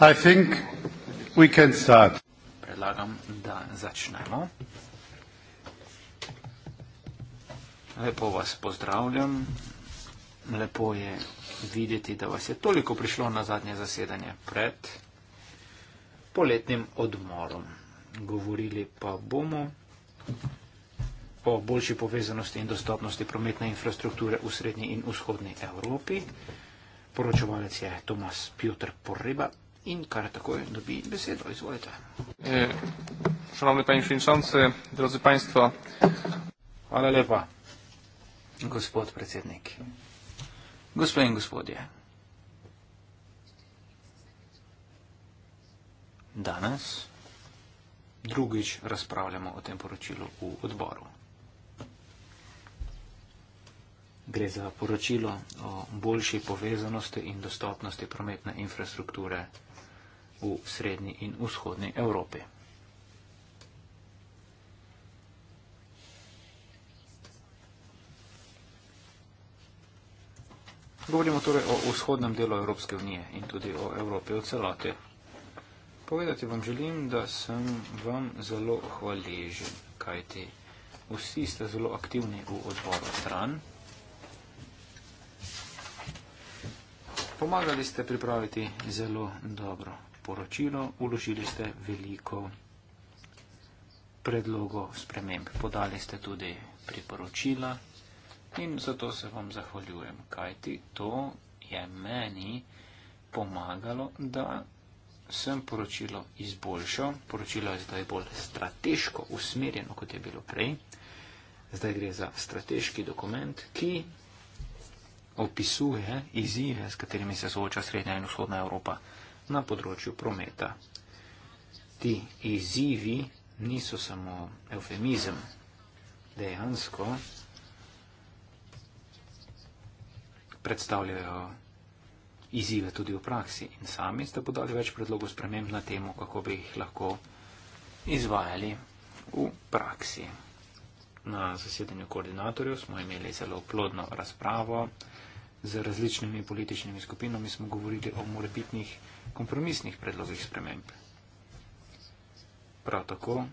I think we can start. Predlagam, da začnemo. Lepo vas pozdravljam. Lepo je videti, da vas je toliko prišlo na zadnje zasedanje pred poletnim odmorom. Govorili pa bomo o boljši povezanosti in dostopnosti prometne infrastrukture v srednji in vzhodni Evropi poročevalec je Tomas Piotr Porreba in kar takoj dobi besedo. Izvolite. Šanovni e, pani Šinčance, drozi panjstvo, hvala lepa. Gospod predsednik, gospod in gospodje, danes drugič razpravljamo o tem poročilu v odboru. gre za poročilo o boljši povezanosti in dostopnosti prometne infrastrukture v srednji in vzhodni Evropi. Govorimo torej o vzhodnem delu Evropske unije in tudi o Evropi v celoti. Povedati vam želim, da sem vam zelo hvaležen, kajti vsi ste zelo aktivni v odboru stran. pomagali ste pripraviti zelo dobro poročilo, uložili ste veliko predlogov sprememb, podali ste tudi priporočila in zato se vam zahvaljujem, kajti to je meni pomagalo, da sem poročilo izboljšal. Poročilo je zdaj bolj strateško usmerjeno, kot je bilo prej. Zdaj gre za strateški dokument, ki opisuje izzive, s katerimi se sooča Srednja in Vzhodna Evropa na področju prometa. Ti izzivi niso samo eufemizem. Dejansko predstavljajo izzive tudi v praksi in sami ste podali več predlogov sprememb na temo, kako bi jih lahko izvajali v praksi. Na zasedanju koordinatorjev smo imeli zelo plodno razpravo z različnimi političnimi skupinami smo govorili o morebitnih kompromisnih predlogih sprememb. Prav tako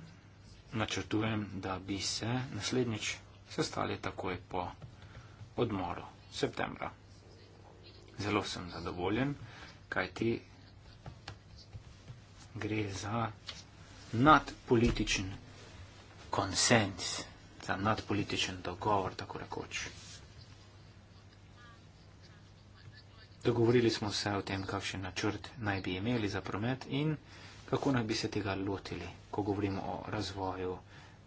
načrtujem, da bi se naslednjič sestali takoj po odmoru septembra. Zelo sem zadovoljen, kajti gre za nadpolitičen konsens, za nadpolitičen dogovor, tako rekoč. Dogovorili smo se o tem, kakšen načrt naj bi imeli za promet in kako naj bi se tega lotili, ko govorimo o razvoju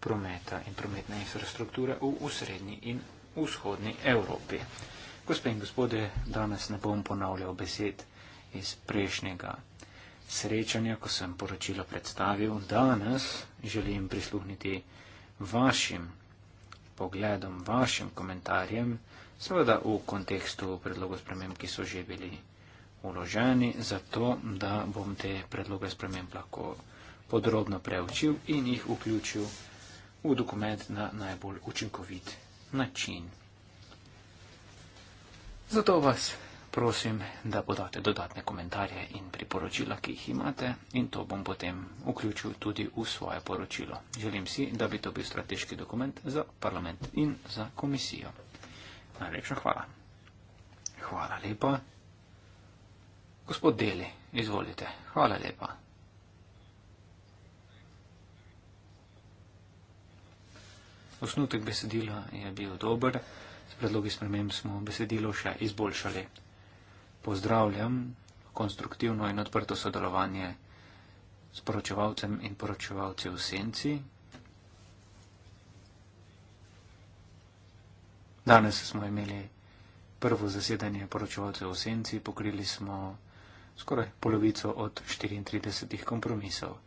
prometa in prometne infrastrukture v srednji in vzhodni Evropi. Gospe in gospode, danes ne bom ponavljal besed iz prejšnjega srečanja, ko sem poročilo predstavil. Danes želim prisluhniti vašim pogledom, vašim komentarjem seveda v kontekstu predlogov sprememb, ki so že bili uloženi, zato da bom te predloge sprememb lahko podrobno preučil in jih vključil v dokument na najbolj učinkovit način. Zato vas prosim, da podate dodatne komentarje in priporočila, ki jih imate in to bom potem vključil tudi v svoje poročilo. Želim si, da bi to bil strateški dokument za parlament in za komisijo. Najlepša hvala. Hvala lepa. Gospod Deli, izvolite. Hvala lepa. Osnutek besedila je bil dober. S predlogi sprememb smo besedilo še izboljšali. Pozdravljam konstruktivno in odprto sodelovanje s poročevalcem in poročevalci v senci. Danes smo imeli prvo zasedanje poročevalcev v senci, pokrili smo skoraj polovico od 34 kompromisov.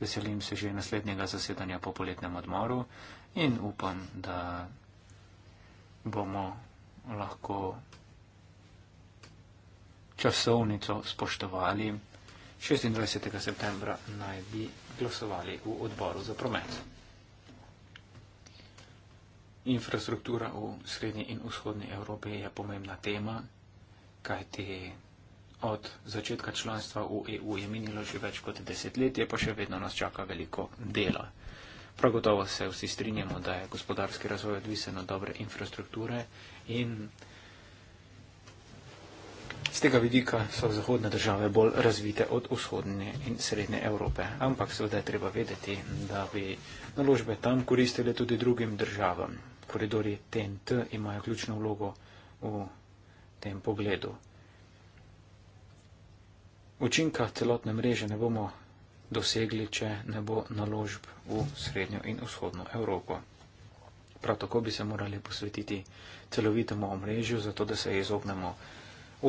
Veselim se že naslednjega zasedanja po poletnem odmoru in upam, da bomo lahko časovnico spoštovali. 26. septembra naj bi glasovali v odboru za promet. Infrastruktura v srednji in vzhodni Evropi je pomembna tema, kajti od začetka članstva v EU je minilo že več kot desetletje, pa še vedno nas čaka veliko dela. Prav gotovo se vsi strinjamo, da je gospodarski razvoj odvisen od dobre infrastrukture in z tega vidika so zahodne države bolj razvite od vzhodne in srednje Evrope. Ampak seveda je treba vedeti, da bi naložbe tam koristile tudi drugim državam koridori TNT imajo ključno vlogo v tem pogledu. Učinka celotne mreže ne bomo dosegli, če ne bo naložb v srednjo in vzhodno Evropo. Prav tako bi se morali posvetiti celovitemu omrežju, zato da se izognemo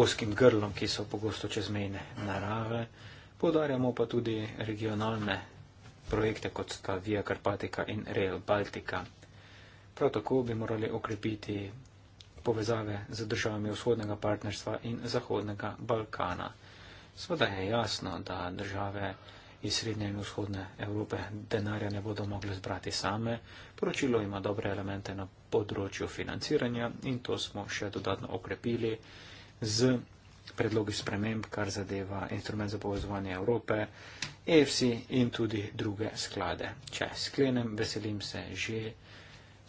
oskim grlom, ki so pogosto čezmejne narave, podarjamo pa tudi regionalne projekte, kot sta Via Carpatica in Rail Baltica. Prav tako bi morali okrepiti povezave z državami vzhodnega partnerstva in zahodnega Balkana. Sveda je jasno, da države iz srednje in vzhodne Evrope denarja ne bodo mogli zbrati same. Poročilo ima dobre elemente na področju financiranja in to smo še dodatno okrepili z predlogi sprememb, kar zadeva instrument za povezovanje Evrope, EFSI in tudi druge sklade. Če sklenem, veselim se že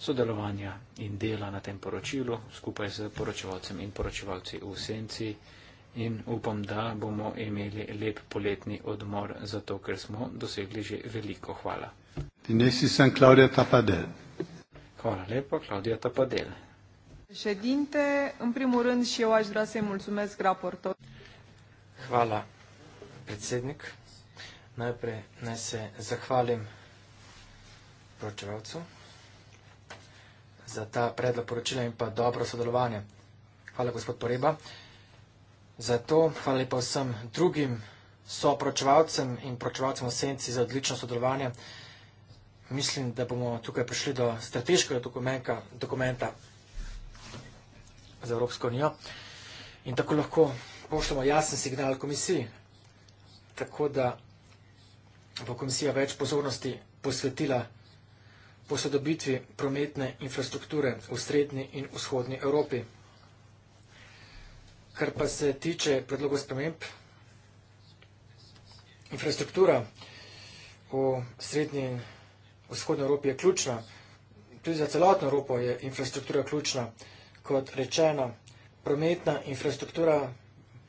sodelovanja in dela na tem poročilu skupaj z poročevalcem in poročevalci v senci in upam, da bomo imeli lep poletni odmor, zato ker smo dosegli že veliko hvala. Dinesi sem Klaudija Tapadel. Hvala lepo, Klaudija Tapadel. Ședinte, în primul rând și eu aș vrea să-i mulțumesc raportor. Hvala, predsednik. Najprej naj se zahvalim pročevalcu za ta predlog poročila in pa dobro sodelovanje. Hvala, gospod Poreba. Zato hvala lepa vsem drugim soproočevalcem in proočevalcem v senci za odlično sodelovanje. Mislim, da bomo tukaj prišli do strateškega dokumenta, dokumenta za Evropsko unijo in tako lahko pošljemo jasen signal komisiji, tako da bo komisija več pozornosti posvetila posodobitvi prometne infrastrukture v srednji in vzhodni Evropi. Kar pa se tiče predlogov sprememb, infrastruktura v srednji in vzhodni Evropi je ključna, tudi za celotno Evropo je infrastruktura ključna, kot rečeno, prometna infrastruktura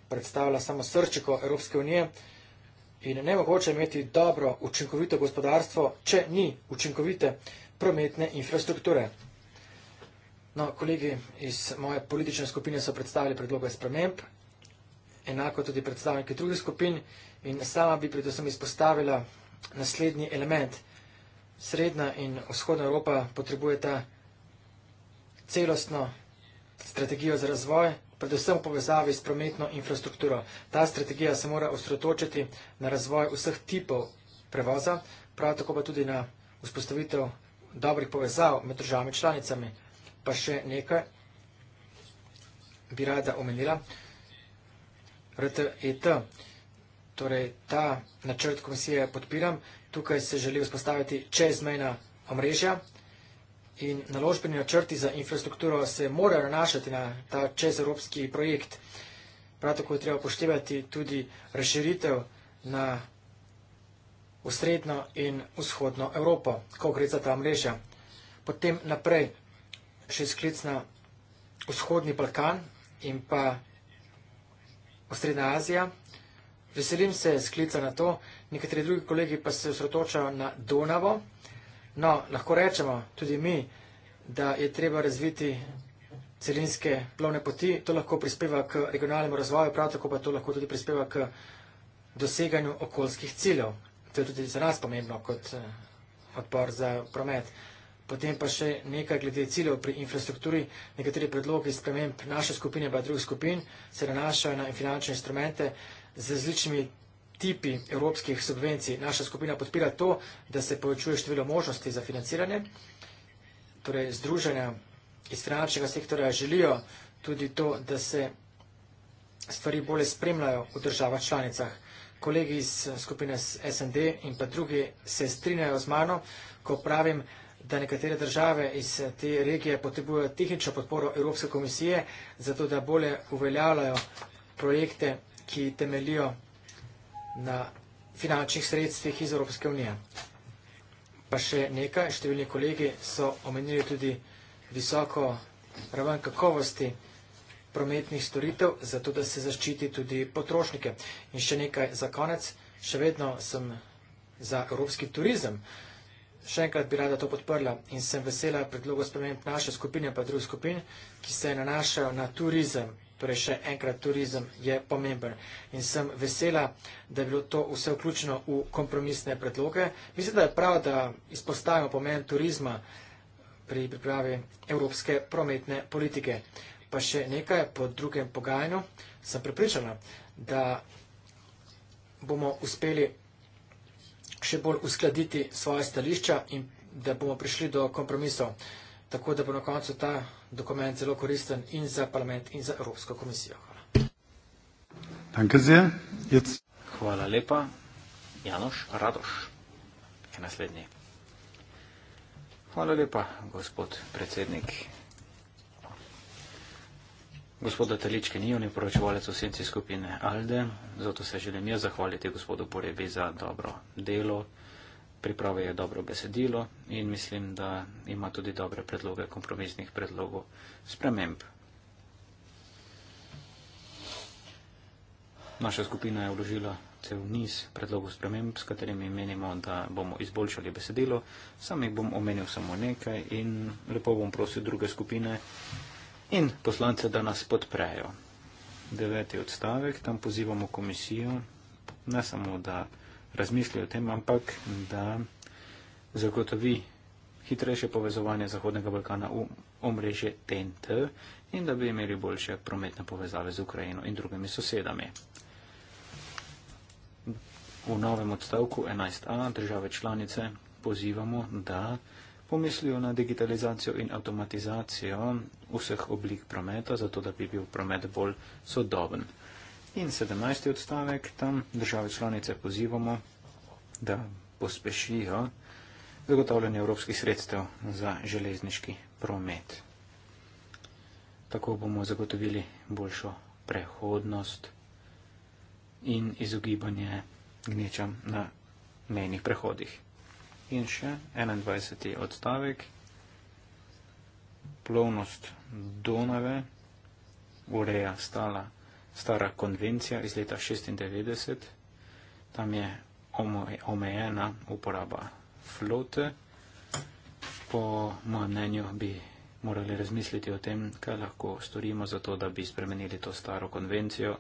predstavlja samo srčiko Evropske unije in ne mogoče imeti dobro učinkovito gospodarstvo, če ni učinkovite infrastrukture prometne infrastrukture. No, kolegi iz moje politične skupine so predstavili predloge sprememb, enako tudi predstavniki drugih skupin in sama bi predvsem izpostavila naslednji element. Srednja in vzhodna Evropa potrebujeta celostno strategijo za razvoj, predvsem v povezavi s prometno infrastrukturo. Ta strategija se mora osredotočiti na razvoj vseh tipov prevoza, prav tako pa tudi na vzpostavitev dobrih povezav med državami članicami. Pa še nekaj bi rada omenila. RTET, e torej ta načrt komisije podpiram, tukaj se želi vzpostaviti čezmejna omrežja in naložbeni načrti za infrastrukturo se morajo nanašati na ta čezevropski projekt. Prav tako je treba poštevati tudi razširitev na načrti, v Srednjo in Vzhodno Evropo, ko gre za ta mreža. Potem naprej še sklic na Vzhodni Balkan in pa Srednja Azija. Veselim se sklica na to, nekateri drugi kolegi pa se osredotočajo na Donavo. No, lahko rečemo tudi mi, da je treba razviti celinske plovne poti, to lahko prispeva k regionalnemu razvoju, prav tako pa to lahko tudi prispeva k doseganju okoljskih ciljev. To je tudi za nas pomembno kot eh, odpor za promet. Potem pa še nekaj glede ciljev pri infrastrukturi. Nekateri predlogi sprememb naše skupine, pa drugih skupin, se nanašajo na finančne instrumente z različnimi tipi evropskih subvencij. Naša skupina podpira to, da se povečuje število možnosti za financiranje. Torej, združenja iz finančnega sektorja želijo tudi to, da se stvari bolje spremljajo v državah članicah kolegi iz eh, skupine SND in pa drugi se strinjajo z mano, ko pravim, da nekatere države iz eh, te regije potrebujejo tehnično podporo Evropske komisije, zato da bolje uveljavljajo projekte, ki temelijo na finančnih sredstvih iz Evropske unije. Pa še nekaj, številni kolegi so omenili tudi visoko raven kakovosti prometnih storitev, zato da se zaščiti tudi potrošnike. In še nekaj za konec, še vedno sem za evropski turizem. Še enkrat bi rada to podprla in sem vesela predlogo sprememb naše skupine pa drugih skupin, ki se nanašajo na turizem. Torej še enkrat, turizem je pomemben. In sem vesela, da je bilo to vse vključeno v kompromisne predloge. Mislim, da je prav, da izpostavimo pomen turizma pri pripravi evropske prometne politike pa še nekaj po drugem pogajanju, sem pripričana, da bomo uspeli še bolj uskladiti svoje stališča in da bomo prišli do kompromisov, tako da bo na koncu ta dokument zelo koristen in za parlament in za Evropsko komisijo. Hvala. Hvala lepa. Janoš Radoš je naslednji. Hvala lepa, gospod predsednik Gospoda Teličke ni on je poročevalec v senci skupine Alde, zato se želim jaz zahvaliti gospodu Porebi za dobro delo. Priprave je dobro besedilo in mislim, da ima tudi dobre predloge kompromisnih predlogov sprememb. Naša skupina je vložila cel niz predlogov sprememb, s katerimi menimo, da bomo izboljšali besedilo. Sam jih bom omenil samo nekaj in lepo bom prosil druge skupine, in poslance, da nas podprejo. Deveti odstavek, tam pozivamo komisijo, ne samo, da razmisli o tem, ampak da zagotovi hitrejše povezovanje Zahodnega Balkana v omrežje TNT in da bi imeli boljše prometne povezave z Ukrajino in drugimi sosedami. V novem odstavku 11a države članice pozivamo, da pomislijo na digitalizacijo in avtomatizacijo vseh oblik prometa, zato da bi bil promet bolj sodoben. In sedemnajsti odstavek, tam države članice pozivamo, da pospešijo zagotavljanje evropskih sredstev za železniški promet. Tako bomo zagotovili boljšo prehodnost in izogibanje gnečam na mejnih prehodih in še 21. odstavek, plovnost Donave ureja stala, stara konvencija iz leta 96, tam je omejena uporaba flote. Po mojem mnenju bi morali razmisliti o tem, kaj lahko storimo za to, da bi spremenili to staro konvencijo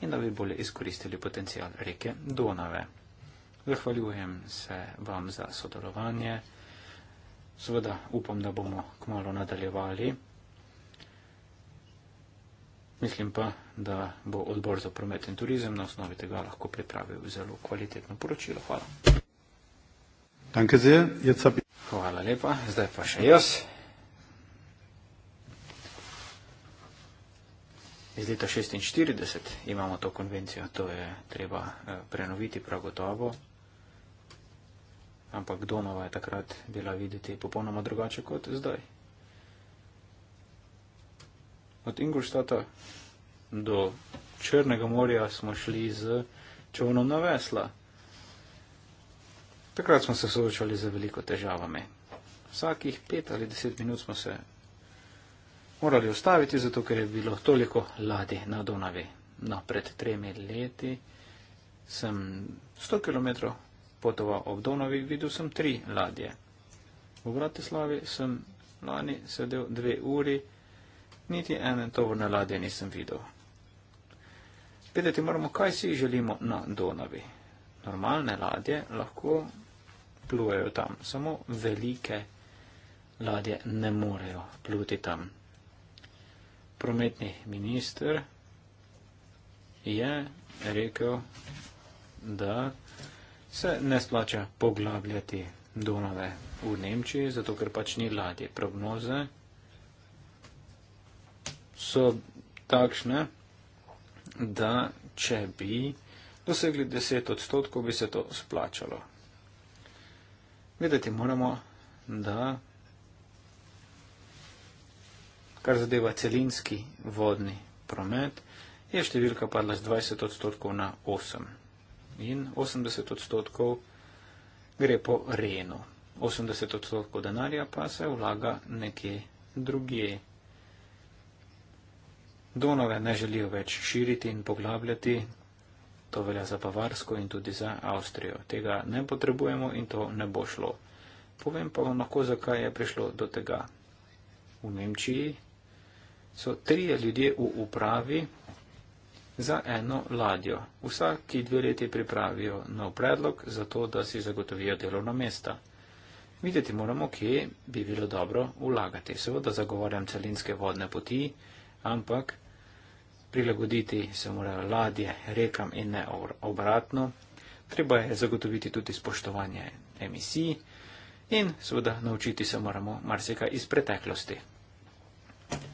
in da bi bolje izkoristili potencial reke Donave. Zahvaljujem se vam za sodelovanje. Seveda upam, da bomo kmalo nadaljevali. Mislim pa, da bo odbor za promet in turizem na osnovi tega lahko pripravil zelo kvalitetno poročilo. Hvala. Hvala lepa. Zdaj pa še jaz. Iz leta 1946 imamo to konvencijo, to je treba eh, prenoviti, prav gotovo ampak Donova je takrat bila videti popolnoma drugače kot zdaj. Od Ingolstata do Črnega morja smo šli z čovnom na vesla. Takrat smo se soočali z veliko težavami. Vsakih pet ali deset minut smo se morali ustaviti, zato ker je bilo toliko ladi na Donavi. No, pred tremi leti sem 100 km potoval ob Donovih, videl sem tri ladje. V Bratislavi sem lani sedel dve uri, niti ene tovorne ladje nisem videl. Vedeti moramo, kaj si želimo na Donavi. Normalne ladje lahko plujejo tam, samo velike ladje ne morejo pluti tam. Prometni minister je rekel, da se ne splača poglabljati Donove v Nemčiji, zato ker pač ni ladje. Prognoze so takšne, da če bi dosegli 10 odstotkov, bi se to splačalo. Vedeti moramo, da kar zadeva celinski vodni promet, je številka padla z 20 odstotkov na 8 odstotkov in 80 odstotkov gre po Renu. 80 odstotkov denarja pa se vlaga nekje drugje. Donove ne želijo več širiti in poglabljati, to velja za Bavarsko in tudi za Avstrijo. Tega ne potrebujemo in to ne bo šlo. Povem pa vam lahko, zakaj je prišlo do tega. V Nemčiji so trije ljudje v upravi za eno ladjo. Vsaki dve leti pripravijo nov predlog za to, da si zagotovijo delovna mesta. Videti moramo, kje bi bilo dobro vlagati. Seveda zagovarjam celinske vodne poti, ampak prilagoditi se morajo ladje rekam in ne obratno. Treba je zagotoviti tudi spoštovanje emisij in seveda naučiti se moramo marsika iz preteklosti.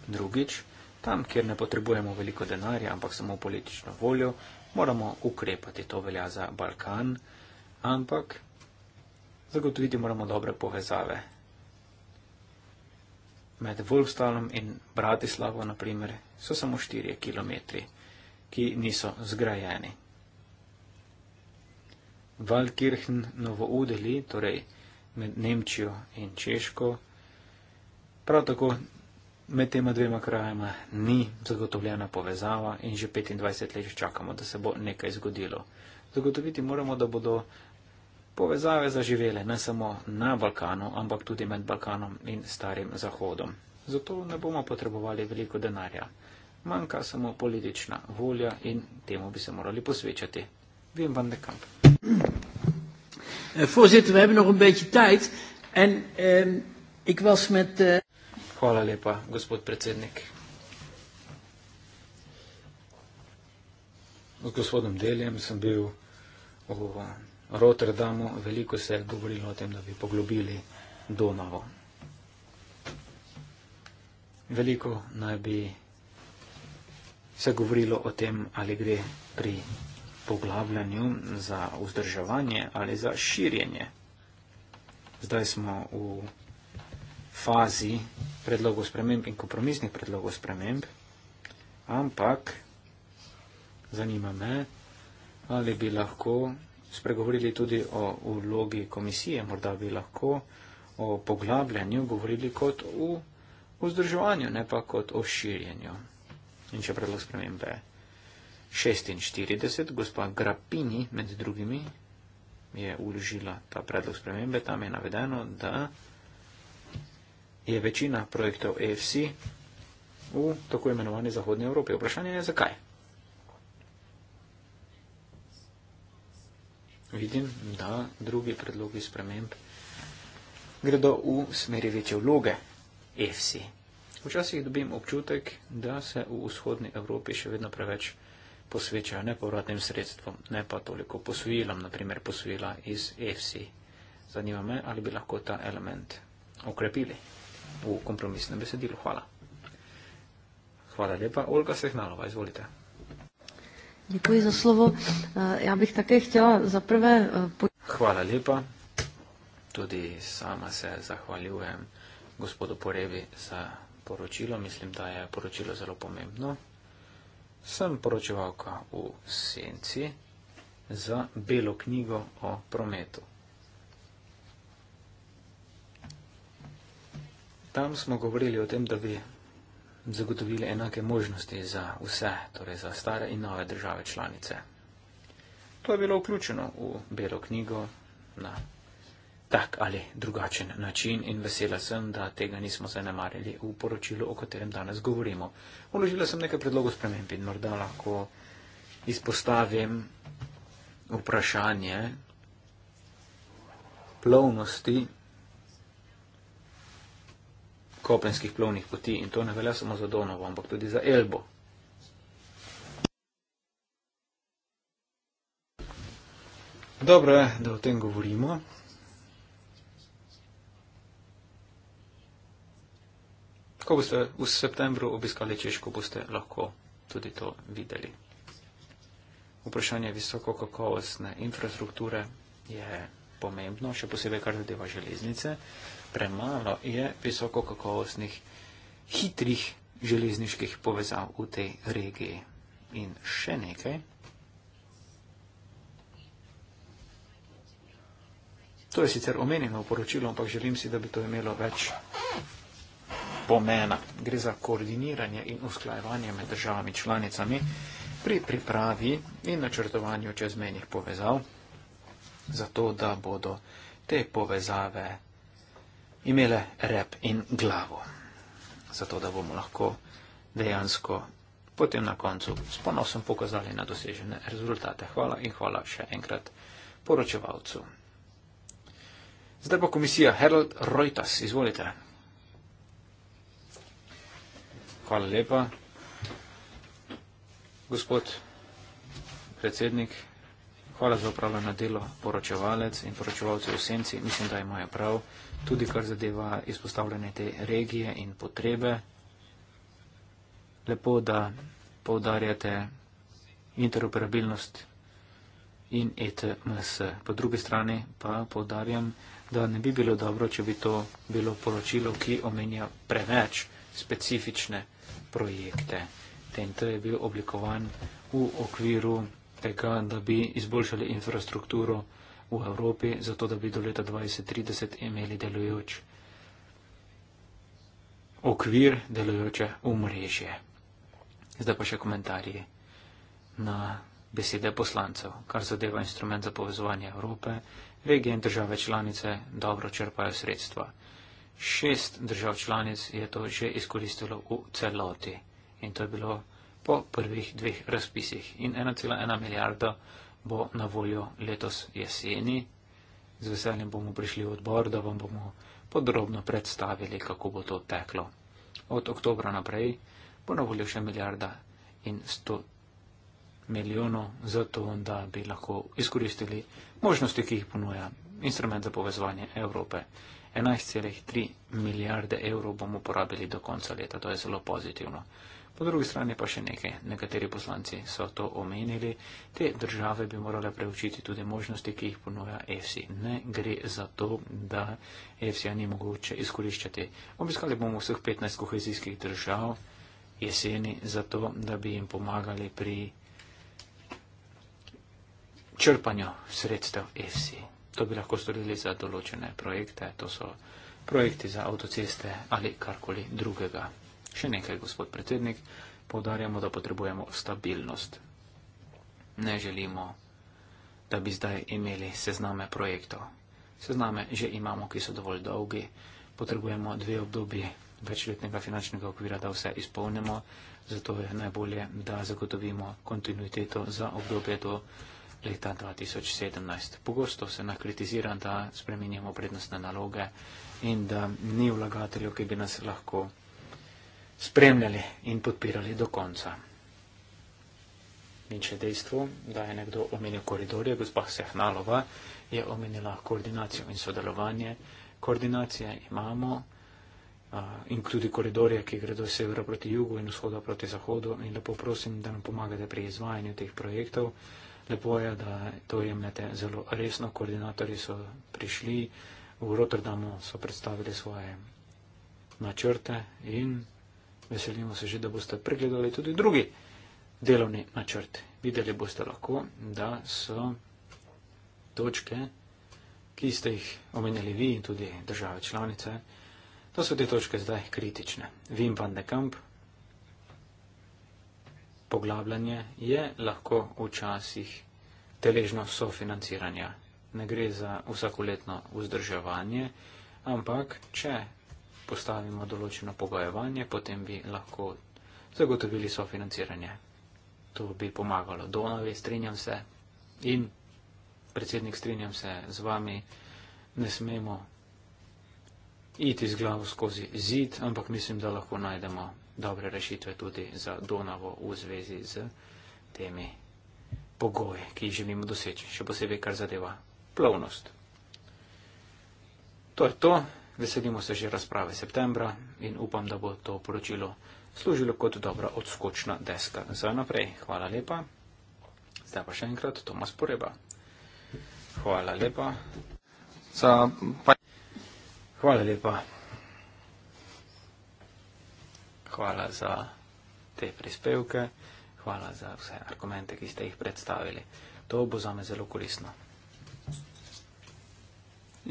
Drugič, Tam, kjer ne potrebujemo veliko denarja, ampak samo politično voljo, moramo ukrepati. To velja za Balkan, ampak zagotoviti moramo dobre povezave. Med Wolfstalom in Bratislavo, naprimer, so samo štirje kilometri, ki niso zgrajeni. Valkirchen Novo Udeli, torej med Nemčijo in Češko, prav tako med tema dvema krajama ni zagotovljena povezava in že 25 let čakamo, da se bo nekaj zgodilo. Zagotoviti moramo, da bodo povezave zaživele ne samo na Balkanu, ampak tudi med Balkanom in Starim Zahodom. Zato ne bomo potrebovali veliko denarja. Manjka samo politična volja in temu bi se morali posvečati. Vem vam nekam. Eh, voorzitter, we hebben nog een beetje tijd. En eh, ik was met. Eh... Hvala lepa, gospod predsednik. Z gospodom Deljem sem bil v Rotterdamu, veliko se je govorilo o tem, da bi poglobili Donavo. Veliko naj bi se govorilo o tem, ali gre pri poglavljanju za vzdrževanje ali za širjenje. Zdaj smo v fazi predlogov sprememb in kompromisnih predlogov sprememb, ampak zanima me, ali bi lahko spregovorili tudi o vlogi komisije, morda bi lahko o poglabljanju govorili kot o vzdrževanju, ne pa kot o širjenju. In če predlog spremembe 46, gospa Grapini med drugimi je uložila ta predlog spremembe, tam je navedeno, da je večina projektov EFC v tako imenovani Zahodnji Evropi. Vprašanje je, zakaj? Vidim, da drugi predlogi sprememb gredo v smeri večje vloge EFC. Včasih dobim občutek, da se v vzhodni Evropi še vedno preveč posvečajo nepovratnim sredstvom, ne pa toliko posvojilom, naprimer posvojila iz EFC. Zanima me, ali bi lahko ta element okrepili v kompromisnem besedilu. Hvala. Hvala lepa. Olga Sehnalova, izvolite. Děkuji za slovo. Eh, já bych také chtěla za prvé... Eh, Hvala lepa. Tudi sama se zahvaljujem gospodu Porevi za poročilo. Mislim, da je poročilo zelo pomembno. Sem poročevalka v Senci za belo knjigo o prometu. Tam smo govorili o tem, da bi zagotovili enake možnosti za vse, torej za stare in nove države članice. To je bilo vključeno v belo knjigo na tak ali drugačen način in vesela sem, da tega nismo zanemarili v poročilu, o katerem danes govorimo. Uložila sem nekaj predlogov sprememb in morda lahko izpostavim vprašanje plovnosti kopenskih plovnih poti in to ne velja samo za Donovo, ampak tudi za Elbo. Dobro je, da o tem govorimo. Ko boste v septembru obiskali Češko, boste lahko tudi to videli. Vprašanje visoko kakovostne infrastrukture je pomembno, še posebej kar zadeva železnice premalo je visokokakovostnih hitrih železniških povezav v tej regiji. In še nekaj. To je sicer omenjeno v poročilu, ampak želim si, da bi to imelo več pomena. Gre za koordiniranje in usklajevanje med državami članicami pri pripravi in načrtovanju čezmenjih povezav, zato da bodo te povezave imele rep in glavo, zato da bomo lahko dejansko potem na koncu s ponosom pokazali na dosežene rezultate. Hvala in hvala še enkrat poročevalcu. Zdaj pa komisija Herald Reuters, izvolite. Hvala lepa, gospod predsednik. Hvala za upravljeno delo, poročevalec in poročevalci v senci. Mislim, da imajo prav tudi kar zadeva izpostavljanje te regije in potrebe. Lepo, da povdarjate interoperabilnost in ETMS. Po drugi strani pa povdarjam, da ne bi bilo dobro, če bi to bilo poročilo, ki omenja preveč specifične projekte. TNT je bil oblikovan v okviru tega, da bi izboljšali infrastrukturo v Evropi, zato da bi do leta 2030 imeli delujoč okvir, delujoče umrežje. Zdaj pa še komentarji na besede poslancev, kar zadeva instrument za povezovanje Evrope, regije in države članice dobro črpajo sredstva. Šest držav članic je to že izkoristilo v celoti in to je bilo po prvih dveh razpisih in 1,1 milijarda evrov bo na voljo letos jeseni. Z veseljem bomo prišli v odbor, da vam bomo podrobno predstavili, kako bo to teklo. Od oktobra naprej bo na voljo še milijarda in sto milijonov za to, da bi lahko izkoristili možnosti, ki jih ponuja instrument za povezovanje Evrope. 11,3 milijarde evrov bomo porabili do konca leta, to je zelo pozitivno. Po drugi strani pa še nekaj. Nekateri poslanci so to omenili. Te države bi morale preučiti tudi možnosti, ki jih ponuja EFSI. Ne gre za to, da EFSI-ja ni mogoče izkoriščati. Obiskali bomo vseh 15 kohezijskih držav jeseni za to, da bi jim pomagali pri črpanju sredstev EFSI. To bi lahko storili za določene projekte, to so projekti za avtoceste ali karkoli drugega. Še nekaj, gospod predsednik, povdarjamo, da potrebujemo stabilnost. Ne želimo, da bi zdaj imeli sezname projektov. Sezname že imamo, ki so dovolj dolgi. Potrebujemo dve obdobji večletnega finančnega okvira, da vse izpolnimo. Zato je najbolje, da zagotovimo kontinuiteto za obdobje do leta 2017. Pogosto se nakritizira, da spreminjamo prednostne naloge in da ni vlagateljev, ki bi nas lahko spremljali in podpirali do konca. In še dejstvo, da je nekdo omenil koridorje, gospa Sehnalova je omenila koordinacijo in sodelovanje. Koordinacije imamo in tudi koridorje, ki gredo severa proti jugu in vzhoda proti zahodu. In lepo prosim, da nam pomagate pri izvajanju teh projektov. Lepo je, da to jemljete zelo resno. Koordinatori so prišli, v Rotterdamu so predstavili svoje načrte in Veselimo se že, da boste pregledali tudi drugi delovni načrt. Videli boste lahko, da so točke, ki ste jih omenjali vi in tudi države članice, da so te točke zdaj kritične. Vim van de Kamp, poglabljanje je lahko včasih teležno sofinanciranja. Ne gre za vsakoletno vzdrževanje, ampak če postavimo določeno pogojevanje, potem bi lahko zagotovili sofinanciranje. To bi pomagalo. Donovi, strinjam se in predsednik, strinjam se z vami, ne smemo iti z glavo skozi zid, ampak mislim, da lahko najdemo dobre rešitve tudi za Donavo v zvezi z temi pogoji, ki jih želimo doseči, še posebej kar zadeva plovnost. To je to. Veselimo se že razprave septembra in upam, da bo to poročilo služilo kot dobra odskočna deska za naprej. Hvala lepa. Zdaj pa še enkrat Tomas Poreba. Hvala lepa. Za, pa... Hvala lepa. Hvala za te prispevke. Hvala za vse argumente, ki ste jih predstavili. To bo zame zelo koristno.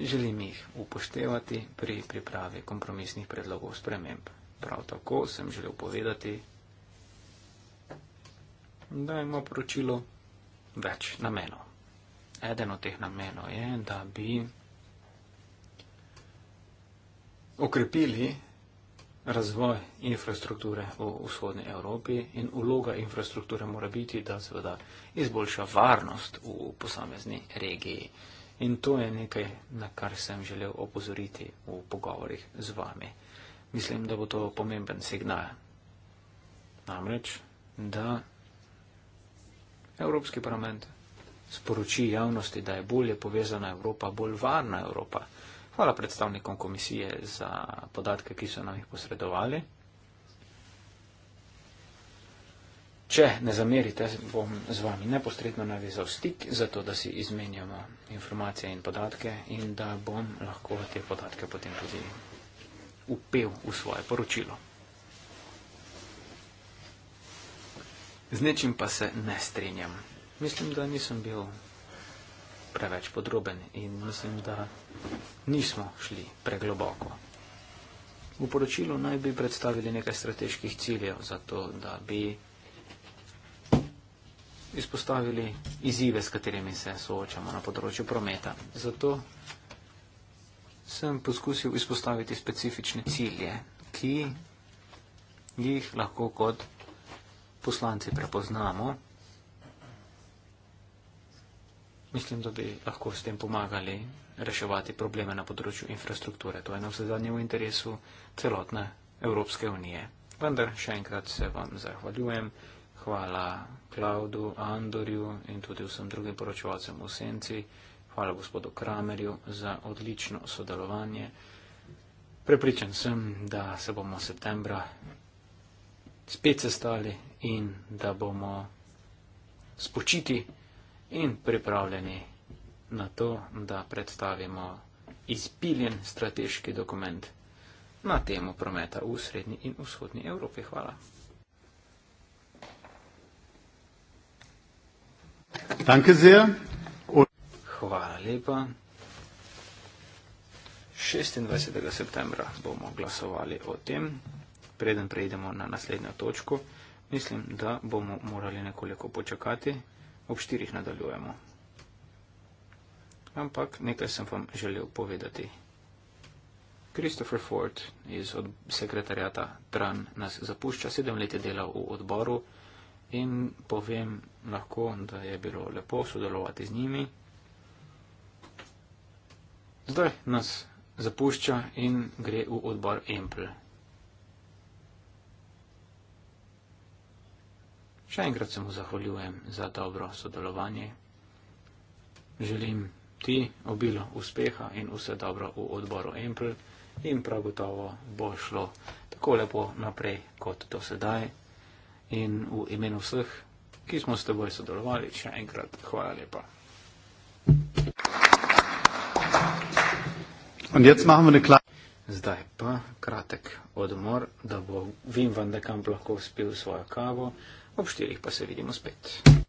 Želim jih upoštevati pri pripravi kompromisnih predlogov sprememb. Prav tako sem želel povedati, da ima poročilo več namenov. Eden od teh namenov je, da bi okrepili razvoj infrastrukture v vzhodni Evropi in uloga infrastrukture mora biti, da seveda izboljša varnost v posamezni regiji. In to je nekaj, na kar sem želel opozoriti v pogovorih z vami. Mislim, da bo to pomemben signal. Namreč, da Evropski parlament sporoči javnosti, da je bolje povezana Evropa, bolj varna Evropa. Hvala predstavnikom komisije za podatke, ki so nam jih posredovali. Če ne zamerite, bom z vami neposredno navezal stik, zato da si izmenjamo informacije in podatke in da bom lahko te podatke potem tudi upel v svoje poročilo. Z nečim pa se ne strinjam. Mislim, da nisem bil preveč podroben in mislim, da nismo šli pregloboko. V poročilu naj bi predstavili nekaj strateških ciljev za to, da bi izpostavili izzive, s katerimi se soočamo na področju prometa. Zato sem poskusil izpostaviti specifične cilje, ki jih lahko kot poslanci prepoznamo. Mislim, da bi lahko s tem pomagali reševati probleme na področju infrastrukture. To je na vse zadnje v interesu celotne Evropske unije. Vendar še enkrat se vam zahvaljujem. Hvala Klaudu, Andorju in tudi vsem drugim poročevalcem v Senci. Hvala gospodu Kramerju za odlično sodelovanje. Prepričan sem, da se bomo septembra spet sestali in da bomo spočiti in pripravljeni na to, da predstavimo izpiljen strateški dokument na temo prometa v srednji in vzhodni Evropi. Hvala. Danke sehr. Und Hvala lepa. 26. septembra bomo glasovali o tem. Preden prejdemo na naslednjo točko, mislim, da bomo morali nekoliko počakati. Ob štirih nadaljujemo. Ampak nekaj sem vam želel povedati. Christopher Ford iz sekretarjata Tran nas zapušča. Sedem let je delal v odboru in povem lahko, da je bilo lepo sodelovati z njimi. Zdaj nas zapušča in gre v odbor Emple. Še enkrat se mu zahvaljujem za dobro sodelovanje. Želim ti obilo uspeha in vse dobro v odboru Emple in prav gotovo bo šlo tako lepo naprej kot do sedaj in v imenu vseh, ki smo s teboj sodelovali, še enkrat hvala lepa. Zdaj pa kratek odmor, da bo Vim van de Kamp lahko uspel svojo kavo, ob štirih pa se vidimo spet.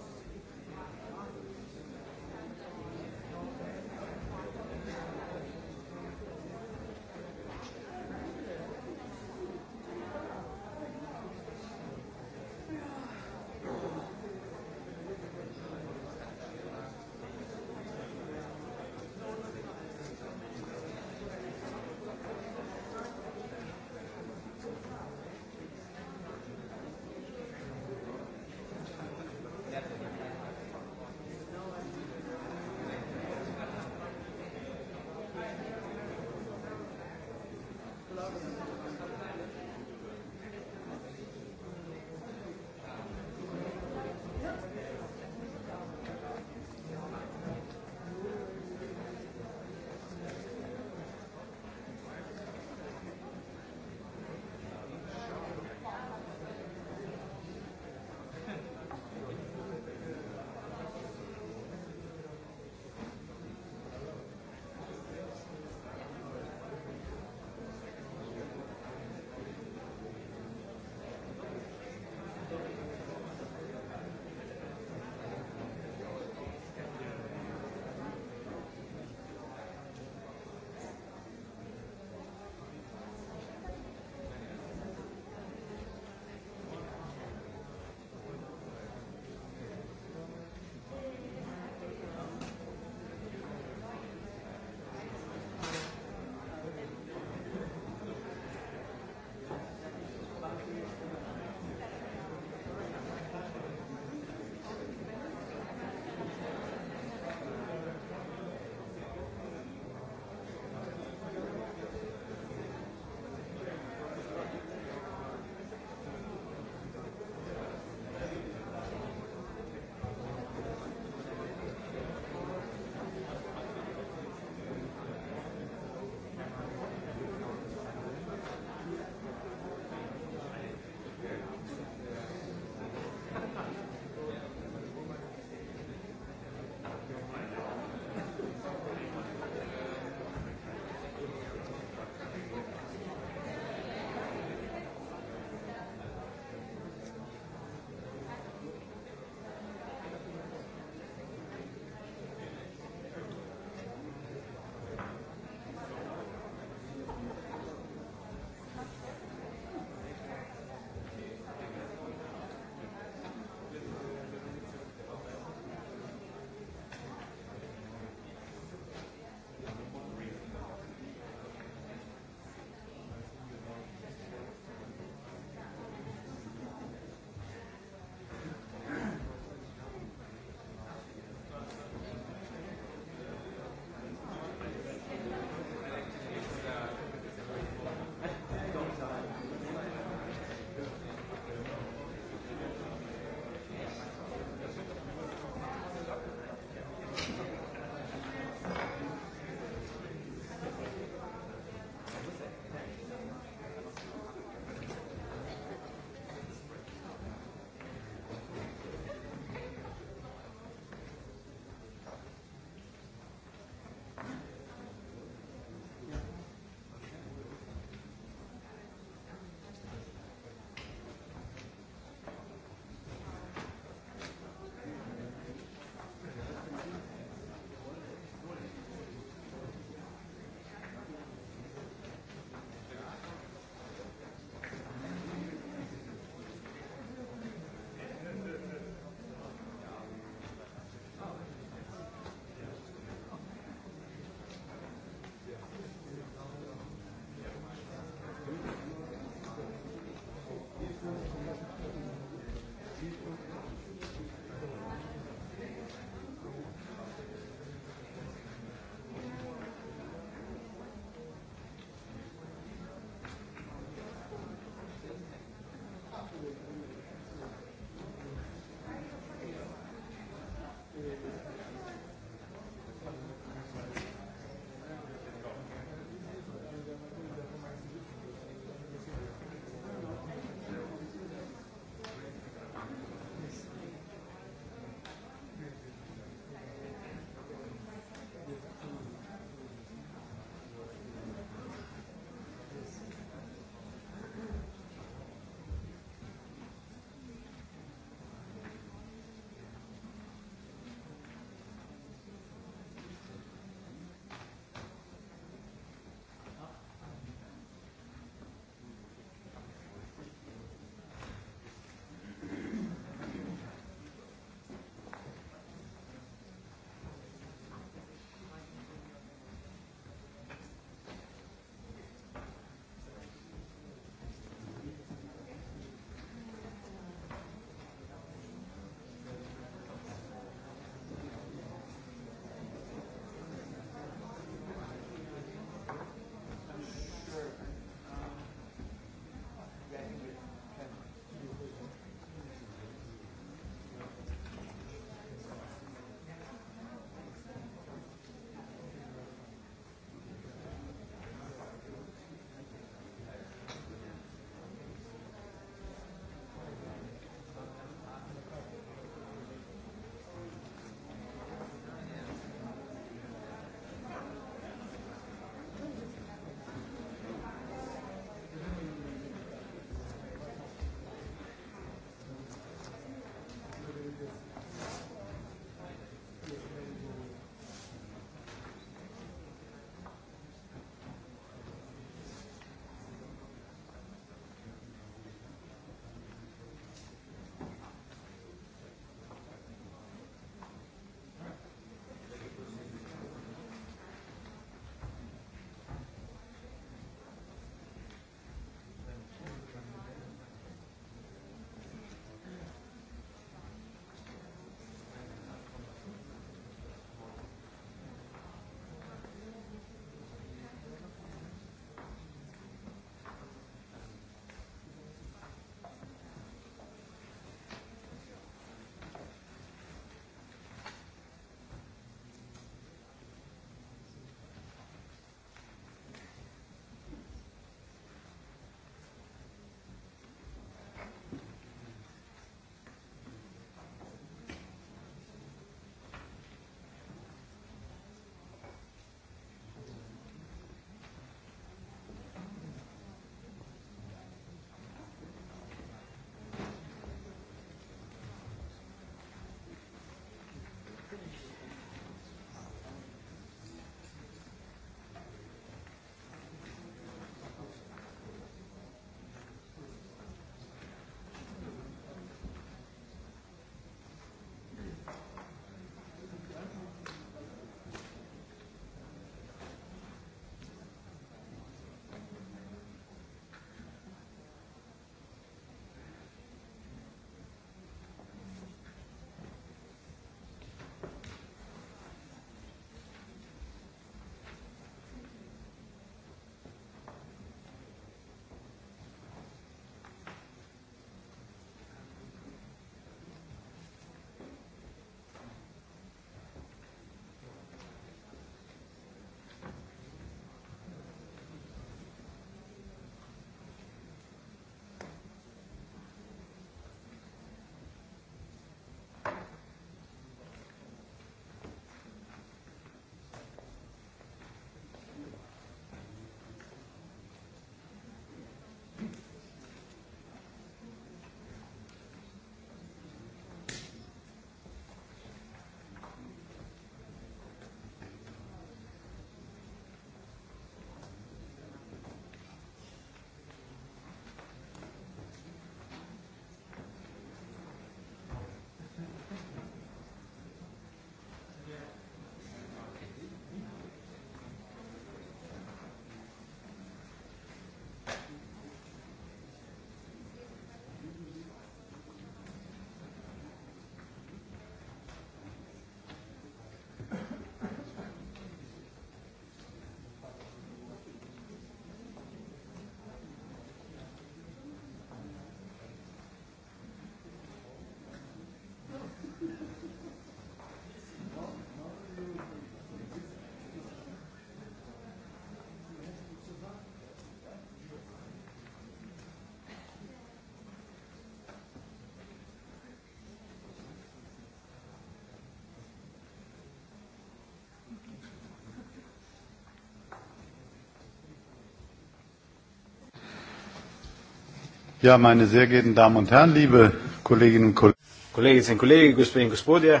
Ja, meine sehr geehrten Damen und Herren, liebe Kolleginnen und Kollegen. Kolegice in kolegi, gospodin in gospodje,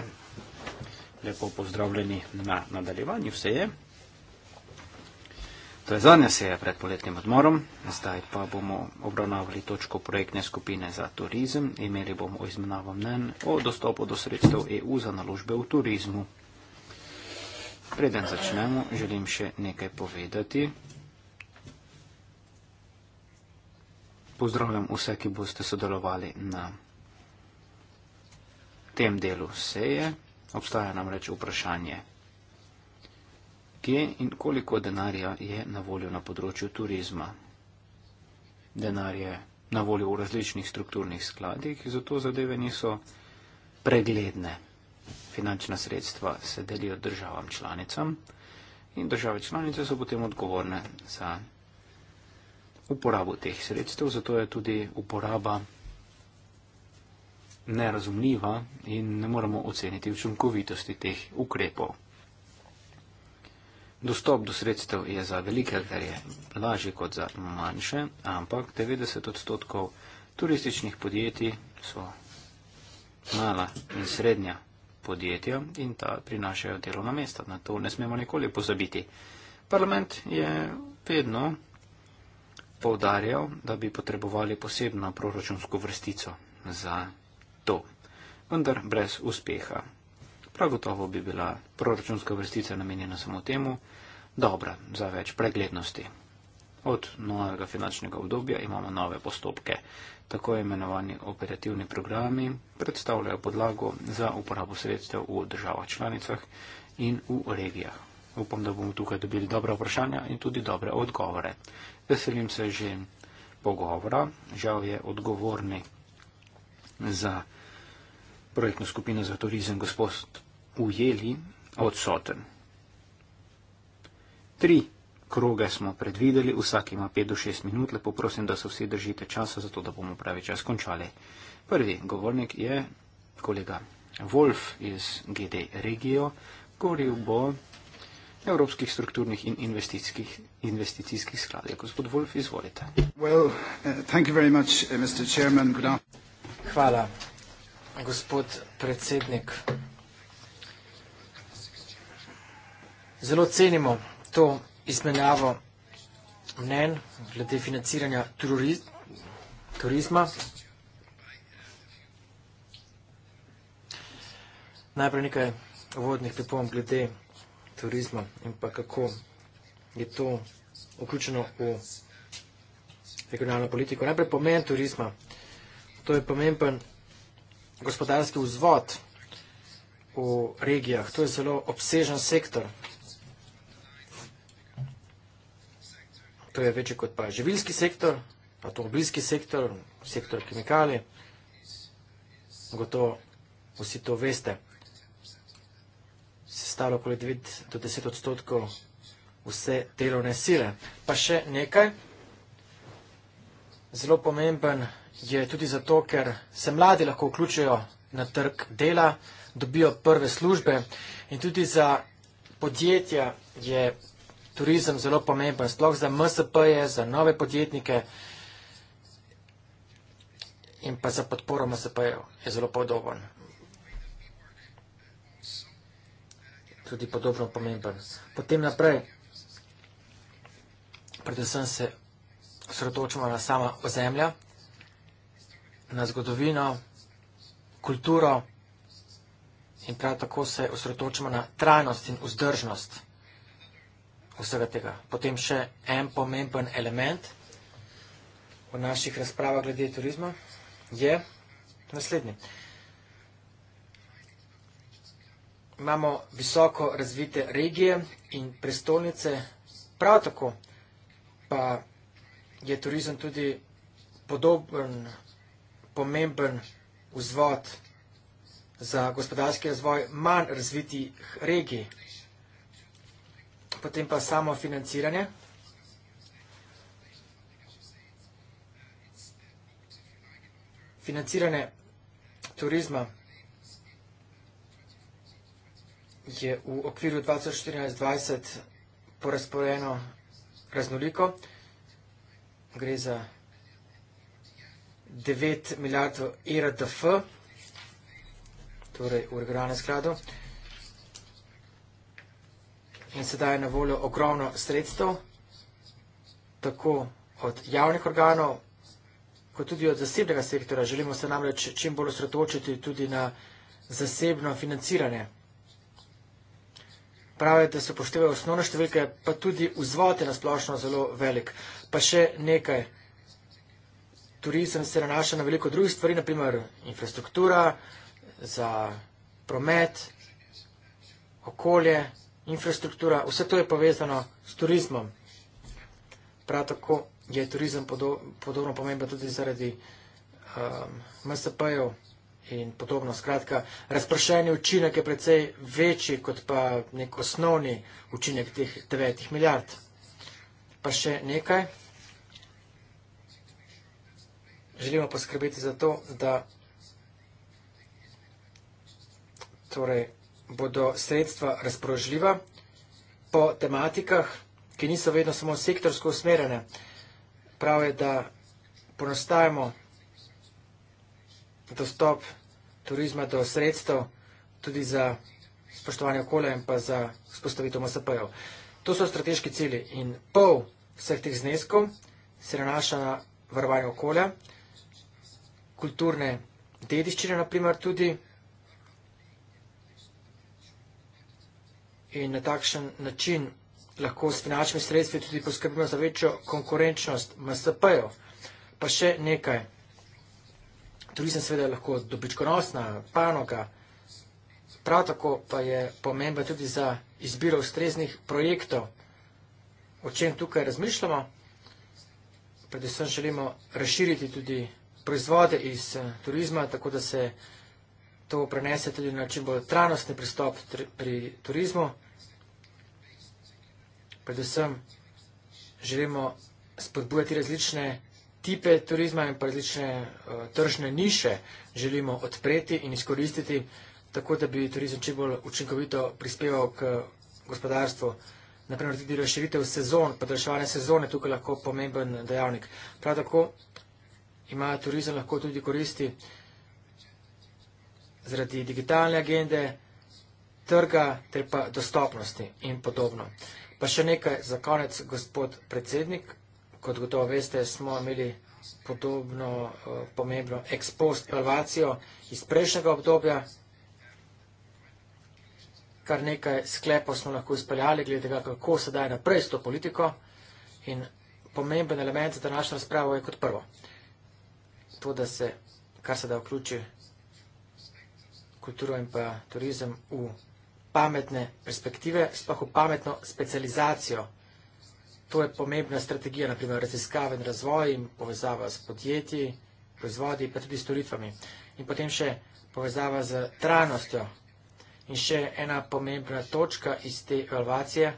lepo pozdravljeni na nadaljevanju seje. To je zadnja seja pred poletnim odmorom, zdaj pa bomo obravnavali točko projektne skupine za turizem. Imeli bomo izmenavo mnen o dostopu do sredstev EU za naložbe v turizmu. Preden začnemo, želim še nekaj povedati. pozdravljam vse, ki boste sodelovali na tem delu seje. Obstaja namreč vprašanje, kje in koliko denarja je na voljo na področju turizma. Denar je na voljo v različnih strukturnih skladih, zato zadeve niso pregledne. Finančna sredstva se delijo državam članicam in države članice so potem odgovorne za uporabo teh sredstev, zato je tudi uporaba nerazumljiva in ne moramo oceniti učinkovitosti teh ukrepov. Dostop do sredstev je za velike verje lažji kot za manjše, ampak 90 odstotkov turističnih podjetij so mala in srednja podjetja in ta prinašajo delovna mesta. Na to ne smemo nikoli pozabiti. Parlament je vedno poudarjal, da bi potrebovali posebno proračunsko vrstico za to, vendar brez uspeha. Prav gotovo bi bila proračunska vrstica namenjena samo temu, dobra za več preglednosti. Od novega finančnega obdobja imamo nove postopke. Tako imenovani operativni programi predstavljajo podlago za uporabo sredstev v državah članicah in v regijah. Upam, da bomo tukaj dobili dobre vprašanja in tudi dobre odgovore. Veselim se že pogovora. Žal je odgovorni za projektno skupino za turizem gospod Ujeli odsoten. Tri kroge smo predvideli, vsak ima pet do šest minut. Lepo prosim, da se vsi držite časa, zato da bomo pravi čas končali. Prvi govornik je kolega Wolf iz GD Regio. Govoril bo evropskih strukturnih in investicijskih, investicijskih skladov. Gospod Wolf, izvolite. Well, uh, much, uh, Hvala, gospod predsednik. Zelo cenimo to izmenjavo mnen glede financiranja turiz turizma. Najprej nekaj vodnih pripomb glede turizma in pa kako je to vključeno v regionalno politiko. Najprej pomen turizma. To je pomemben gospodarski vzvod v regijah. To je zelo obsežen sektor. To je večji kot pa živilski sektor, avtomobilski sektor, sektor kemikali. Gotovo vsi to veste sestavlja okoli 9 do 10 odstotkov vse delovne sile. Pa še nekaj, zelo pomemben je tudi zato, ker se mladi lahko vključijo na trg dela, dobijo prve službe in tudi za podjetja je turizem zelo pomemben, sploh za MSP-je, za nove podjetnike in pa za podporo MSP-jev je zelo podoben. tudi podobno pomemben. Potem naprej, predvsem se srotočimo na sama ozemlja, na zgodovino, kulturo in prav tako se srotočimo na trajnost in vzdržnost vsega tega. Potem še en pomemben element v naših razpravah glede turizma je naslednji. imamo visoko razvite regije in prestolnice, prav tako pa je turizem tudi podoben, pomemben vzvod za gospodarski razvoj manj razvitih regij. Potem pa samo financiranje. Financiranje turizma je v okviru 2014-2020 porazporejeno raznoliko. Gre za 9 milijard ERDF, torej v regionalnem skladu. In sedaj je na voljo ogromno sredstev, tako od javnih organov, kot tudi od zasebnega sektora. Želimo se namreč čim bolj osredotočiti tudi na zasebno financiranje pravi, da se upoštevajo osnovne številke, pa tudi vzvod je nasplošno zelo velik. Pa še nekaj. Turizem se nanaša na veliko drugih stvari, naprimer infrastruktura za promet, okolje, infrastruktura, vse to je povezano s turizmom. Prav tako je turizem podobno pomemben tudi zaradi um, MSP-jev in podobno. Skratka, razpršeni učinek je precej večji kot pa nek osnovni učinek teh 9 milijard. Pa še nekaj. Želimo poskrbeti za to, da torej, bodo sredstva razpoložljiva po tematikah, ki niso vedno samo sektorsko usmerjene. Prav je, da ponostajamo dostop turizma do sredstev tudi za spoštovanje okolja in pa za spostavitev MSP-jev. To so strateški cilji in pol vseh teh zneskov se nanaša na varovanje okolja, kulturne dediščine naprimer tudi in na takšen način lahko s finančnimi sredstvi tudi poskrbimo za večjo konkurenčnost MSP-jev. Pa še nekaj turizem seveda lahko dobičkonosna panoga, prav tako pa je pomemben tudi za izbiro ustreznih projektov, o čem tukaj razmišljamo. Predvsem želimo razširiti tudi proizvode iz eh, turizma, tako da se to prenese tudi na čim bolj trajnostni pristop pri turizmu. Predvsem želimo spodbujati različne projekte, tipe turizma in pa različne uh, tržne niše želimo odpreti in izkoristiti, tako da bi turizem čim bolj učinkovito prispeval k gospodarstvu. Naprimer, tudi razširitev sezon, podaljševanje sezone, tukaj lahko pomemben dejavnik. Prav tako ima turizem lahko tudi koristi zaradi digitalne agende, trga ter pa dostopnosti in podobno. Pa še nekaj za konec, gospod predsednik, kot gotovo veste, smo imeli podobno uh, pomembno ekspost evalvacijo iz prejšnjega obdobja. Kar nekaj sklepov smo lahko izpeljali, glede tega, kako se daje naprej s to politiko. In pomemben element za današnjo razpravo je kot prvo. To, da se, kar se da vključi kulturo in pa turizem v pametne perspektive, sploh v pametno specializacijo to je pomembna strategija, naprimer raziskave in razvoj in povezava s podjetji, proizvodi pa tudi storitvami. In potem še povezava z trajnostjo. In še ena pomembna točka iz te evalvacije,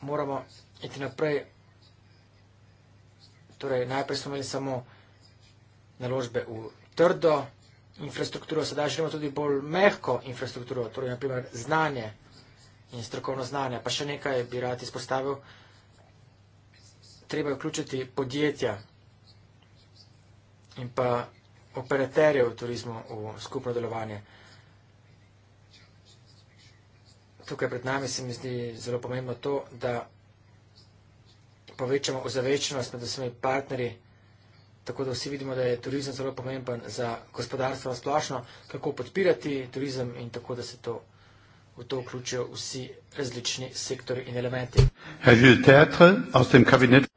moramo iti naprej, torej najprej smo imeli samo naložbe v trdo infrastrukturo, sedaj želimo tudi bolj mehko infrastrukturo, torej naprimer znanje in strokovno znanje. Pa še nekaj bi rad izpostavil treba vključiti podjetja in pa operaterje v turizmu v skupno delovanje. Tukaj pred nami se mi zdi zelo pomembno to, da povečamo ozavečenost med vsemi partnerji, tako da vsi vidimo, da je turizem zelo pomemben za gospodarstvo splošno, kako podpirati turizem in tako, da se to v to vključijo vsi različni sektori in elementi. Herr Jules Tertre aus dem Kabinett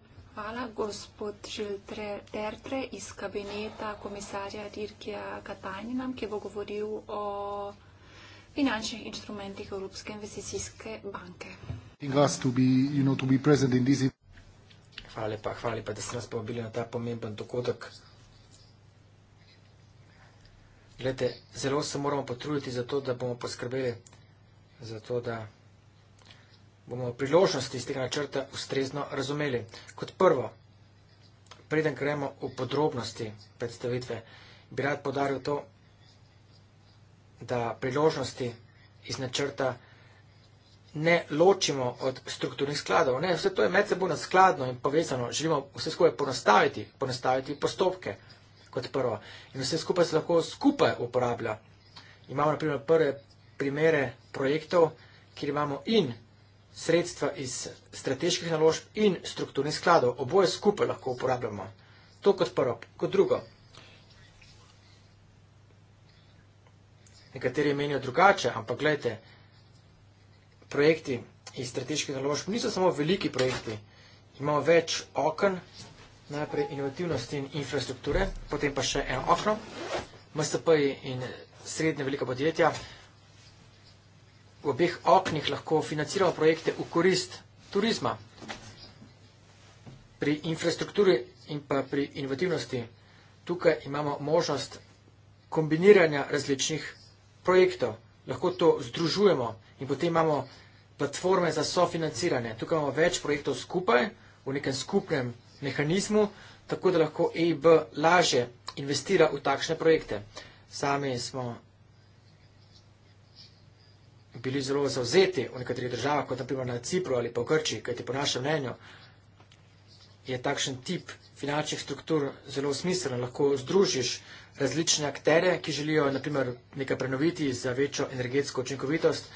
gospod Žiltre Tertre iz kabineta komisarja Dirkija Katanina, ki bo govoril o finančnih instrumentih Evropske investicijske banke. Hvala lepa, hvala lepa, da ste nas povabili na ta pomemben dogodek. Glede, zelo se moramo potruditi za to, da bomo poskrbeli za to, da bomo priložnosti iz tega načrta ustrezno razumeli. Kot prvo, Preden gremo v podrobnosti predstavitve, bi rad podaril to, da priložnosti iz načrta ne ločimo od strukturnih skladov. Ne, vse to je medsebojno skladno in povezano. Želimo vse skupaj ponastaviti, ponastaviti postopke kot prvo. In vse skupaj se lahko skupaj uporablja. Imamo naprimer prve primere projektov, kjer imamo in sredstva iz strateških naložb in strukturnih skladov. Oboje skupaj lahko uporabljamo. To kot prvo. Kot drugo. Nekateri menijo drugače, ampak gledajte, projekti iz strateških naložb niso samo veliki projekti. Imamo več okn, najprej inovativnosti in infrastrukture, potem pa še eno okno, MSP in srednje velika podjetja, v obeh oknih lahko financiramo projekte v korist turizma. Pri infrastrukturi in pa pri inovativnosti tukaj imamo možnost kombiniranja različnih projektov. Lahko to združujemo in potem imamo platforme za sofinanciranje. Tukaj imamo več projektov skupaj v nekem skupnem mehanizmu, tako da lahko EIB laže investira v takšne projekte. Sami smo bili zelo zauzeti v nekaterih državah, kot naprimer na Cipru ali pa v Grči, kajti po našem mnenju je takšen tip finančnih struktur zelo smiselen. Lahko združiš različne aktere, ki želijo naprimer nekaj prenoviti za večjo energetsko učinkovitost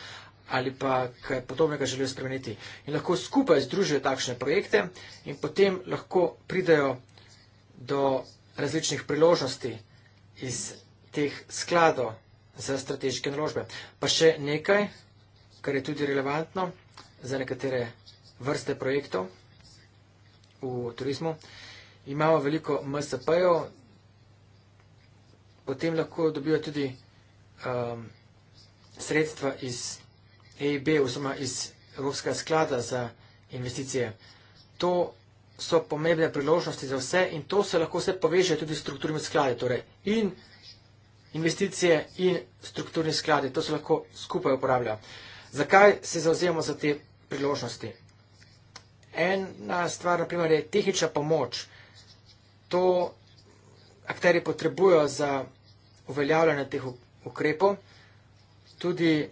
ali pa kaj podobnega želijo spremeniti. In lahko skupaj združijo takšne projekte in potem lahko pridajo do različnih priložnosti iz teh skladov za strateške naložbe. Pa še nekaj, kar je tudi relevantno za nekatere vrste projektov v turizmu. Imamo veliko MSP-jev, potem lahko dobijo tudi um, sredstva iz EIB, oziroma iz Evropskega sklada za investicije. To so pomembne priložnosti za vse in to se lahko vse poveže tudi s strukturnimi skladi. Torej in investicije in strukturni skladi. To se lahko skupaj uporablja. Zakaj se zauzemo za te priložnosti? Ena stvar, na primer, je tehnična pomoč. To akteri potrebujo za uveljavljanje teh ukrepov. Tudi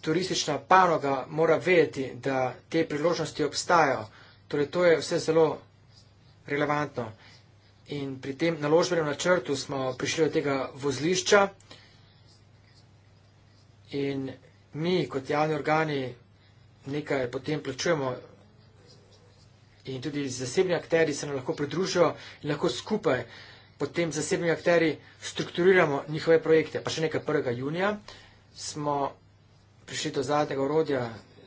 turistična panoga mora vedeti, da te priložnosti obstajajo. Torej, to je vse zelo relevantno. In pri tem naložbenem načrtu smo prišli do tega vozlišča in mi kot javni organi nekaj potem plačujemo in tudi zasebni akteri se nam lahko pridružijo in lahko skupaj potem zasebni akteri strukturiramo njihove projekte. Pa še nekaj 1. junija smo prišli do zadnjega urodja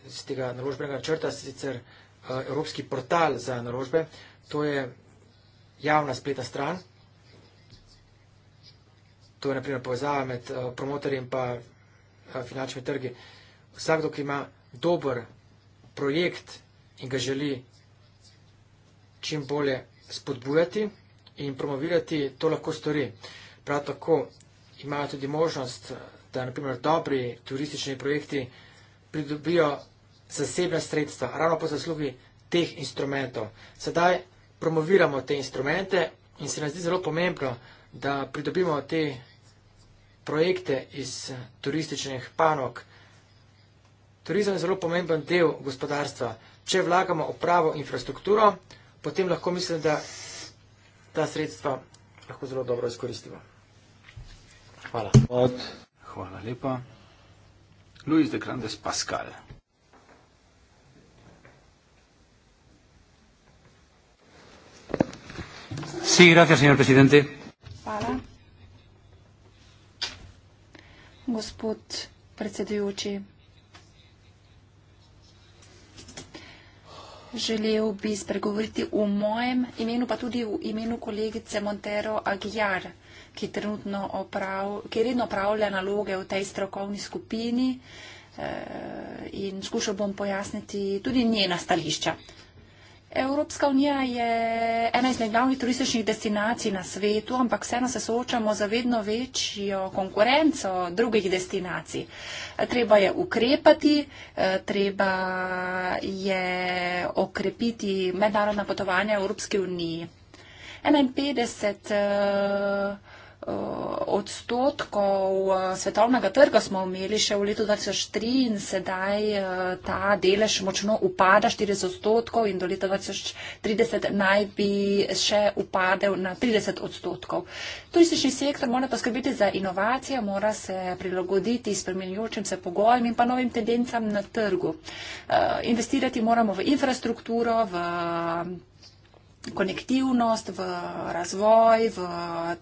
z tega naložbenega načrta, sicer eh, Evropski portal za naložbe. To je javna spletna stran. To je naprimer povezava med eh, promotorjem in eh, finančnimi trgi. Vsakdo, ki ima dober projekt in ga želi čim bolje spodbujati in promovirati, to lahko stori. Prav tako imajo tudi možnost, eh, da naprimer dobri turistični projekti pridobijo zasebna sredstva, ravno po zaslugi teh instrumentov. Sedaj promoviramo te instrumente in se nam zdi zelo pomembno, da pridobimo te projekte iz turističnih panog. Turizem je zelo pomemben del gospodarstva. Če vlagamo v pravo infrastrukturo, potem lahko mislim, da ta sredstva lahko zelo dobro izkoristimo. Hvala. Od... Hvala lepa. Luis de Grandes Pascal. Sí, gracias, señor presidente. Hvala. Gospod predsedujoči, želel bi spregovoriti v mojem imenu, pa tudi v imenu kolegice Montero Aguiar, ki, oprav, ki redno opravlja naloge v tej strokovni skupini eh, in skušal bom pojasniti tudi njena stališča. Evropska unija je ena izmed glavnih turističnih destinacij na svetu, ampak vseeno se soočamo za vedno večjo konkurenco drugih destinacij. Treba je ukrepati, eh, treba je okrepiti mednarodna potovanja Evropske unije. 51. Eh, odstotkov eh, svetovnega trga smo imeli še v letu 2003 in sedaj eh, ta delež močno upada 40 odstotkov in do leta 2030 naj bi še upadel na 30 odstotkov. Turistični sektor mora poskrbiti za inovacije, mora se prilagoditi spremenjujočim se pogojem in pa novim tendencam na trgu. Investirati moramo v infrastrukturo, v konektivnost, v razvoj, v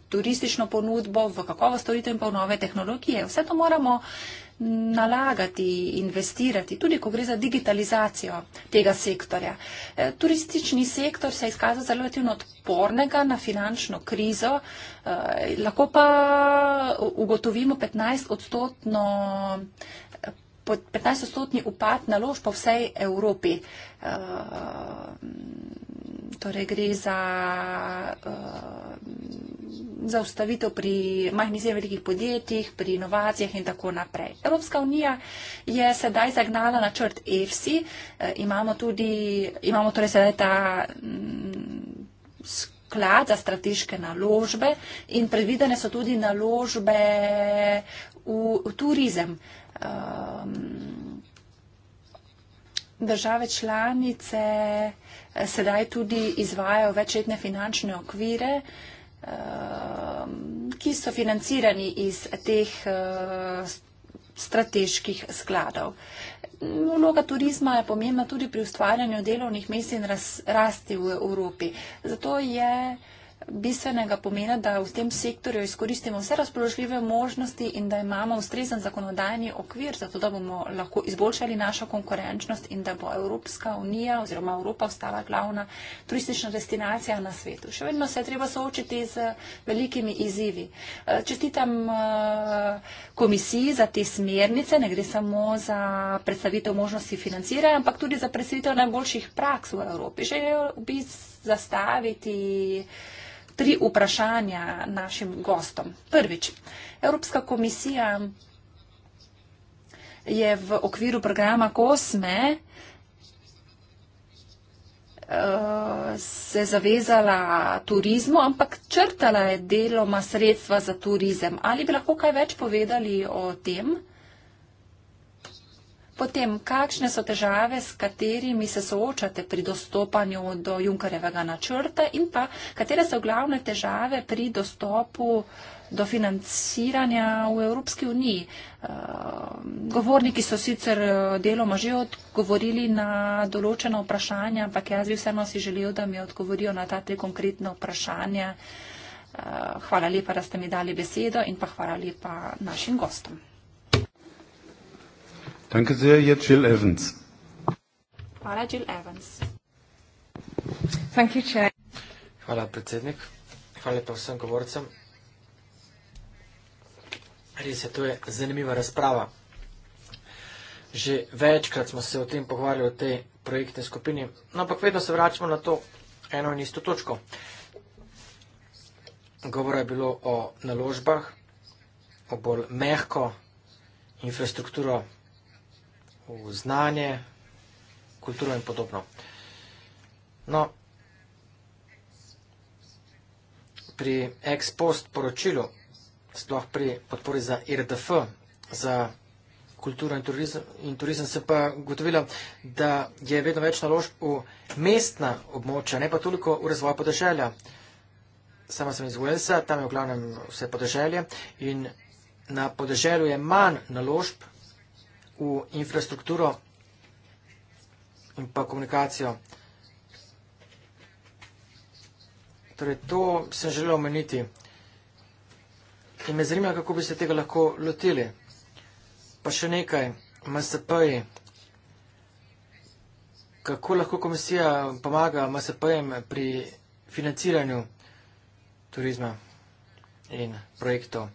turistično ponudbo, v kakovost storitev in pa v nove tehnologije. Vse to moramo nalagati, investirati, tudi ko gre za digitalizacijo tega sektorja. E, turistični sektor se je izkazal zelo relativno odpornega na finančno krizo, e, lahko pa ugotovimo 15-odstotno. 15-stotni upad naložb po vsej Evropi. E, torej gre za uh, eh, zaustavitev pri majhnih in velikih podjetjih, pri inovacijah in tako naprej. Evropska unija je sedaj zagnala na črt EFSI, uh, imamo tudi, imamo torej sedaj ta um, mm, skupaj za strateške naložbe in predvidene so tudi naložbe v, v turizem. Um, države članice sedaj tudi izvajajo večletne finančne okvire, eh, ki so financirani iz teh eh, strateških skladov. Vloga turizma je pomembna tudi pri ustvarjanju delovnih mest in rasti v Evropi. Zato je bistvenega pomena, da v tem sektorju izkoristimo vse razpoložljive možnosti in da imamo ustrezen zakonodajni okvir, zato da bomo lahko izboljšali našo konkurenčnost in da bo Evropska unija oziroma Evropa ostala glavna turistična destinacija na svetu. Še vedno se je treba soočiti z velikimi izzivi. Eh, čestitam eh, komisiji za te smernice, ne gre samo za predstavitev možnosti financiranja, ampak tudi za predstavitev najboljših praks v Evropi. Želel bi zastaviti tri vprašanja našim gostom. Prvič, Evropska komisija je v okviru programa Kosme eh, se zavezala turizmu, ampak črtala je deloma sredstva za turizem. Ali bi lahko kaj več povedali o tem? Potem, kakšne so težave, s katerimi se soočate pri dostopanju do Junkarevega načrta in pa katere so glavne težave pri dostopu do financiranja v Evropski uniji. Eh, govorniki so sicer eh, deloma že odgovorili na določena vprašanja, ampak jaz bi vseeno si želel, da mi odgovorijo na ta tri konkretna vprašanja. Eh, hvala lepa, da ste mi dali besedo in pa hvala lepa našim gostom. Danke sehr. Jetzt Jill Evans. Hvala, Jill Evans. Thank you, Chair. Hvala, predsednik. Hvala pa vsem govorcem. Res je, to je zanimiva razprava. Že večkrat smo se o tem pogovarjali v tej projektni skupini, no, ampak vedno se vračamo na to eno in isto točko. Govora je bilo o naložbah, o bolj mehko infrastrukturo v znanje, kulturo in podobno. No, pri ex post poročilu, sploh pri podpori za IRDF, za kulturo in turizem, in turizem se pa gotovila, da je vedno več nalož v mestna območja, ne pa toliko v razvoj podeželja. Sama sem iz Walesa, tam je v glavnem vse podeželje in na podeželju je manj naložb v infrastrukturo in pa komunikacijo. Torej, to sem želel omeniti in me zanima, kako bi se tega lahko lotili. Pa še nekaj, MSP-ji. Kako lahko komisija pomaga MSP-jem pri financiranju turizma in projektov?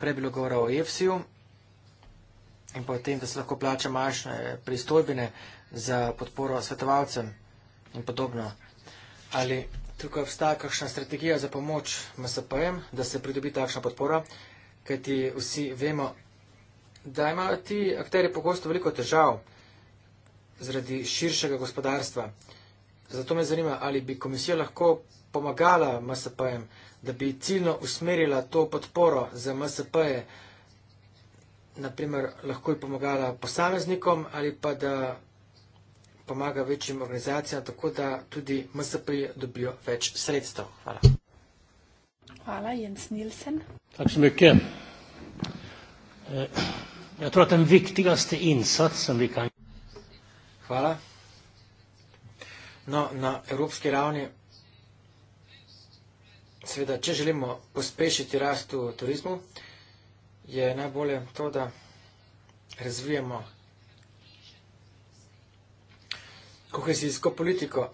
Prej bilo govora o EFSI-ju in potem, da se lahko plača manjše pristojbine za podporo svetovalcem in podobno. Ali tukaj obstaja kakšna strategija za pomoč MSP-jem, da se pridobi takšna podpora, kajti vsi vemo, da imajo ti akteri pogosto veliko težav zaradi širšega gospodarstva. Zato me zanima, ali bi komisija lahko pomagala MSP-jem, da bi ciljno usmerila to podporo za MSP-je naprimer, lahko je pomagala posameznikom ali pa da pomaga večjim organizacijam, tako da tudi MSP dobijo več sredstev. Hvala. Hvala, Jens Nilsen. Takšen je kje. Ja, tudi tam viktigaste in sad sem vi kaj. Hvala. No, na evropski ravni, seveda, če želimo pospešiti rastu turizmu, je najbolje to, da razvijemo kohezijsko politiko,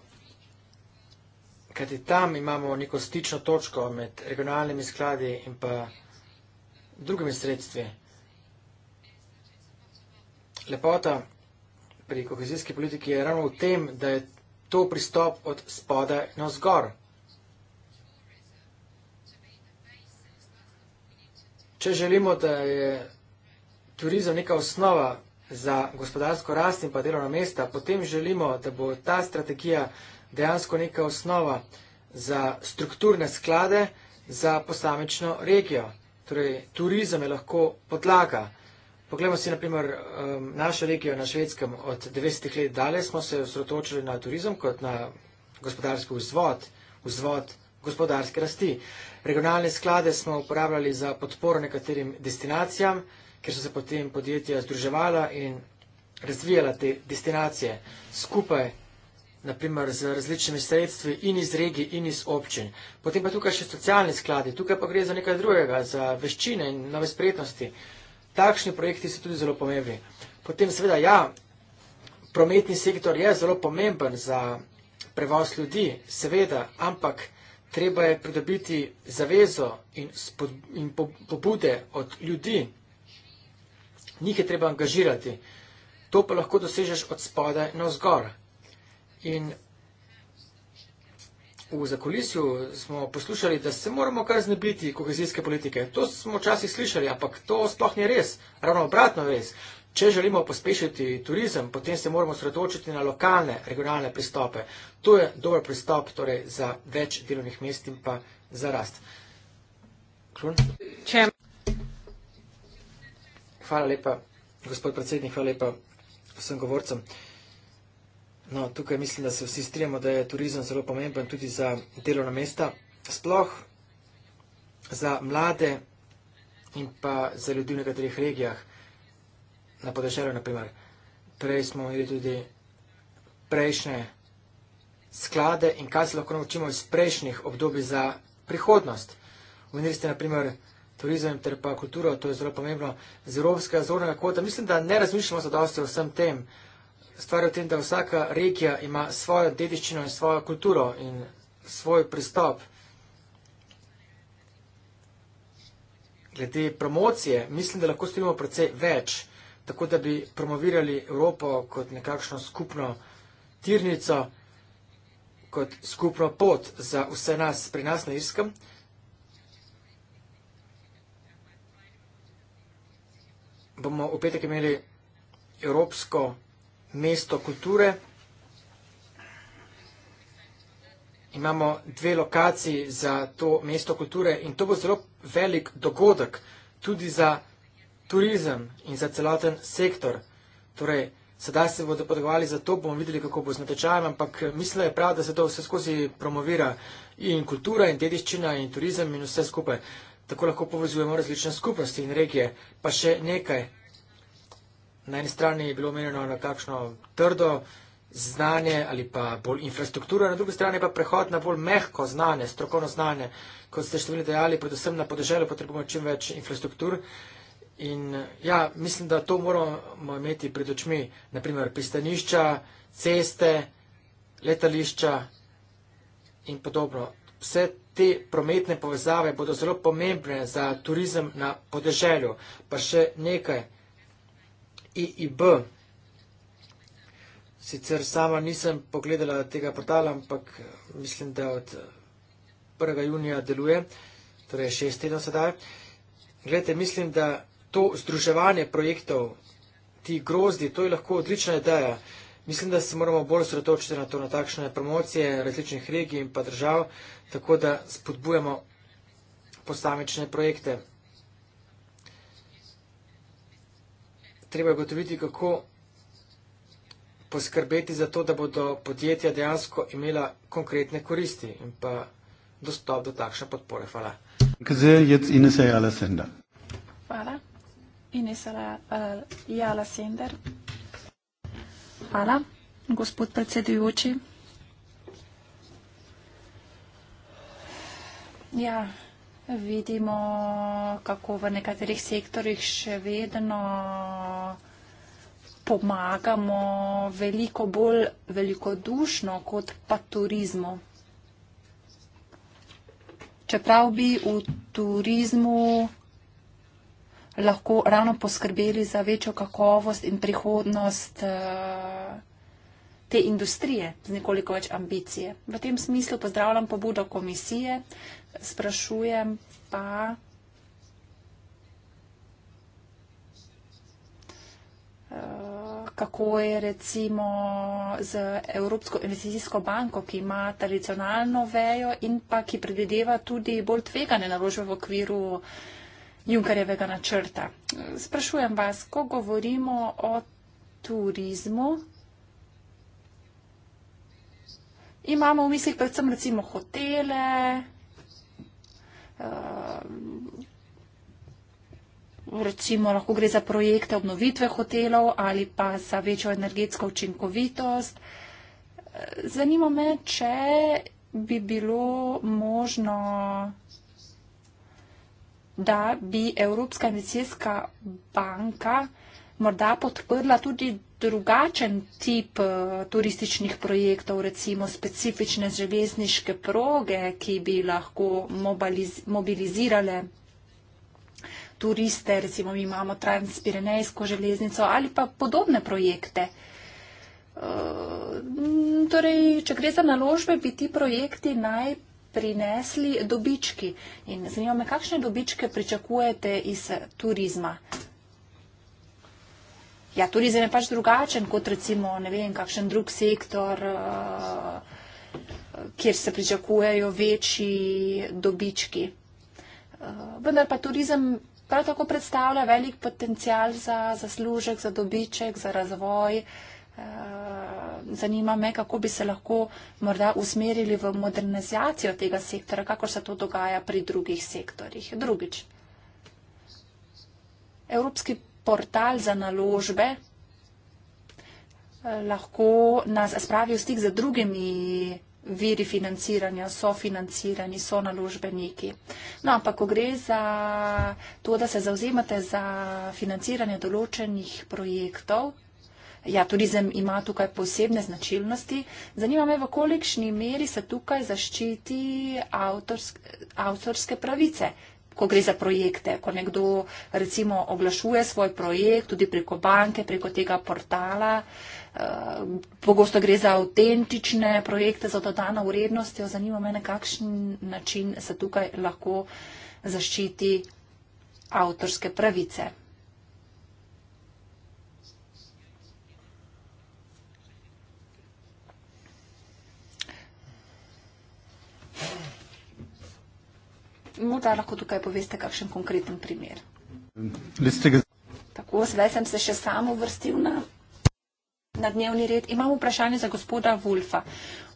kajti tam imamo neko stično točko med regionalnimi skladi in pa drugimi sredstvi. Lepota pri kohezijski politiki je ravno v tem, da je to pristop od spoda na zgor. Če želimo, da je turizem neka osnova za gospodarsko rast in pa delovna mesta, potem želimo, da bo ta strategija dejansko neka osnova za strukturne sklade za posamečno regijo. Torej, turizem je lahko podlaga. Poglejmo si naprimer um, našo regijo na švedskem. Od 90. let dalje smo se osredotočili na turizem kot na gospodarski vzvod, vzvod gospodarske rasti. Regionalne sklade smo uporabljali za podporo nekaterim destinacijam, ker so se potem podjetja združevala in razvijala te destinacije skupaj, naprimer z različnimi sredstvi in iz regij in iz občin. Potem pa tukaj še socialni skladi, tukaj pa gre za nekaj drugega, za veščine in nove spretnosti. Takšni projekti so tudi zelo pomembni. Potem seveda ja, prometni sektor je zelo pomemben za prevoz ljudi, seveda, ampak treba je pridobiti zavezo in, spod, in pobude od ljudi. Njih je treba angažirati. To pa lahko dosežeš od spodaj na vzgor. In v zakolisju smo poslušali, da se moramo kar znebiti kohezijske politike. To smo včasih slišali, ampak to sploh ni res. Ravno obratno je res. Če želimo pospešiti turizem, potem se moramo sredočiti na lokalne, regionalne pristope. To je dober pristop torej, za več delovnih mest in pa za rast. Klun? Hvala lepa, gospod predsednik, hvala lepa vsem govorcem. No, tukaj mislim, da se vsi strijemo, da je turizem zelo pomemben tudi za delovna mesta, sploh za mlade in pa za ljudi v nekaterih regijah na podeželju, naprimer. Prej smo imeli tudi prejšnje sklade in kaj se lahko naučimo iz prejšnjih obdobij za prihodnost. Umenili ste, naprimer, turizem ter pa kulturo, to je zelo pomembno, z evropskega zornega kota. Mislim, da ne razmišljamo za dosti o vsem tem. Stvar je v tem, da vsaka regija ima svojo dediščino in svojo kulturo in svoj pristop. Glede promocije, mislim, da lahko storimo precej več tako da bi promovirali Evropo kot nekakšno skupno tirnico, kot skupno pot za vse nas pri nas na Irskem. Bomo v petek imeli Evropsko mesto kulture. Imamo dve lokaciji za to mesto kulture in to bo zelo velik dogodek tudi za Evropsko mesto kulture turizem in za celoten sektor. Torej, sedaj se bodo podgovali za to, bomo videli, kako bo z natečajem, ampak eh, mislim, je prav, da se to vse skozi promovira in kultura in dediščina in turizem in vse skupaj. Tako lahko povezujemo različne skupnosti in regije. Pa še nekaj. Na eni strani je bilo omenjeno na kakšno trdo znanje ali pa bolj infrastruktura, na drugi strani pa prehod na bolj mehko znanje, strokovno znanje. Kot ste številni dejali, predvsem na podeželju potrebujemo čim več infrastruktur. In ja, mislim, da to moramo imeti pred očmi, naprimer pristanišča, ceste, letališča in podobno. Vse te prometne povezave bodo zelo pomembne za turizem na podeželju. Pa še nekaj, IIB. Sicer sama nisem pogledala tega portala, ampak mislim, da od 1. junija deluje, torej šest tednov sedaj. Glede, mislim, da to združevanje projektov, ti grozdi, to je lahko odlična ideja. Mislim, da se moramo bolj sredotočiti na to, na takšne promocije različnih regij in pa držav, tako da spodbujamo posamične projekte. Treba je gotoviti, kako poskrbeti za to, da bodo podjetja dejansko imela konkretne koristi in pa dostop do takšne podpore. Hvala. Hvala. Inesara uh, eh, Jala Sender. Hvala, gospod predsedujoči. Ja, vidimo, kako v nekaterih sektorjih še vedno pomagamo veliko bolj velikodušno kot pa turizmu. Čeprav bi v turizmu lahko ravno poskrbeli za večjo kakovost in prihodnost eh, te industrije z nekoliko več ambicije. V tem smislu pozdravljam pobudo komisije, sprašujem pa. Eh, kako je recimo z Evropsko investicijsko banko, ki ima tradicionalno vejo in pa ki predvideva tudi bolj tvegane naložbe v okviru uh, Junkarjevega načrta. Sprašujem vas, ko govorimo o turizmu, imamo v mislih predvsem recimo hotele, eh, recimo lahko gre za projekte obnovitve hotelov ali pa za večjo energetsko učinkovitost. Zanima me, če bi bilo možno da bi Evropska investicijska banka morda podprla tudi drugačen tip eh, turističnih projektov, recimo specifične železniške proge, ki bi lahko mobilizirale turiste, recimo mi imamo transpirenejsko železnico ali pa podobne projekte. Eh, torej, če gre za naložbe, bi ti projekti najprej prinesli dobički. In zanima me, kakšne dobičke pričakujete iz eh, turizma? Ja, turizem je pač drugačen kot recimo, ne vem, kakšen drug sektor, eh, kjer se pričakujejo večji dobički. Eh, vendar pa turizem prav tako predstavlja velik potencial za zaslužek, za dobiček, za razvoj. Uh, Eh, zanima me, kako bi se lahko morda usmerili v modernizacijo tega sektora, kako se to dogaja pri drugih sektorjih. Drugič, Evropski portal za naložbe eh, lahko nas spravi v stik z drugimi viri financiranja, so financirani, so naložbeniki. No, ampak ko gre za to, da se zauzemate za financiranje določenih projektov, Ja, turizem ima tukaj posebne značilnosti. Zanima me, v kolikšni meri se tukaj zaščiti avtorsk, avtorske pravice, ko gre za projekte, ko nekdo recimo oglašuje svoj projekt tudi preko banke, preko tega portala. Eh, pogosto gre za avtentične projekte za dodano vrednost. Zanima me, na kakšen način se tukaj lahko zaščiti avtorske pravice. Morda lahko tukaj poveste kakšen konkreten primer. Tako, zdaj sem se še samo vrstil na, na dnevni red. Imam vprašanje za gospoda Wolfa.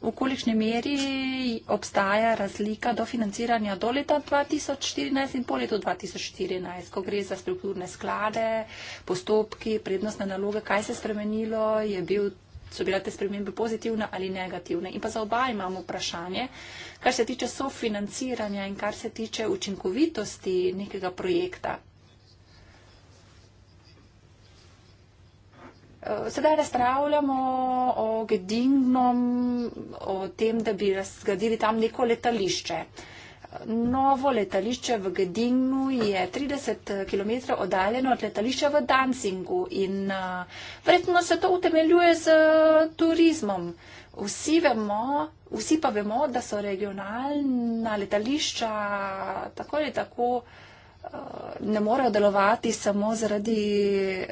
V kolikšni meri obstaja razlika do financiranja do leta 2014 in po letu 2014, ko gre za strukturne sklade, postopki, prednostne naloge, kaj se je spremenilo, je bil so bile te spremembe pozitivne ali negativne. In pa za oba imamo vprašanje, kar se tiče sofinanciranja in kar se tiče učinkovitosti nekega projekta. Eh, sedaj razpravljamo o Gedingnom, o tem, da bi razgradili tam neko letališče novo letališče v Gedinu je 30 eh, km oddaljeno od letališča v Danzingu in uh, verjetno se to utemeljuje z eh, turizmom. Vsi, vemo, vsi pa vemo, da so regionalna letališča tako ali tako uh, ne morejo delovati samo zaradi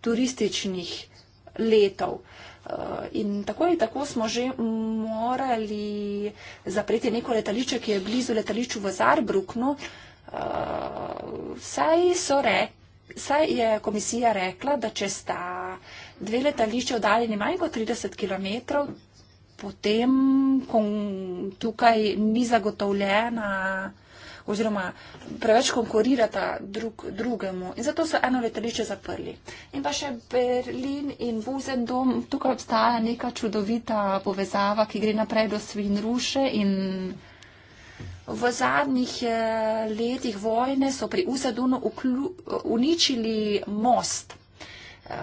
turističnih letov. Uh, Eh, in tako in tako smo že morali zapreti neko letališče, ki je blizu letališču v Zarbruknu. No, eh, saj, re, saj je komisija rekla, da če sta dve letališče oddaljeni manj kot 30 km, potem tukaj ni zagotovljena oziroma preveč konkurirata drug, drugemu. In zato so eno letališče zaprli. In pa še Berlin in Vuzendom, tukaj obstaja neka čudovita povezava, ki gre naprej do Svinruše in. V zadnjih eh, letih vojne so pri Usedunu uničili most. Eh,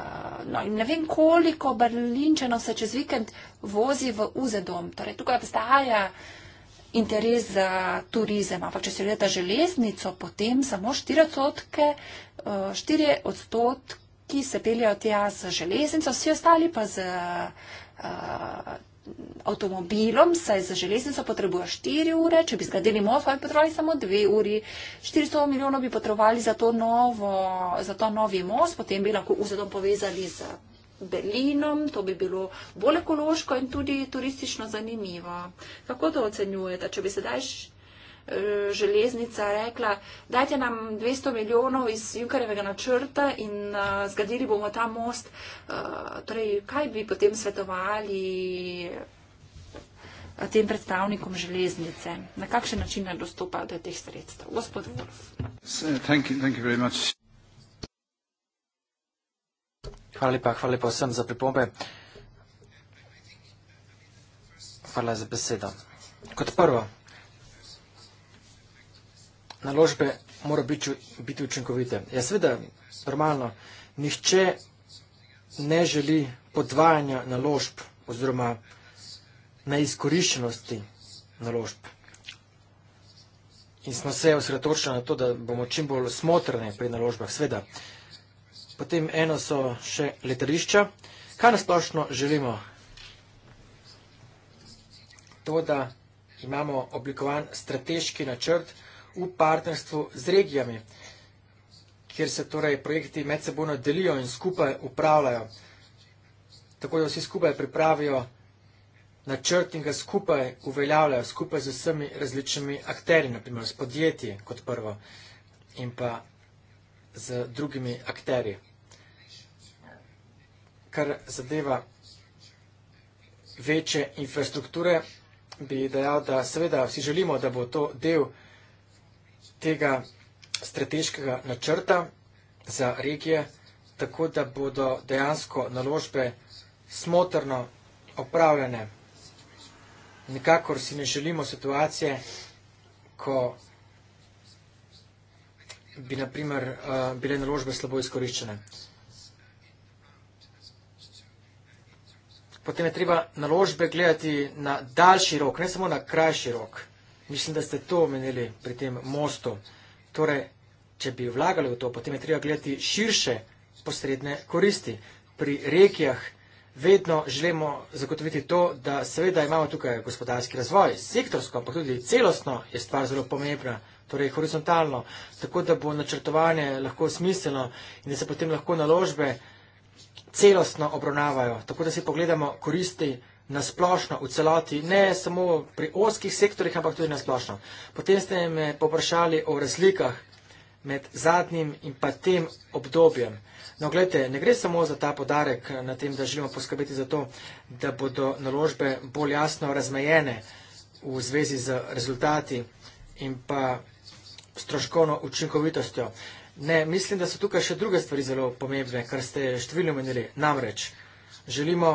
no, ne vem, koliko berlinčano se čez vikend vozi v Usedom. Torej, tukaj obstaja uh, interes za turizem, ampak če se gleda železnico, potem samo 4 odstotke, 4 eh, odstotki se peljajo tja z železnico, vsi ostali pa z uh, avtomobilom, saj za železnico potrebuje 4 ure, če bi zgradili most, pa bi potrebovali samo 2 uri, 400 milijonov bi potrebovali za, to novo, za ta novi most, potem bi lahko vzadom povezali z. Berlinom, to bi bilo bolj ekološko in tudi turistično zanimivo. Kako to ocenjujete? Če bi sedaj e, železnica rekla, dajte nam 200 milijonov iz Junkarjevega načrta in uh, zgradili bomo ta most, uh, torej, kaj bi potem svetovali tem predstavnikom železnice? Na kakšen način naj dostopajo do teh sredstev? Gospod Wolf. Thank you, thank you Hvala lepa, hvala lepa vsem za pripombe. Hvala za besedo. Kot prvo, naložbe mora biti učinkovite. Ja, seveda, normalno, nihče ne želi podvajanja naložb oziroma neizkoriščenosti naložb. In smo se osredotočili na to, da bomo čim bolj smotrne pri naložbah. Sveda, uh, potem eno so še letališča. Kaj nasplošno želimo? To, da imamo oblikovan strateški načrt v partnerstvu z regijami, kjer se torej projekti med sebojno delijo in skupaj upravljajo. Tako da vsi skupaj pripravijo načrt in ga skupaj uveljavljajo, skupaj z vsemi različnimi akteri, naprimer s podjetji kot prvo in pa z drugimi akteri kar zadeva večje infrastrukture, bi dejal, da seveda vsi želimo, da bo to del tega strateškega načrta za regije, tako da bodo dejansko naložbe smotrno opravljene. Nekakor si ne želimo situacije, ko bi naprimer eh, bile naložbe slabo izkoriščene. potem je treba naložbe gledati na daljši rok, ne samo na krajši rok. Mislim, da ste to omenili pri tem mostu. Torej, če bi vlagali v to, potem je treba gledati širše posredne koristi. Pri rekijah vedno želimo zagotoviti to, da seveda imamo tukaj gospodarski razvoj, sektorsko, ampak tudi celostno je stvar zelo pomembna, torej horizontalno, tako da bo načrtovanje lahko smiselno in da se potem lahko naložbe celostno obravnavajo, tako da si pogledamo koristi na splošno, v celoti, ne samo pri oskih sektorjih, ampak tudi na splošno. Potem ste me poprašali o razlikah med zadnjim in pa tem obdobjem. No, gledajte, ne gre samo za ta podarek na tem, da želimo poskrbeti za to, da bodo naložbe bolj jasno razmejene v zvezi z rezultati in pa stroškovno učinkovitostjo. Ne, mislim, da so tukaj še druge stvari zelo pomembne, kar ste številno menili. Namreč, želimo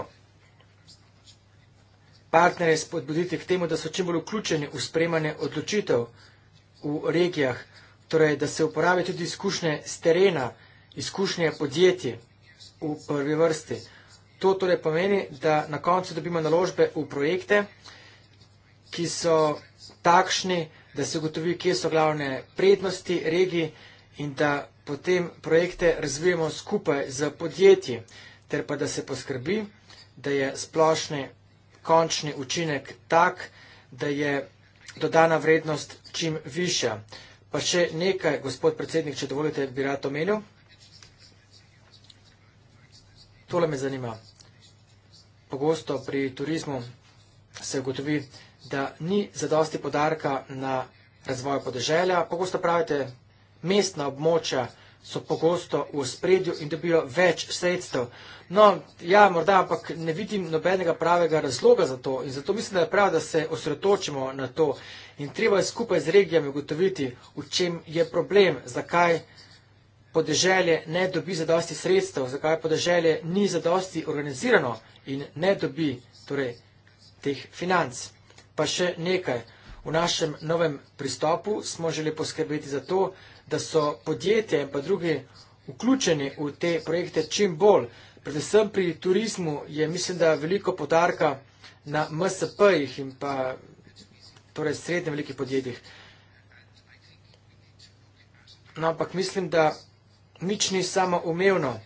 partnerje spodbuditi k temu, da so čim bolj vključeni v spremanje odločitev v regijah, torej, da se uporabi tudi izkušnje z terena, izkušnje podjetij v prvi vrsti. To torej pomeni, da na koncu dobimo naložbe v projekte, ki so takšni, da se ugotovi, kje so glavne prednosti regiji, in da potem projekte razvijemo skupaj z podjetji, ter pa da se poskrbi, da je splošni končni učinek tak, da je dodana vrednost čim višja. Pa še nekaj, gospod predsednik, če dovolite, bi rad omenil. Tole me zanima. Pogosto pri turizmu se ugotovi, da ni zadosti podarka na razvoju podeželja. Pogosto pravite, mestna območja so pogosto v spredju in dobijo več sredstev. No, ja, morda, ampak ne vidim nobenega pravega razloga za to in zato mislim, da je prav, da se osredotočimo na to in treba je skupaj z regijami ugotoviti, v čem je problem, zakaj podeželje ne dobi zadosti sredstev, zakaj podeželje ni zadosti organizirano in ne dobi torej, teh financ. Pa še nekaj. V našem novem pristopu smo želeli poskrbeti za to, da so podjetja in pa druge vključeni v te projekte čim bolj. Predvsem pri turizmu je, mislim, da veliko podarka na MSP-jih in pa torej srednje velikih podjetjih. No, ampak mislim, da nič ni samo umevno.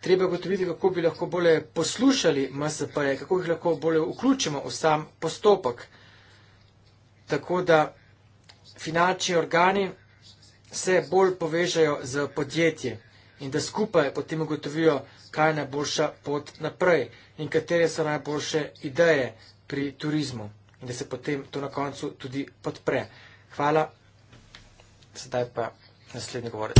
Treba gotoviti, kako bi lahko bolje poslušali MSP-je, kako jih lahko bolje vključimo v sam postopek. Tako da finančni organi vse bolj povežajo z podjetji in da skupaj potem ugotovijo, kaj je najboljša pot naprej in katere so najboljše ideje pri turizmu in da se potem to na koncu tudi podpre. Hvala. Sedaj pa naslednji govorec.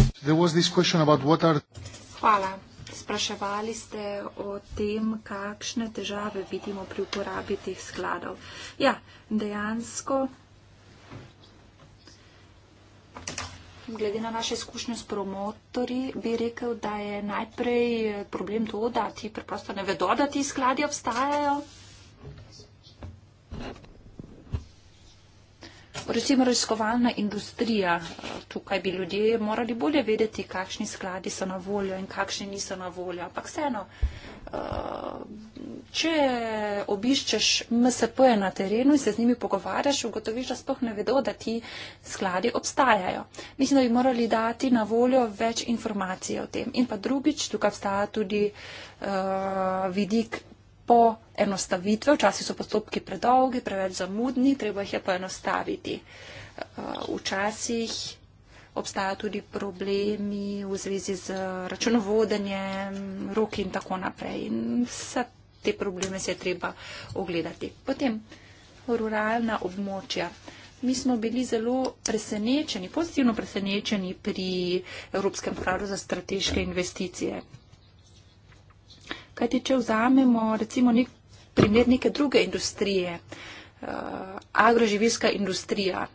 Hvala. Spraševali ste o tem, kakšne težave vidimo pri uporabi teh skladov. Ja, dejansko glede na naše izkušnje s promotori, bi rekel, da je najprej problem to, da ti preprosto ne vedo, da ti skladi obstajajo recimo raziskovalna industrija, eh, tukaj bi ljudje morali bolje vedeti, kakšni skladi so na voljo in kakšni niso na voljo. Ampak vseeno, eh, če obiščeš MSP-je na terenu in se z njimi pogovarjaš, ugotoviš, da sploh ne vedo, da ti skladi obstajajo. Mislim, da bi morali dati na voljo več informacij o tem. In pa drugič, tukaj obstaja tudi uh, vidik poenostavitve. Včasih so postopki predolgi, preveč zamudni, treba jih je poenostaviti. Eh, včasih obstaja tudi problemi v zvezi z računovodenjem, roki in tako naprej. In vse te probleme se je treba ogledati. Potem ruralna območja. Mi smo bili zelo presenečeni, pozitivno presenečeni pri Evropskem pravu za strateške investicije. Kajti, če vzamemo recimo nek primer neke druge industrije, uh, agroživilska industrija,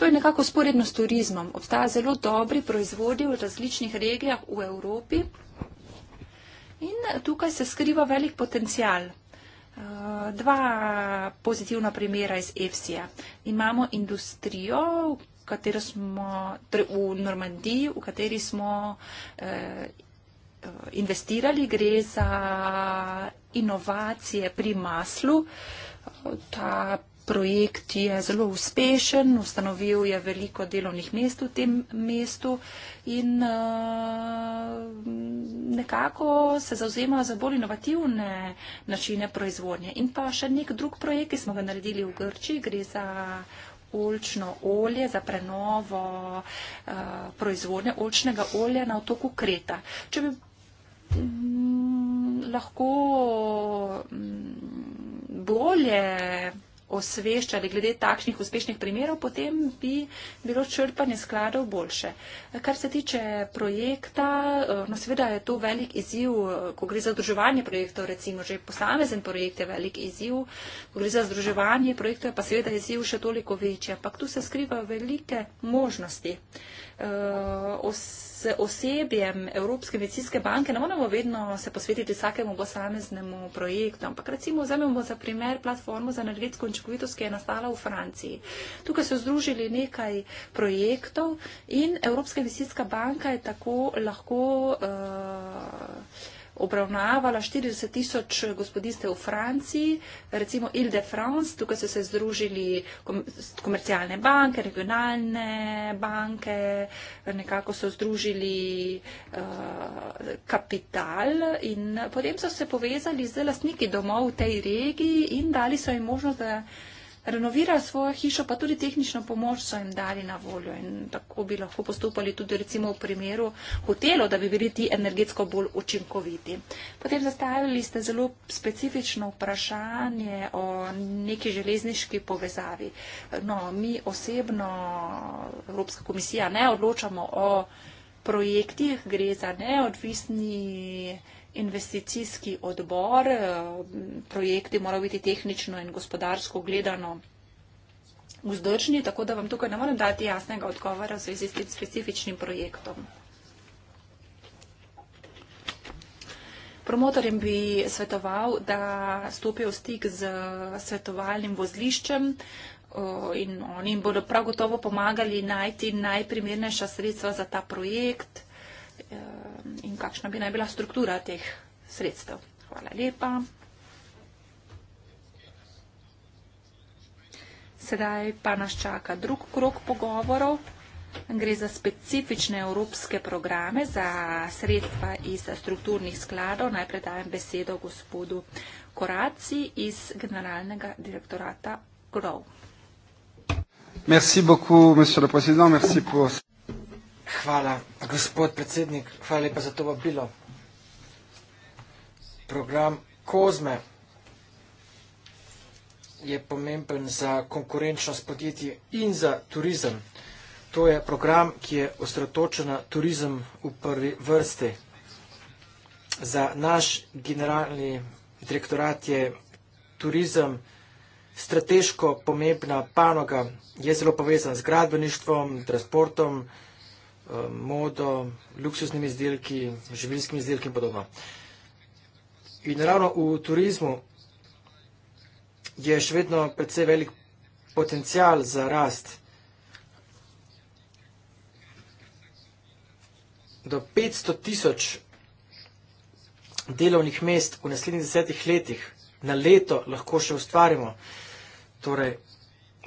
to je nekako sporedno s turizmom. Obstaja zelo dobri proizvodi v različnih regijah v Evropi in tukaj se skriva velik potencial. Uh, dva pozitivna primera iz EFSI-ja. Imamo industrijo, v, smo, torej v Normandiji, v kateri smo uh, Eh, investirali, gre za inovacije pri maslu. Ta projekt je zelo uspešen, ustanovil je veliko delovnih mest v tem mestu in eh, nekako se zauzema za bolj inovativne načine proizvodnje. In pa še nek drug projekt, ki smo ga naredili v Grčiji, gre za olčno olje za prenovo uh, proizvodnje olčnega olja na otoku Kreta. Če bi Mm, lahko mm, bolje osveščali glede takšnih uspešnih primerov, potem bi bilo črpanje skladov boljše. Kar se tiče projekta, eh, no seveda je to velik izziv, eh, ko gre za združevanje projektov, recimo že posamezen projekt je velik izziv, ko gre za združevanje projektov, pa seveda izziv še toliko večji, ampak tu se skriva velike možnosti. Uh, os z osebjem Evropske medicinske banke ne moramo vedno se posvetiti vsakemu posameznemu projektu, ampak recimo vzamemo za primer platformo za energetsko učinkovitost, ki je nastala v Franciji. Tukaj so združili nekaj projektov in Evropska medicinska banka je tako lahko. Uh, obravnavala 40 tisoč gospodistev v Franciji, recimo Ile de France, tukaj so se združili komercialne banke, regionalne banke, nekako so združili uh, kapital in potem so se povezali z lastniki domov v tej regiji in dali so jim možnost, da renovirali svojo hišo, pa tudi tehnično pomoč so jim dali na voljo in tako bi lahko postopali tudi recimo v primeru hotelov, da bi bili ti energetsko bolj učinkoviti. Potem zastavili ste zelo specifično vprašanje o neki železniški povezavi. No, mi osebno, Evropska komisija, ne odločamo o projektih, gre za neodvisni investicijski odbor. Eh, projekti morajo biti tehnično in gospodarsko gledano vzdržni, tako da vam tukaj ne morem dati jasnega odgovora v zvezi s tem specifičnim projektom. Promotorjem bi svetoval, da stopijo v stik z svetovalnim vozliščem eh, in oni jim bodo prav gotovo pomagali najti najprimernejša sredstva za ta projekt. Eh, in kakšna bi naj bila struktura teh sredstev. Hvala lepa. Sedaj pa nas čaka drug krok pogovorov. Gre za specifične evropske programe za sredstva iz strukturnih skladov. Najprej dajem besedo gospodu Koraci iz generalnega direktorata GROW. Merci beaucoup, monsieur le président. Merci pour... Hvala, gospod predsednik, hvala lepa za to vabilo. Program Kozme je pomemben za konkurenčnost podjetij in za turizem. To je program, ki je osredotočen na turizem v prvi vrsti. Za naš generalni direktorat je turizem strateško pomembna panoga. Je zelo povezan z gradbeništvom, transportom, turizem, modo, luksuznimi izdelki, življenskimi izdelki in podobno. In ravno v turizmu je še vedno predvsej velik potencial za rast. Do 500 tisoč delovnih mest v naslednjih desetih letih na leto lahko še ustvarimo. Torej,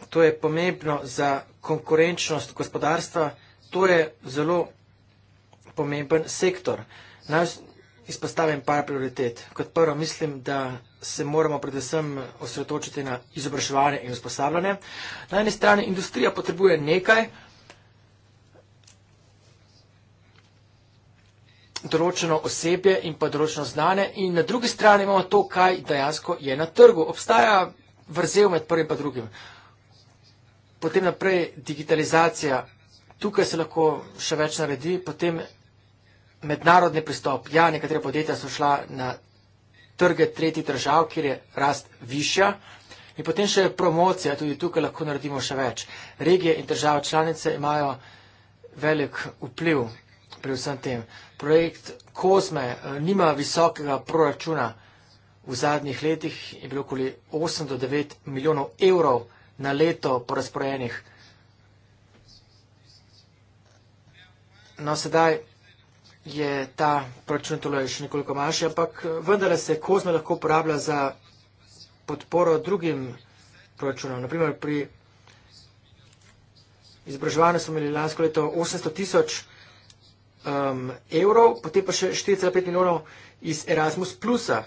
to je pomembno za konkurenčnost gospodarstva to je zelo pomemben sektor. Naj izpostavim par prioritet. Kot prvo mislim, da se moramo predvsem osredotočiti na izobraževanje in usposabljanje. Na eni strani industrija potrebuje nekaj, določeno osebje in pa določeno znanje in na drugi strani imamo to, kaj dejansko je na trgu. Obstaja vrzel med prvim in drugim. Potem naprej digitalizacija Tukaj se lahko še več naredi, potem mednarodni pristop. Ja, nekatere podjetja so šla na trge tretjih držav, kjer je rast višja. In potem še promocija, tudi tukaj lahko naredimo še več. Regije in države članice imajo velik vpliv pri vsem tem. Projekt Kozme eh, nima visokega proračuna. V zadnjih letih je bilo okoli 8 do 9 milijonov evrov na leto porazporenih. No, sedaj je ta proračun tole še nekoliko manjši, ampak eh, vendarle se kozme lahko uporablja za podporo drugim proračunom. Naprimer, pri izobraževanju smo imeli lansko leto 800 tisoč um, evrov, potem pa še 4,5 milijonov iz Erasmus plusa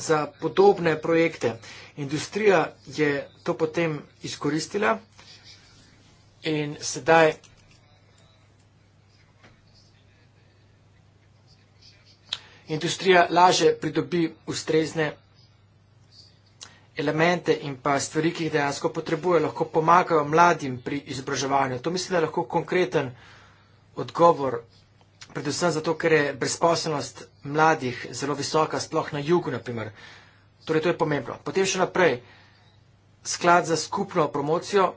za podobne projekte. Industrija je to potem izkoristila in sedaj industrija laže pridobi ustrezne elemente in pa stvari, ki jih dejansko potrebuje, lahko pomagajo mladim pri izobraževanju. To mislim, da je lahko konkreten odgovor, predvsem zato, ker je brezposelnost mladih zelo visoka, sploh na jugu, naprimer. Torej, to je pomembno. Potem še naprej, sklad za skupno promocijo,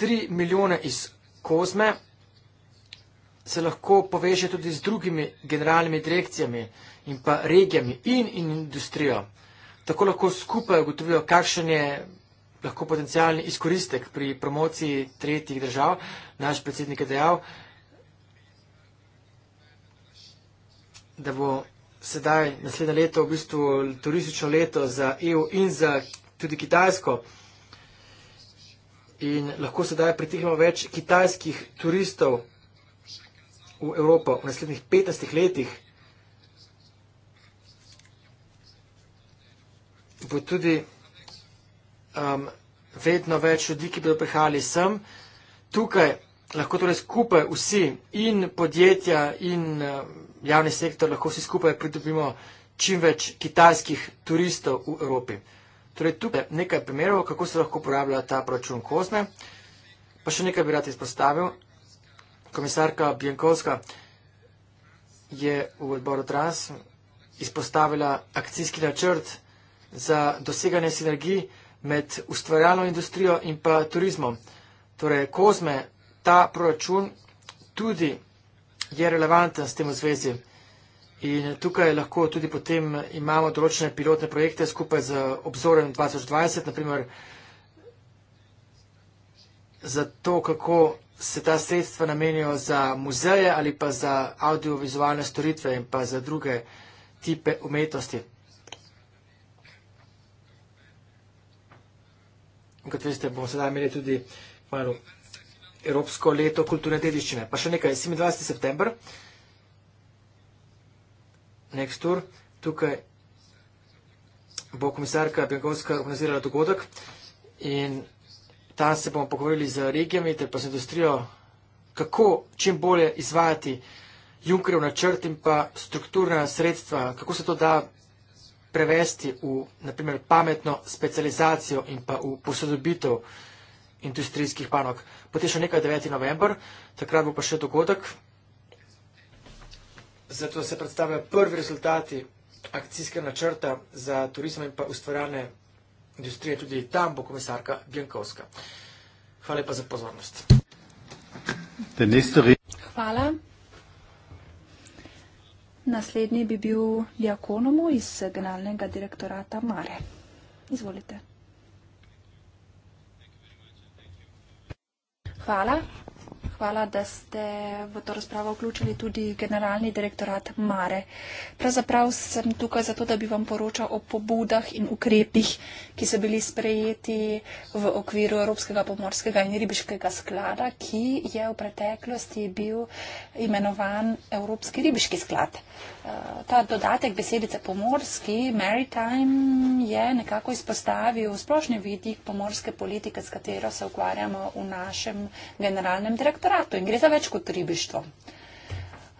3 milijone iz Kozme, se lahko poveže tudi z drugimi generalnimi direkcijami in pa regijami in, in industrijo. Tako lahko skupaj ugotovijo, kakšen je lahko potencijalni izkoristek pri promociji tretjih držav, naš predsednik je dejal, da bo sedaj naslednje leto v bistvu turistično leto za EU in za tudi Kitajsko. In lahko sedaj pritihnemo več kitajskih turistov v Evropo v naslednjih 15 letih, bo tudi um, vedno več ljudi, ki bodo prihajali sem. Tukaj lahko torej skupaj vsi in podjetja in uh, javni sektor lahko vsi skupaj pridobimo čim več kitajskih turistov v Evropi. Torej tukaj nekaj primerov, kako se lahko uporablja ta proračun kozne. Pa še nekaj bi rad izpostavil. Komisarka Bjankovska je v odboru Trans izpostavila akcijski načrt za doseganje sinergij med ustvarjalno industrijo in pa turizmom. Torej, kozme ta proračun tudi je relevanten s tem v zvezi. In tukaj lahko tudi potem imamo določene pilotne projekte skupaj z obzorem 2020, naprimer za to, kako se ta sredstva namenijo za muzeje ali pa za audiovizualne storitve in pa za druge tipe umetnosti. Kot veste, bomo sedaj imeli tudi malo Evropsko leto kulturne dediščine. Pa še nekaj, 27. september, next tour, tukaj bo komisarka Bengonska organizirala dogodek in Danes se bomo pogovorili z regijami, ter pa z industrijo, kako čim bolje izvajati Junkerjev načrt in pa strukturna sredstva, kako se to da prevesti v, naprimer, pametno specializacijo in pa v posodobitev industrijskih panog. Potem še nekaj 9. november, takrat bo pa še dogodek. Zato se predstavljajo prvi rezultati akcijskega načrta za turizem in pa ustvarjanje industrije, tudi tam bo komisarka Bjankovska. Hvala lepa za pozornost. Hvala. Naslednji bi bil Diakonomu iz generalnega direktorata Mare. Izvolite. Hvala hvala, da ste v to razpravo vključili tudi generalni direktorat Mare. Pravzaprav sem tukaj zato, da bi vam poročal o pobudah in ukrepih, ki so bili sprejeti v okviru Evropskega pomorskega in ribiškega sklada, ki je v preteklosti bil imenovan Evropski ribiški sklad. Eh, ta dodatek besedice pomorski, maritime, je nekako izpostavil splošni vidik pomorske politike, s katero se ukvarjamo v našem generalnem direktoratu obrato in gre za več kot ribištvo.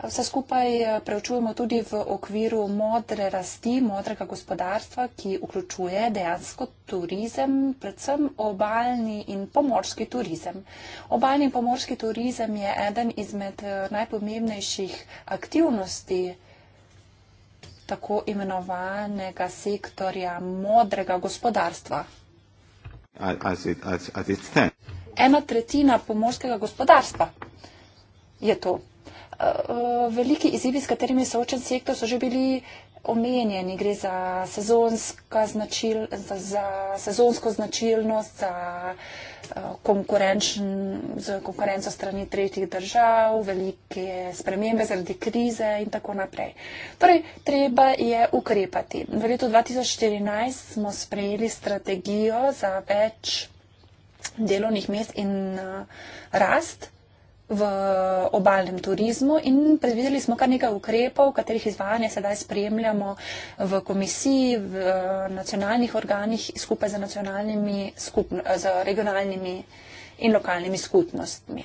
Vse skupaj eh, preučujemo tudi v okviru modre rasti, modrega gospodarstva, ki vključuje dejansko turizem, predvsem obaljni in pomorski turizem. Obaljni in pomorski turizem je eden izmed eh, najpomembnejših aktivnosti tako imenovanega sektorja modrega gospodarstva. As it, as, as ena tretjina pomorskega gospodarstva. Je to. Eh, eh, veliki izzivi, s katerimi se očen sektor, so že bili omenjeni. Gre za, značil, za, za sezonsko značilnost, za eh, konkurenco strani tretjih držav, velike spremembe zaradi krize in tako naprej. Torej, treba je ukrepati. V letu 2014 smo sprejeli strategijo za več delovnih mest in eh, rast v obalnem turizmu in predvideli smo kar nekaj ukrepov, katerih izvajanje sedaj spremljamo v komisiji, v eh, nacionalnih organih skupaj z, skupno, z regionalnimi in lokalnimi skupnostmi.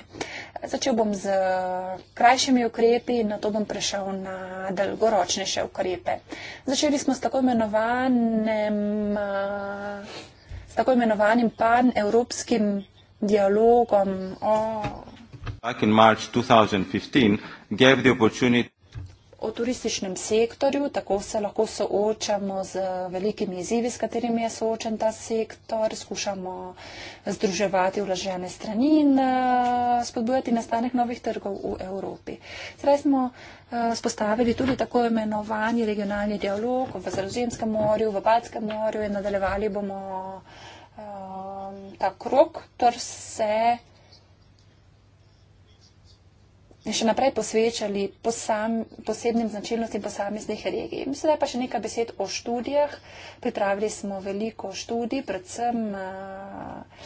Začel bom z eh, krajšimi ukrepi in na to bom prešel na dolgoročnejše ukrepe. Začeli smo s tako imenovanem. Uh, tako imenovanim pan-evropskim dialogom o. O turističnem sektorju, tako se lahko soočamo z velikimi izzivi, s katerimi je soočen ta sektor, skušamo združevati vlažene strani in uh, spodbujati nastanek novih trgov v Evropi. Sedaj smo uh, spostavili tudi tako imenovani regionalni dialog v Zrozemskem morju, v Balskem morju in nadaljevali bomo uh, um, ta krok, ter se še naprej posvečali posam, posebnim značilnostim posameznih regij. Sedaj pa še nekaj besed o študijah. Pripravili smo veliko študij, predvsem uh,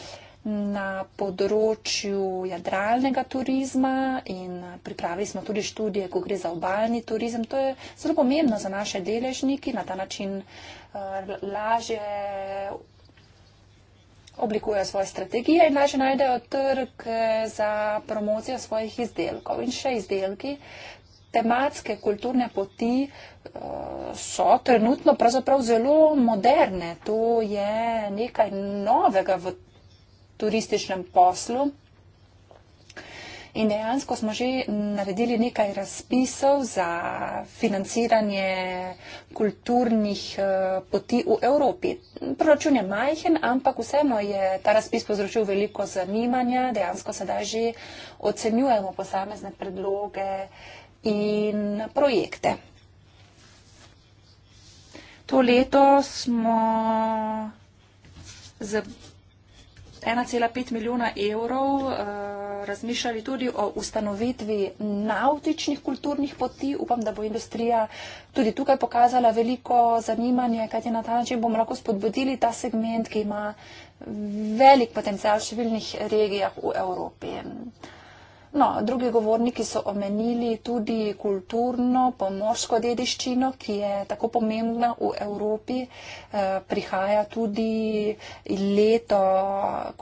na področju jadralnega turizma in pripravili smo tudi študije, ko gre za obaljni turizem. To je zelo pomembno za naše deležniki, na ta način uh, lažje oblikujejo svoje strategije in lažje najdejo trg eh, za promocijo svojih izdelkov. In še izdelki, tematske kulturne poti eh, so trenutno pravzaprav zelo moderne. To je nekaj novega v turističnem poslu. In dejansko smo že naredili nekaj razpisov za financiranje kulturnih eh, poti v Evropi. Proračun je majhen, ampak vseeno je ta razpis povzročil veliko zanimanja. Dejansko sedaj že ocenjujemo posamezne predloge in projekte. To leto smo z 1,5 milijona evrov eh, razmišljali tudi o ustanovitvi nautičnih kulturnih poti. Upam, da bo industrija tudi tukaj pokazala veliko zanimanje, kajti na ta način bomo lahko spodbudili ta segment, ki ima velik potencial v številnih regijah v Evropi. No, drugi govorniki so omenili tudi kulturno pomorsko dediščino, ki je tako pomembna v Evropi. Eh, prihaja tudi leto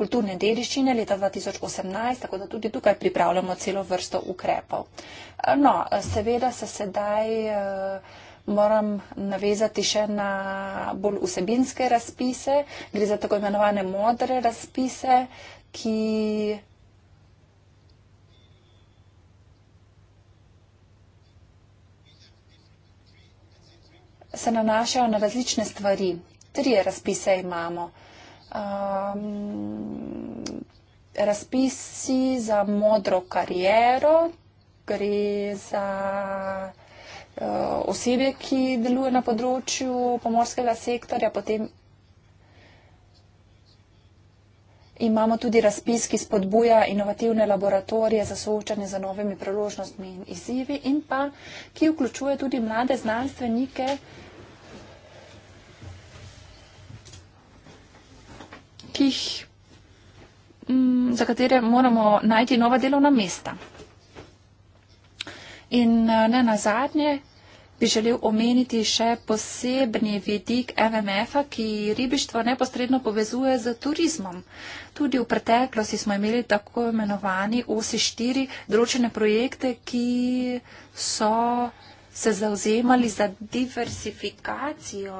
kulturne dediščine, leta 2018, tako da tudi tukaj pripravljamo celo vrsto ukrepov. Eh, no, seveda se sedaj eh, moram navezati še na bolj vsebinske razpise. Gre za tako imenovane modre razpise ki se nanašajo na različne stvari. Tri razpise imamo. Um, razpisi za modro kariero, gre za uh, osebe, ki deluje na področju pomorskega sektorja, potem imamo tudi razpis, ki spodbuja inovativne laboratorije za soočanje z novimi priložnostmi in izzivi in pa, ki vključuje tudi mlade znanstvenike, uh, jih, m, mm, za katere moramo najti nova delovna mesta. In eh, ne na zadnje bi želel omeniti še posebni vidik MMF-a, ki ribištvo neposredno povezuje z turizmom. Tudi v preteklosti smo imeli tako imenovani osi štiri določene projekte, ki so se zauzemali za diversifikacijo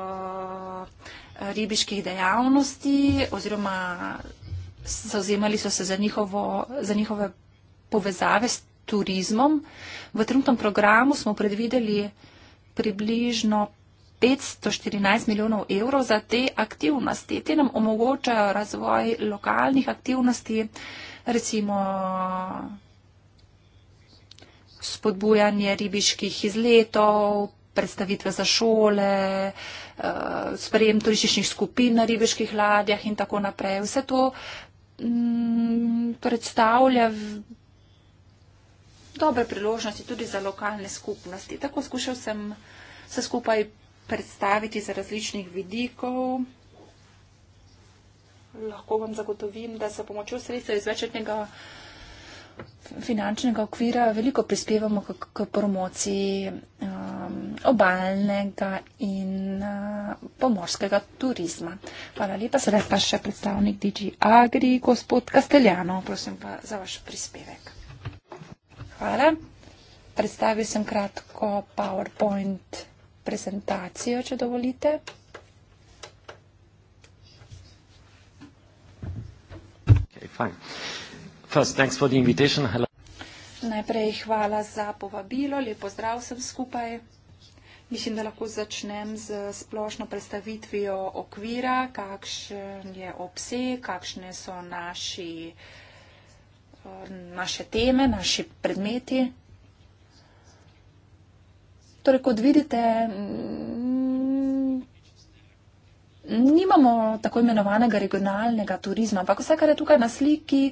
eh, ribiških dejavnosti oziroma zauzemali so se za, njihovo, za njihove povezave s turizmom. V trenutnem programu smo predvideli približno 514 milijonov evrov za te aktivnosti. Te nam omogočajo razvoj lokalnih aktivnosti, recimo spodbujanje ribiških izletov, predstavitve za šole, eh, sprejem turističnih skupin na ribiških ladjah in tako naprej. Vse to mm, predstavlja dobre priložnosti tudi za lokalne skupnosti. Tako skušal sem se skupaj predstaviti za različnih vidikov. Lahko vam zagotovim, da se pomočjo sredstva iz večetnega finančnega okvira veliko prispevamo k, k promociji um, obaljnega in uh, pomorskega turizma. Hvala lepa. Sedaj pa še predstavnik DG Agri, gospod Kasteljano, prosim pa za vaš prispevek. Hvala. Predstavil sem kratko PowerPoint prezentacijo, če dovolite. Okay, fine. First, thanks for the invitation. Hello. Najprej hvala za povabilo, lepo zdrav vsem skupaj. Mislim, da lahko začnem z splošno predstavitvijo okvira, kakšen je obseg, kakšne so naši, naše teme, naši predmeti. Torej, kot vidite, nimamo tako imenovanega regionalnega turizma, ampak vse, kar je tukaj na sliki,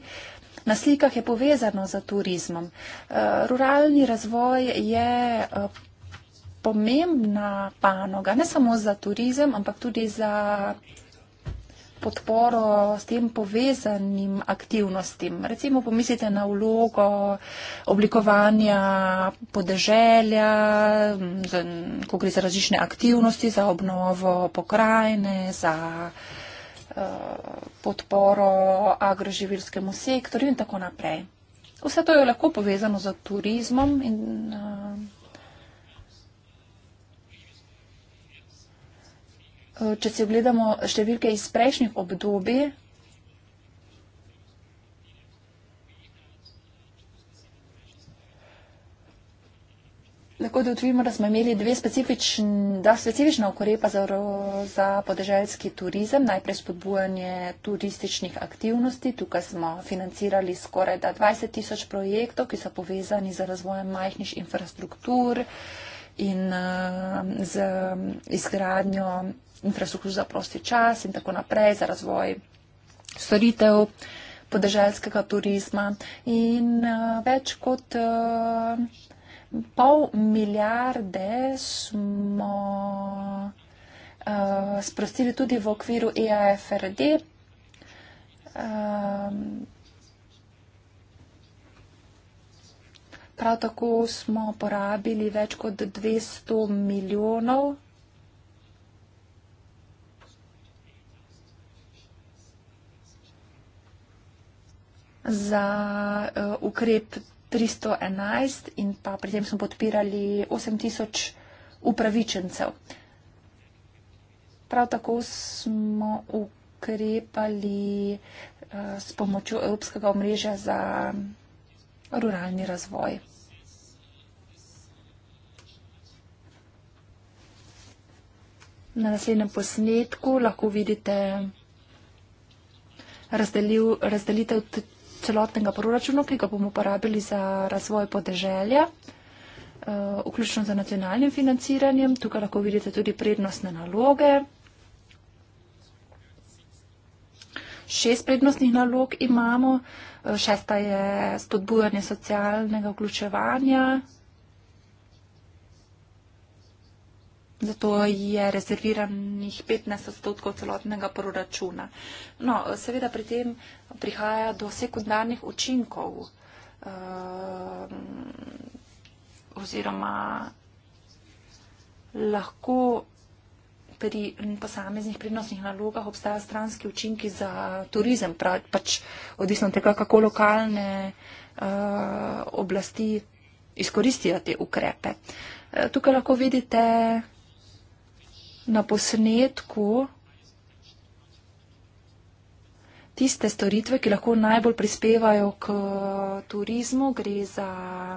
na slikah je povezano z turizmom. Eh, ruralni razvoj je eh, pomembna panoga, ne samo za turizem, ampak tudi za podporo s tem povezanim aktivnostim. Recimo pomislite na vlogo oblikovanja podeželja, ko gre za različne aktivnosti, za obnovo pokrajine, za uh, Eh, podporo agroživilskemu sektorju in tako naprej. Vse to je lahko povezano z turizmom in uh, če si ogledamo številke iz prejšnjih obdobij, Lahko dotvimo, da smo imeli dve specifičn, da, specifična ukorepa za, za podeželjski turizem. Najprej spodbujanje turističnih aktivnosti. Tukaj smo financirali skoraj 20 tisoč projektov, ki so povezani z razvojem majhnih infrastruktur in uh, z izgradnjo infrastruktur za prosti čas in tako naprej, za razvoj storitev podeželjskega turizma. In uh, več kot. Uh, pol milijarde smo uh, sprostili tudi v okviru EAFRD. Um, ehm, prav tako smo porabili več kot 200 milijonov. za uh, ukrep 311 in pa pri tem smo podpirali 8000 upravičencev. Prav tako smo ukrepali eh, s pomočjo Evropskega omrežja za ruralni razvoj. Na naslednjem posnetku lahko vidite razdelitev celotnega proračuna, ki ga bomo uporabili za razvoj podeželja, eh, vključno za nacionalnim financiranjem. Tukaj lahko vidite tudi prednostne naloge. Šest prednostnih nalog imamo, eh, šesta je spodbujanje socialnega vključevanja, Zato je rezerviranih 15 odstotkov celotnega proračuna. No, seveda pri tem prihaja do sekundarnih učinkov eh, oziroma lahko pri posameznih prinosnih nalogah obstajajo stranski učinki za turizem, pač odvisno tega, kako lokalne eh, oblasti izkoristijo te ukrepe. Eh, tukaj lahko vidite, na posnetku tiste storitve, ki lahko najbolj prispevajo k turizmu, gre za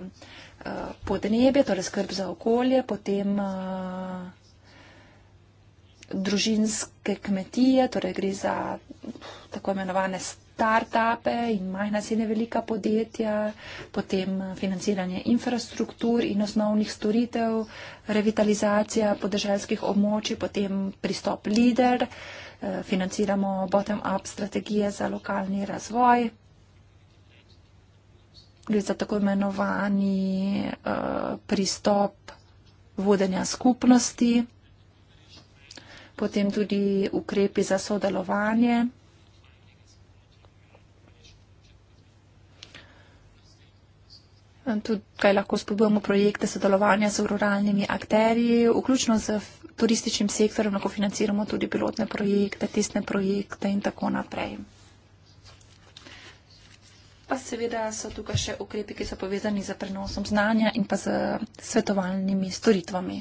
eh, podnebje, torej skrb za okolje, potem eh, družinske kmetije, torej gre za tako imenovane stvari, start-upe in majhna srednja velika podjetja, potem financiranje infrastruktur in osnovnih storitev, revitalizacija podeželskih območij, potem pristop lider, eh, financiramo bottom-up strategije za lokalni razvoj. Gre za tako imenovani uh, pristop vodenja skupnosti, potem tudi ukrepi za sodelovanje. tukaj lahko spodbujamo projekte sodelovanja z ruralnimi akterji, vključno z turističnim sektorjem, lahko financiramo tudi pilotne projekte, testne projekte in tako naprej. Pa seveda so tukaj še ukrepi, ki so povezani z prenosom znanja in pa z svetovalnimi storitvami.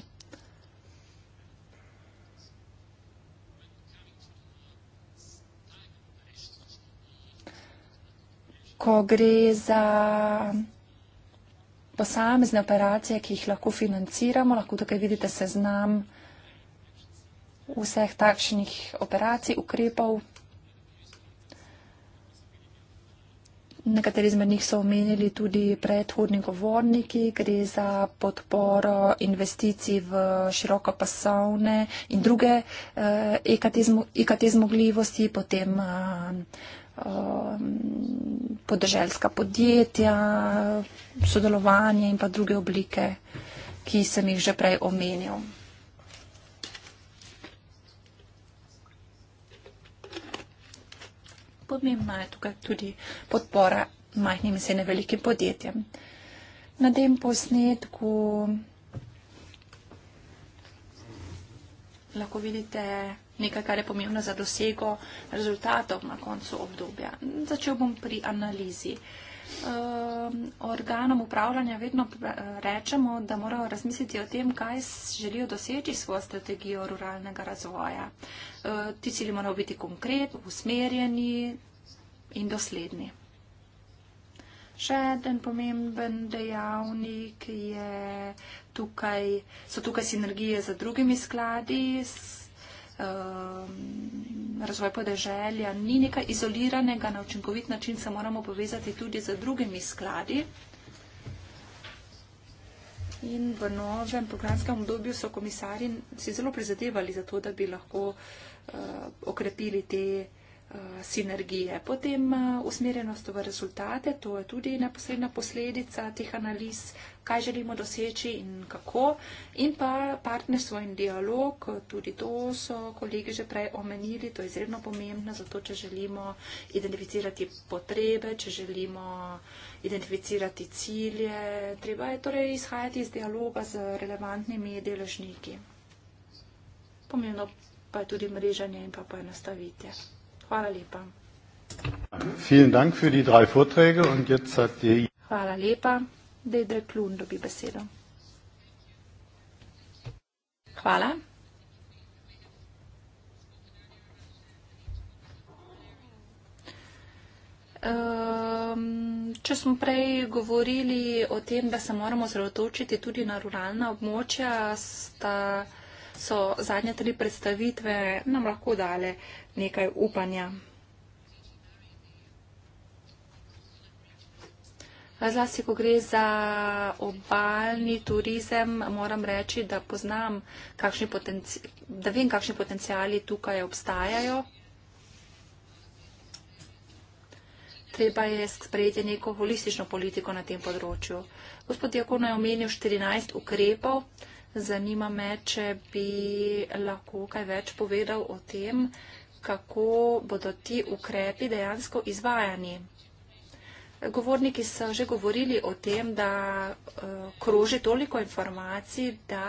Ko gre za posamezne operacije, ki jih lahko financiramo. Lahko tukaj vidite seznam vseh takšnih operacij, ukrepov. Nekateri izmed njih so omenili tudi predhodni govorniki, gre za podporo investicij v širokopasovne in druge IKT eh, zmogljivosti, potem uh, Um, podeželska podjetja, sodelovanje in pa druge oblike, ki sem jih že prej omenil. Pomembna je tukaj tudi podpora majhnim in srednje velikim podjetjem. Na tem posnetku lahko vidite nekaj, kar je pomembno za dosego rezultatov na koncu obdobja. Začel bom pri analizi. Ehm, organom upravljanja vedno rečemo, da morajo razmisliti o tem, kaj želijo doseči svojo strategijo ruralnega razvoja. Ehm, ti cilji morajo biti konkretni, usmerjeni in dosledni. Še en pomemben dejavnik je, tukaj, so tukaj sinergije z drugimi skladi, s Ehm, razvoj podeželja ni nekaj izoliranega, na učinkovit način se moramo povezati tudi z drugimi skladi. In v novem programskem obdobju so komisarji si zelo prizadevali za to, da bi lahko uh, okrepili te uh, Eh, sinergije. Potem eh, usmerjenost v rezultate, to je tudi neposredna posledica teh analiz, kaj želimo doseči in kako. In pa partnerstvo in dialog, tudi to so kolegi že prej omenili, to je izredno pomembno, zato če želimo identificirati potrebe, če želimo identificirati cilje, treba je torej izhajati iz dialoga z relevantnimi deležniki. Pomembno pa je tudi mrežanje in pa poenostavitev. Hvala lepa. Vielen Dank für die drei Vorträge und jetzt hat die Hvala lepa. Dedrek Lund dobi besedo. Hvala. Um, če smo prej govorili o tem, da se moramo zrotočiti tudi na ruralna območja, sta so zadnje tri predstavitve nam lahko dale nekaj upanja. Zlasti, ko gre za obaljni turizem, moram reči, da poznam, kakšni da vem, kakšni potencijali tukaj obstajajo. Treba je sprejeti neko holistično politiko na tem področju. Gospod Jakono je omenil 14 ukrepov. Zanima me, če bi lahko kaj več povedal o tem, kako bodo ti ukrepi dejansko izvajani. Govorniki so že govorili o tem, da eh, kroži toliko informacij, da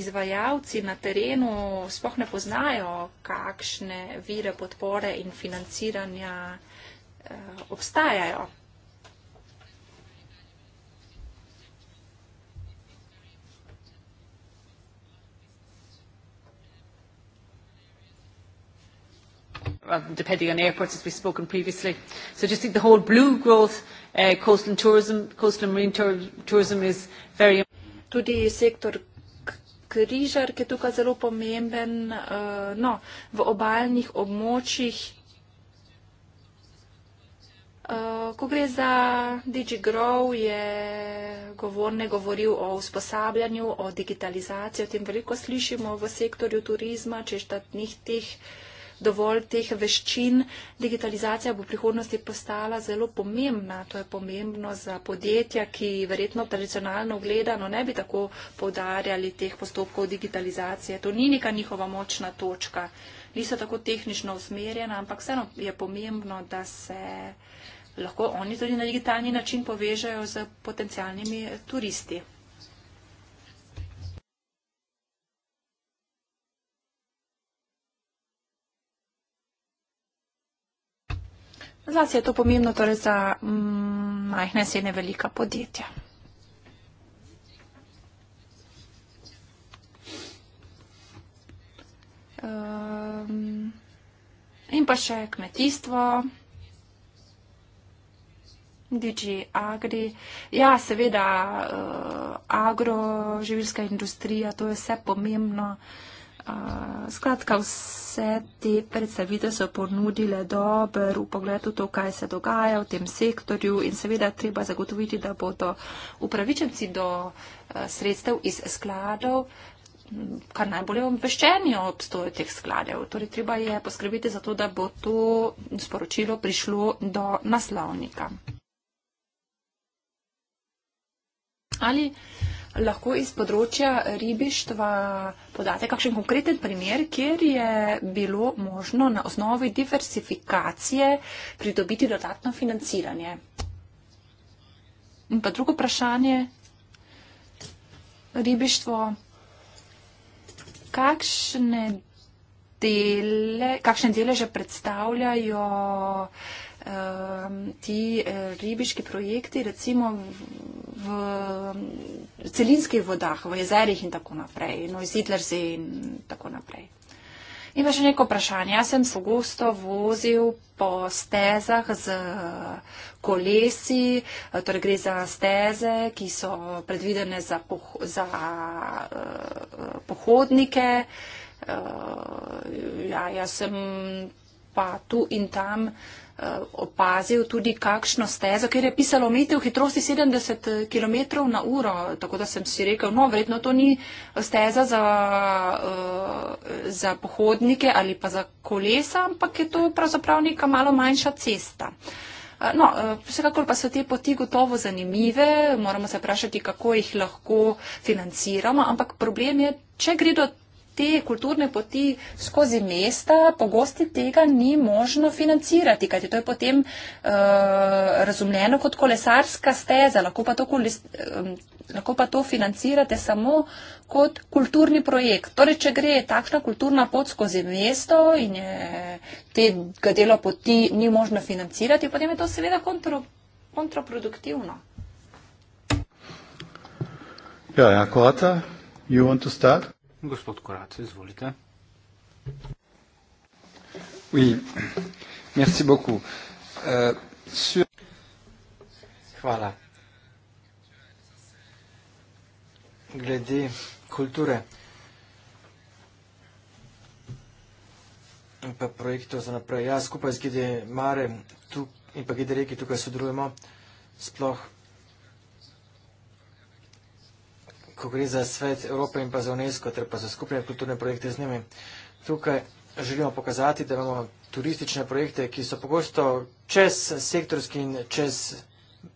izvajalci na terenu sploh ne poznajo, kakšne vire podpore in financiranja eh, obstajajo. depending on airports, as we've spoken previously. So just think the whole blue growth, uh, coastal and tourism, coastal and marine tur tourism is very Tudi sektor križar, ki je tukaj zelo pomemben, uh, no, v obaljnih območjih, uh, ko gre za DigiGrow, je govorne govoril o usposabljanju, o digitalizaciji, o tem veliko slišimo v sektorju turizma, češ da njih teh uh, dovolj teh veščin. Digitalizacija bo v prihodnosti postala zelo pomembna. To je pomembno za podjetja, ki verjetno tradicionalno gledano ne bi tako podarjali teh postopkov digitalizacije. To ni neka njihova močna točka. Niso tako tehnično usmerjena, ampak vseeno je pomembno, da se lahko oni tudi na digitalni način povežajo z potencialnimi turisti. Zase je to pomembno torej za mm, majhne srednje velika podjetja. Um, in pa še kmetijstvo, Digi Agri. Ja, seveda, uh, eh, agro, živilska industrija, to je vse pomembno. Uh, skratka, vse te predstavitve so ponudile dober v pogledu to, kaj se dogaja v tem sektorju in seveda treba zagotoviti, da bodo upravičenci do eh, sredstev iz skladov mm, kar najbolje obveščeni o obstoju teh skladev. Torej, treba je poskrbeti za to, da bo to sporočilo prišlo do naslovnika. Ali lahko iz področja ribištva podate kakšen konkreten primer, kjer je bilo možno na osnovi diversifikacije pridobiti dodatno financiranje? In pa drugo vprašanje, ribištvo, kakšne dele, kakšne dele že predstavljajo um, ti eh, ribiški projekti, recimo v celinskih vodah, v jezerih in tako naprej, in v Zidlersi in tako naprej. In pa še neko vprašanje. Jaz sem pogosto vozil po stezah z kolesi, eh, torej gre za steze, ki so predvidene za, poh za uh, pohodnike. Uh, ja, jaz sem pa tu in tam uh, Eh, opazil tudi kakšno stezo, ker je pisalo omejitev hitrosti 70 eh, km na uro, tako da sem si rekel, no, vredno to ni steza za, eh, za pohodnike ali pa za kolesa, ampak je to pravzaprav neka malo manjša cesta. No, vsekakor pa so te poti gotovo zanimive, moramo se vprašati, kako jih lahko financiramo, ampak problem je, če gre do te kulturne poti skozi mesta, pogosti tega ni možno financirati, kajti to je potem uh, razumljeno kot kolesarska steza, lahko pa, to kolis, um, lahko pa to financirate samo kot kulturni projekt. Torej, če gre takšna kulturna pot skozi mesto in je, tega dela poti ni možno financirati, potem je to seveda kontro, kontraproduktivno. Ja, Jakota, you want to start? Gospod Korac, izvolite. Oui. Merci beaucoup. Uh, sur... Hvala. Glede kulture in pa projektov za naprej. Ja, skupaj z Gide Mare tu, in pa Gide Reki tukaj sodelujemo sploh ko gre za svet Evrope in pa za UNESCO, ter pa za skupne kulturne projekte z njimi. Tukaj želimo pokazati, da imamo turistične projekte, ki so pogosto čez sektorski in čez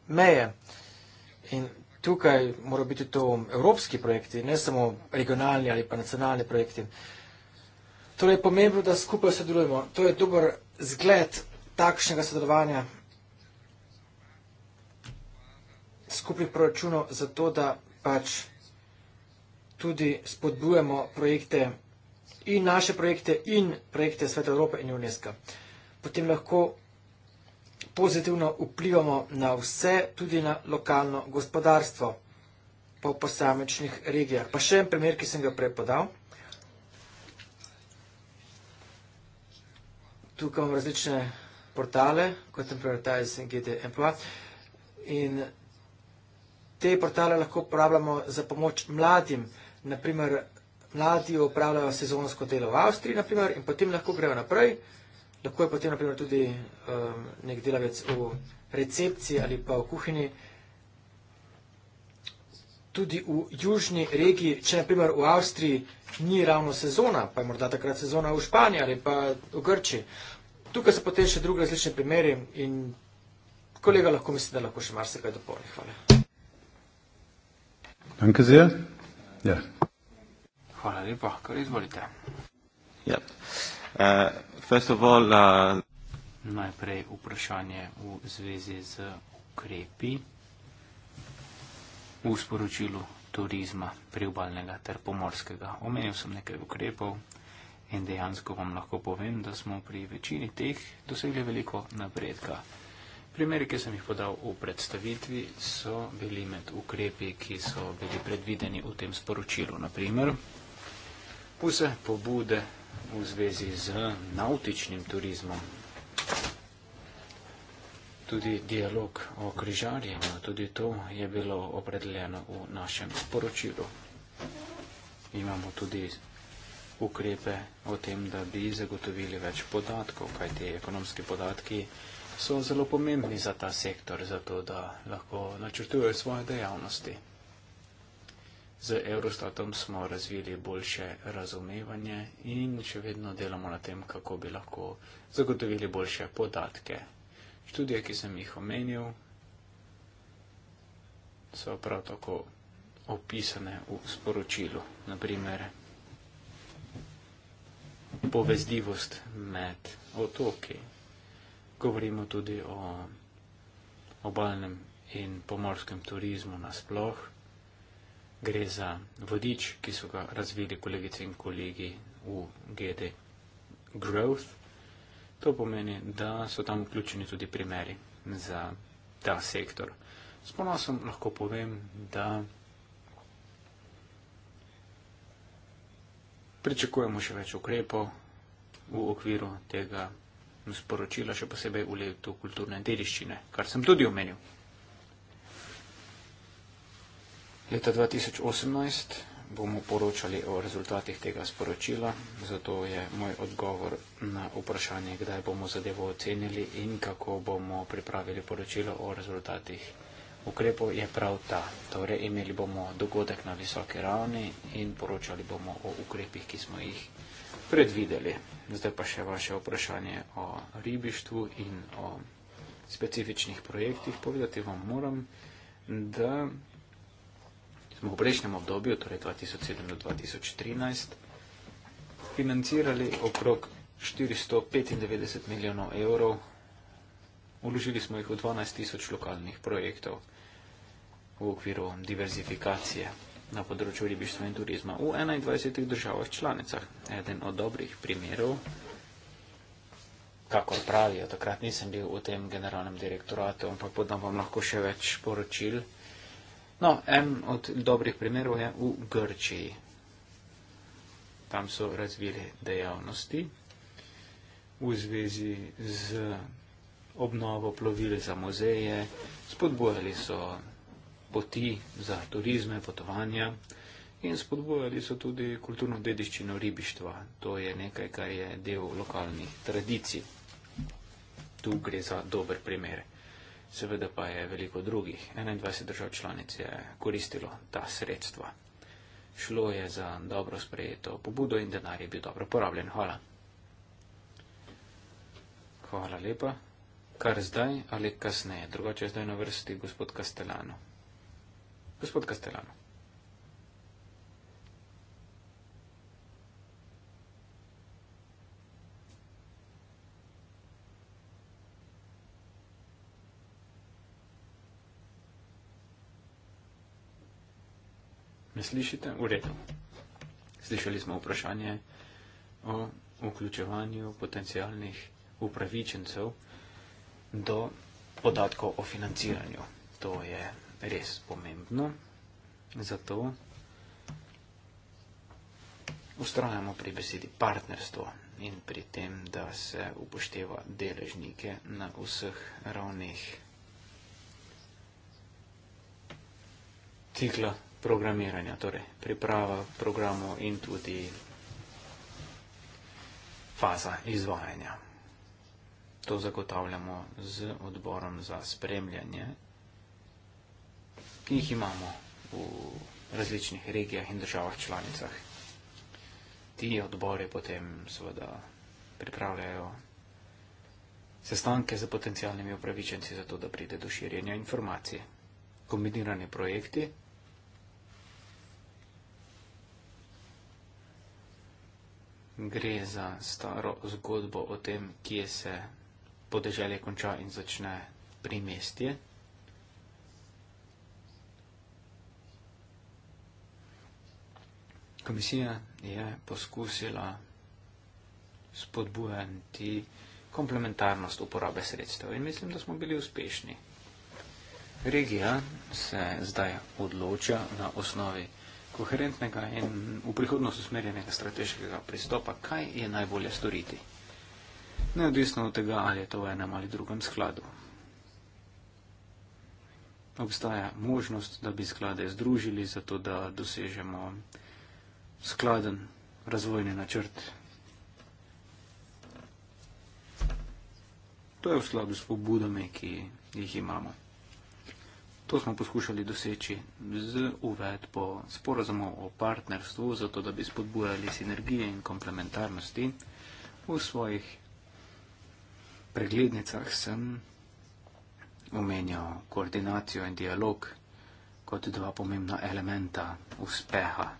meje. In tukaj mora biti to evropski projekti, ne samo regionalni ali pa nacionalni projekti. Torej je pomembno, da skupaj sodelujemo. To je dober zgled takšnega sodelovanja skupnih proračunov za to, da pač tudi spodbujamo projekte in naše projekte in projekte Sveta Evrope in UNESCO. Potem lahko pozitivno vplivamo na vse, tudi na lokalno gospodarstvo po posamečnih regijah. Pa še en primer, ki sem ga prej podal. Tukaj imam različne portale, kot sem prioritajal z GDMPA. In te portale lahko uporabljamo za pomoč mladim, naprimer, mladi opravljajo sezonsko delo v Avstriji, naprimer, in potem lahko grejo naprej. Lahko je potem naprimer, tudi um, nek delavec v recepciji ali pa v kuhinji. Tudi v južni regiji, če naprimer v Avstriji ni ravno sezona, pa je morda takrat sezona v Španiji ali pa v Grči. Tukaj so potem še druge različne primere in kolega lahko misli, da lahko še marsikaj dopolni. Hvala. Danke sehr. Ja. Hvala lepa, kar izvolite. Ja. Uh, first of all, uh... Najprej vprašanje v zvezi z ukrepi v sporočilu turizma priobalnega ter pomorskega. Omenil sem nekaj ukrepov in dejansko vam lahko povem, da smo pri večini teh dosegli veliko napredka. Primeri, ki sem jih podal v predstavitvi, so bili med ukrepi, ki so bili predvideni v tem sporočilu. Naprimer, vse pobude v zvezi z nautičnim turizmom, tudi dialog o križarjenju, tudi to je bilo opredeljeno v našem sporočilu. Imamo tudi ukrepe o tem, da bi zagotovili več podatkov, kajti ekonomski podatki so zelo pomembni za ta sektor, zato da lahko načrtujejo svoje dejavnosti. Z Eurostatom smo razvili boljše razumevanje in še vedno delamo na tem, kako bi lahko zagotovili boljše podatke. Študije, ki sem jih omenil, so prav tako opisane v sporočilu. Naprimer, povezljivost med otoki govorimo tudi o obalnem in pomorskem turizmu nasploh. Gre za vodič, ki so ga razvili kolegice in kolegi v GD Growth. To pomeni, da so tam vključeni tudi primeri za ta sektor. S ponosom lahko povem, da pričakujemo še več ukrepov v okviru tega sporočila, še posebej v letu kulturne dediščine, kar sem tudi omenil. Leta 2018 bomo poročali o rezultatih tega sporočila, zato je moj odgovor na vprašanje, kdaj bomo zadevo ocenili in kako bomo pripravili poročilo o rezultatih ukrepov, je prav ta. Torej, imeli bomo dogodek na visoki ravni in poročali bomo o ukrepih, ki smo jih predvideli. Zdaj pa še vaše vprašanje o ribištvu in o specifičnih projektih. Povedati vam moram, da smo v prejšnjem obdobju, torej 2007 do 2013, financirali okrog 495 milijonov evrov. Uložili smo jih v 12 tisoč lokalnih projektov v okviru diverzifikacije na področju ribištva in turizma v 21 državah članicah. Eden od dobrih primerov, kako pravijo, takrat nisem bil v tem generalnem direktoratu, ampak podam vam lahko še več poročil. No, en od dobrih primerov je v Grčiji. Tam so razvili dejavnosti v zvezi z obnovo plovil za muzeje, spodbojali so poti za turizme, potovanja in spodbujali so tudi kulturno dediščino ribištva. To je nekaj, kar je del lokalnih tradicij. Tu gre za dober primer. Seveda pa je veliko drugih. 21 držav članic je koristilo ta sredstva. Šlo je za dobro sprejeto pobudo in denar je bil dobro porabljen. Hvala. Hvala lepa. Kar zdaj ali kasneje. Drugače je zdaj na vrsti gospod Castellano. Gospod Castellano. Me slišite? V redu. Slišali smo vprašanje o vključevanju potencijalnih upravičencev do podatkov o financiranju. To je res pomembno, zato ustrajamo pri besedi partnerstvo in pri tem, da se upošteva deležnike na vseh ravneh cikla programiranja, torej priprava programov in tudi faza izvajanja. To zagotavljamo z odborom za spremljanje ki jih imamo v različnih regijah in državah članicah. Ti odbori potem seveda pripravljajo sestanke z potencijalnimi upravičenci za to, da pride do širjenja informacije. Kombinirani projekti. Gre za staro zgodbo o tem, kje se podeželje konča in začne primestje. Komisija je poskusila spodbujati komplementarnost uporabe sredstev in mislim, da smo bili uspešni. Regija se zdaj odloča na osnovi koherentnega in v prihodnost usmerjenega strateškega pristopa, kaj je najbolje storiti. Neodvisno od tega, ali je to v enem ali drugem skladu. Obstaja možnost, da bi sklade združili, zato da dosežemo skladen razvojni načrt. To je v skladu s pobudami, ki jih imamo. To smo poskušali doseči z uvedbo sporazumov o partnerstvu, zato da bi spodbujali sinergije in komplementarnosti. V svojih preglednicah sem omenjal koordinacijo in dialog kot dva pomembna elementa uspeha.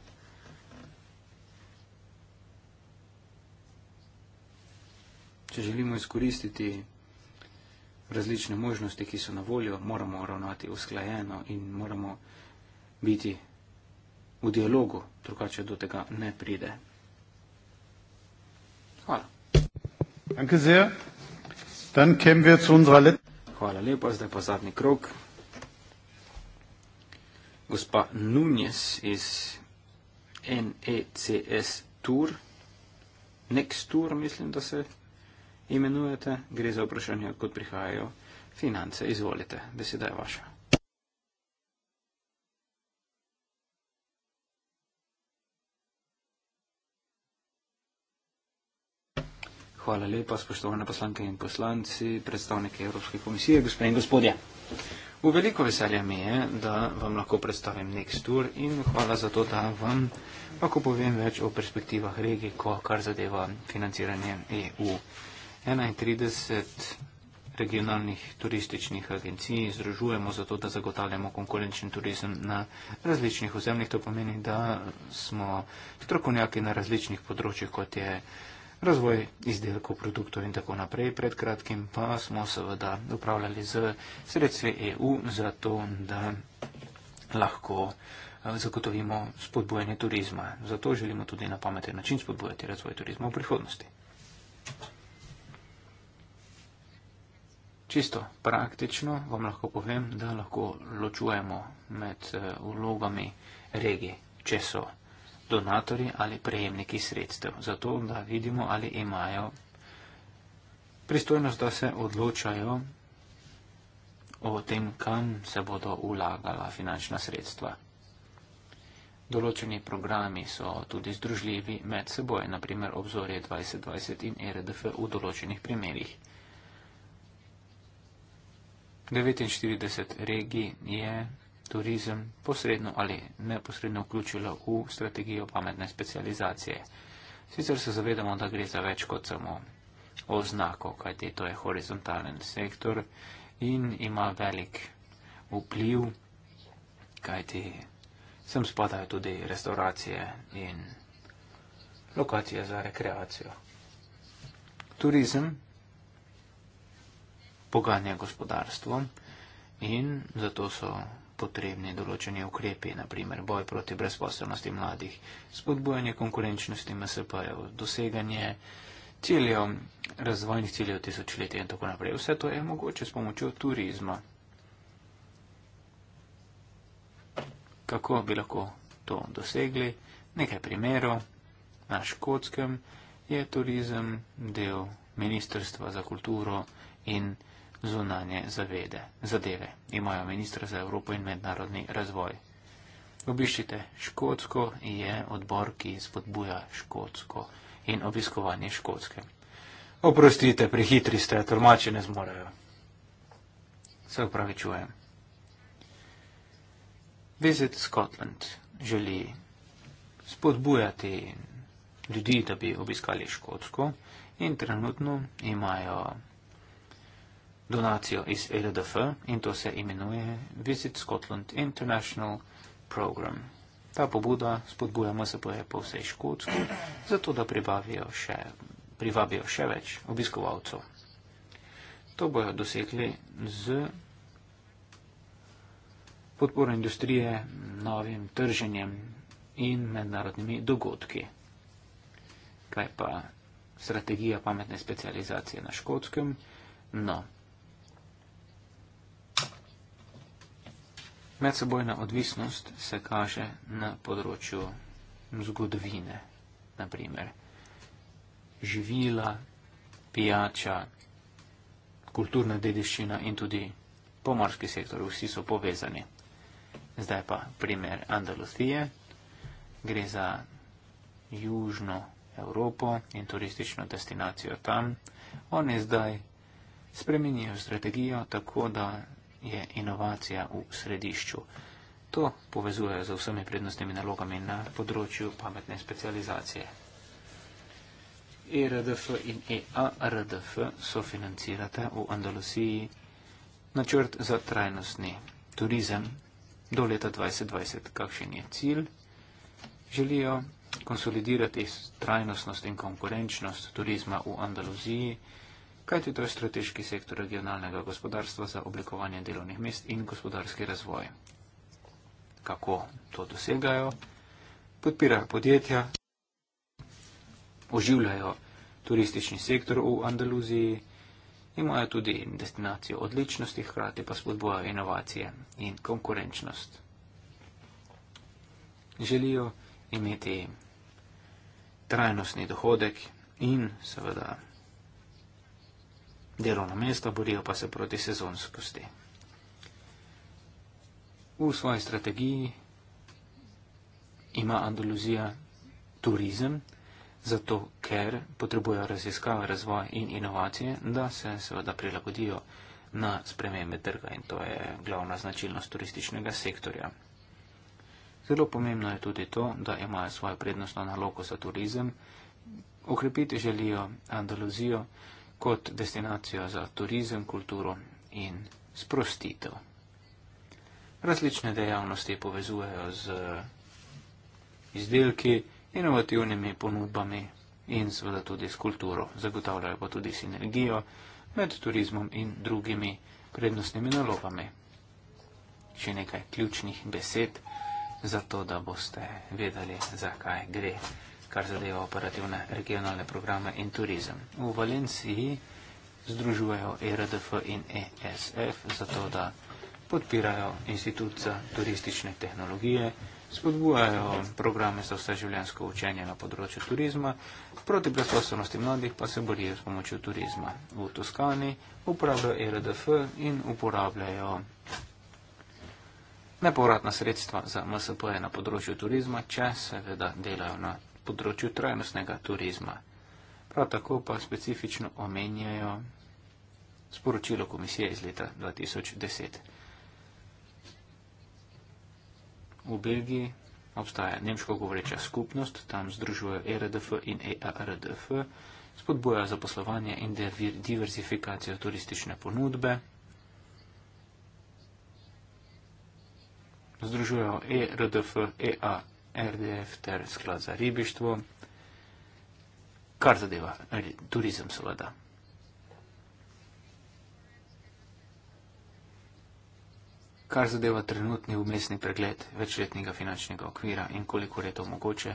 če želimo izkoristiti različne možnosti, ki so na voljo, moramo ravnati usklajeno in moramo biti v dialogu, drugače do tega ne pride. Hvala. Hvala lepa, zdaj pa zadnji krok. Gospa Nunes iz NECS Tour, Next Tour mislim, da se imenujete, gre za vprašanje, odkot prihajajo finance. Izvolite, beseda je vaša. Hvala lepa, spoštovane poslanke in poslanci, predstavniki Evropske komisije, gospe in gospodje. V veliko veselje mi je, da vam lahko predstavim next tour in hvala za to, da vam lahko povem več o perspektivah regij, ko kar zadeva financiranje EU. 31 regionalnih turističnih agencij združujemo zato, da zagotavljamo konkurenčen turizem na različnih ozemljih. To pomeni, da smo strokovnjaki na različnih področjih, kot je razvoj izdelkov, produktov in tako naprej. Pred kratkim pa smo seveda upravljali z sredstvi EU za to, da lahko eh, zagotovimo spodbojanje turizma. Zato želimo tudi na pameten način spodbojati razvoj turizma v prihodnosti. Čisto praktično vam lahko povem, da lahko ločujemo med eh, vlogami regije, če so donatori ali prejemniki sredstev, zato da vidimo, ali imajo pristojnost, da se odločajo o tem, kam se bodo ulagala finančna sredstva. Določeni programi so tudi združljivi med seboj, naprimer obzorje 2020 in e RDF v določenih primerjih. 49 regij je turizem posredno ali neposredno vključilo v strategijo pametne specializacije. Sicer se zavedamo, da gre za več kot samo oznako, kajte to je horizontalen sektor in ima velik vpliv, kajte sem spadajo tudi restauracije in lokacije za rekreacijo. Turizem poganja gospodarstvo in zato so potrebni določeni ukrepi, naprimer boj proti brezposobnosti mladih, spodbujanje konkurenčnosti MSP-jev, doseganje ciljev, razvojnih ciljev tisočletja in tako naprej. Vse to je mogoče s pomočjo turizma. Kako bi lahko to dosegli? Nekaj primerov. Na škotskem je turizem del Ministrstva za kulturo in turizem zunanje zavede, zadeve. Imajo ministra za Evropo in mednarodni razvoj. Obiščite Škotsko je odbor, ki spodbuja Škotsko in obiskovanje Škotske. Oprostite, prehitri ste, tolmači ne zmorejo. Se upravičujem. Visit Scotland želi spodbujati ljudi, da bi obiskali Škotsko in trenutno imajo donacijo iz EDF in to se imenuje Visit Scotland International Program. Ta pobuda spodbuja MSP-je po vsej Škotsku, zato da pribavijo še, privabijo še več obiskovalcev. To bojo dosegli z podporo industrije, novim trženjem in mednarodnimi dogodki. Kaj pa strategija pametne specializacije na škotskem? No, Medsebojna odvisnost se kaže na področju zgodovine, naprimer živila, pijača, kulturna dediščina in tudi pomorski sektor, vsi so povezani. Zdaj pa primer Andalusije, gre za južno Evropo in turistično destinacijo tam. Oni zdaj spremenijo strategijo tako, da je inovacija v središču. To povezuje z vsemi prednostnimi nalogami na področju pametne specializacije. ERDF in EARDF sofinancirata v Andalusiji načrt za trajnostni turizem do leta 2020. Kakšen je cilj? Želijo konsolidirati trajnostnost in konkurenčnost turizma v Andaluziji kajti to je strateški sektor regionalnega gospodarstva za oblikovanje delovnih mest in gospodarski razvoj. Kako to dosegajo? Podpirajo podjetja, oživljajo turistični sektor v Andaluziji, imajo tudi destinacijo odličnosti, hkrati pa spodbojajo inovacije in konkurenčnost. Želijo imeti trajnostni dohodek in seveda delovna mesta, borijo pa se proti sezonskosti. V svoji strategiji ima Andaluzija turizem, zato ker potrebujejo raziskave, razvoj in inovacije, da se seveda prilagodijo na spremembe trga in to je glavna značilnost turističnega sektorja. Zelo pomembno je tudi to, da imajo svojo prednostno nalogo za turizem. Okrepiti želijo Andaluzijo, kot destinacijo za turizem, kulturo in sprostitev. Različne dejavnosti povezujejo z izdelki, inovativnimi ponudbami in seveda tudi s kulturo. Zagotavljajo pa tudi sinergijo med turizmom in drugimi prednostnimi nalogami. Še nekaj ključnih besed, zato da boste vedeli, zakaj gre kar zadeva operativne regionalne programe in turizem. V Valenciji združujejo ERDF in ESF zato, da podpirajo institut za turistične tehnologije, spodbujajo programe za vseživljenjsko učenje na področju turizma, proti brezposobnosti mladih pa se borijo s pomočjo turizma. V Toskani uporabljajo ERDF in uporabljajo nepovratna sredstva za MSP na področju turizma, če seveda delajo na področju trajnostnega turizma. Prav tako pa specifično omenjajo sporočilo komisije iz leta 2010. V Belgiji obstaja nemško govoreča skupnost, tam združujejo ERDF in EARDF, spodbujajo zaposlovanje in diverzifikacijo turistične ponudbe, združujejo ERDF, EARDF, RDF ter sklad za ribištvo, kar zadeva turizem seveda. Kar zadeva trenutni umestni pregled večletnega finančnega okvira in koliko je to mogoče,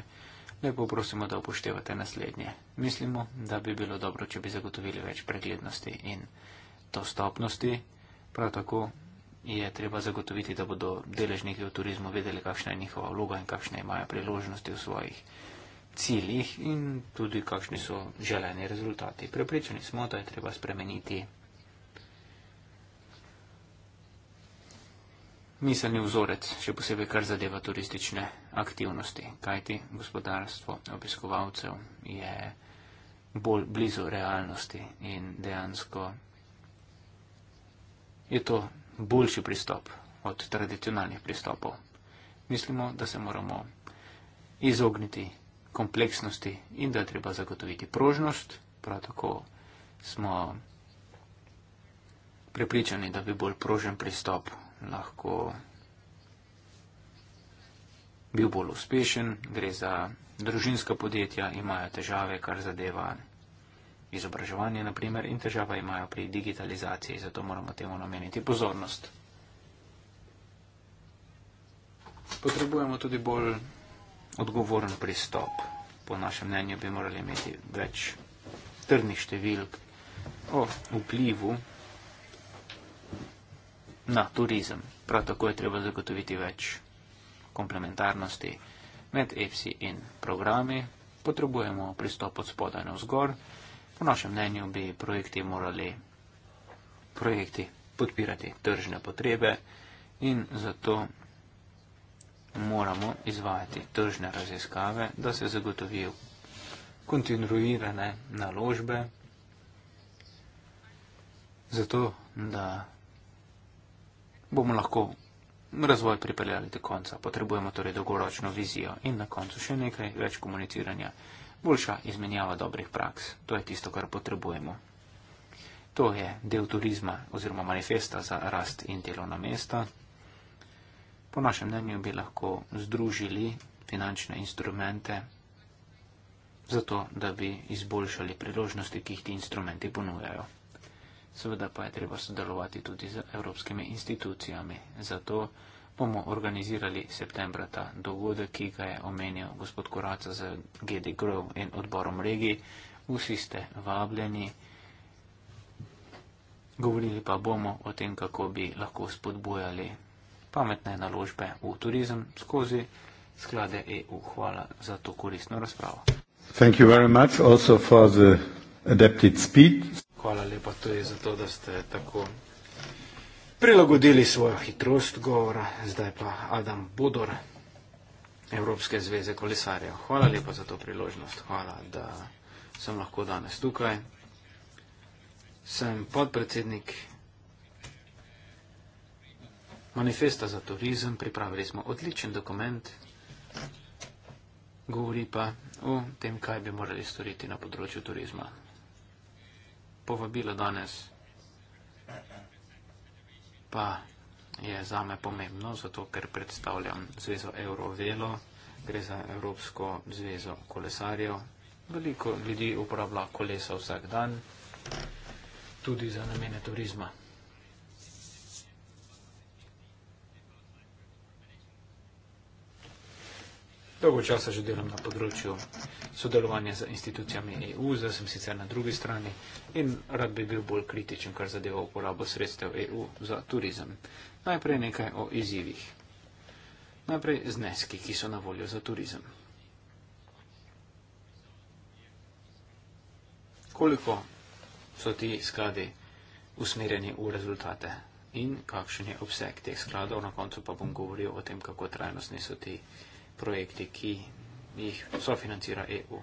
lepo prosimo, da upoštevate naslednje. Mislimo, da bi bilo dobro, če bi zagotovili več preglednosti in dostopnosti, prav tako je treba zagotoviti, da bodo deležniki v turizmu vedeli, kakšna je njihova vloga in kakšne imajo priložnosti v svojih ciljih in tudi kakšni so želeni rezultati. Prepričani smo, da je treba spremeniti miselni vzorec, še posebej kar zadeva turistične aktivnosti, kajti gospodarstvo obiskovalcev je bolj blizu realnosti in dejansko je to boljši pristop od tradicionalnih pristopov. Mislimo, da se moramo izogniti kompleksnosti in da je treba zagotoviti prožnost. Prav tako smo prepričani, da bi bolj prožen pristop lahko bil bolj uspešen. Gre za družinska podjetja, imajo težave, kar zadeva izobraževanje naprimer in težava imajo pri digitalizaciji, zato moramo temu nameniti pozornost. Potrebujemo tudi bolj odgovoren pristop. Po našem mnenju bi morali imeti več trdnih številk o vplivu na turizem. Prav tako je treba zagotoviti več komplementarnosti med EFSI in programi. Potrebujemo pristop od spodaj na vzgor. Po našem mnenju bi projekti morali projekti podpirati tržne potrebe in zato moramo izvajati tržne raziskave, da se zagotovijo kontinuirane naložbe, zato da bomo lahko razvoj pripeljali do konca. Potrebujemo torej dolgoročno vizijo in na koncu še nekaj več komuniciranja boljša izmenjava dobrih praks. To je tisto, kar potrebujemo. To je del turizma oziroma manifesta za rast in delovna mesta. Po našem mnenju bi lahko združili finančne instrumente zato, da bi izboljšali priložnosti, ki jih ti instrumenti ponujajo. Seveda pa je treba sodelovati tudi z evropskimi institucijami. Zato, bomo organizirali septembra ta dogodek, ki ga je omenil gospod Koraca z GD Grow in odborom regij. Vsi ste vabljeni. Govorili pa bomo o tem, kako bi lahko spodbojali pametne naložbe v turizem skozi sklade EU. Hvala za to koristno razpravo. Hvala lepa tudi za to, da ste tako prilagodili svojo hitrost govora, zdaj pa Adam Bodor Evropske zveze kolesarjev. Hvala lepa za to priložnost, hvala, da sem lahko danes tukaj. Sem podpredsednik manifesta za turizem, pripravili smo odličen dokument, govori pa o tem, kaj bi morali storiti na področju turizma. Povabilo danes pa je zame pomembno, zato ker predstavljam zvezo Eurovelo, gre za Evropsko zvezo kolesarjev. Veliko ljudi uporablja kolesa vsak dan, tudi za namene turizma. dolgo časa že delam na področju sodelovanja z institucijami EU, zdaj sem sicer na drugi strani in rad bi bil bolj kritičen, kar zadeva uporabo sredstev EU za turizem. Najprej nekaj o izzivih. Najprej zneski, ki so na voljo za turizem. Koliko so ti skladi usmerjeni v rezultate in kakšen je obseg teh skladov, na koncu pa bom govoril o tem, kako trajnostni so ti skladi projekti, ki jih sofinancira EU.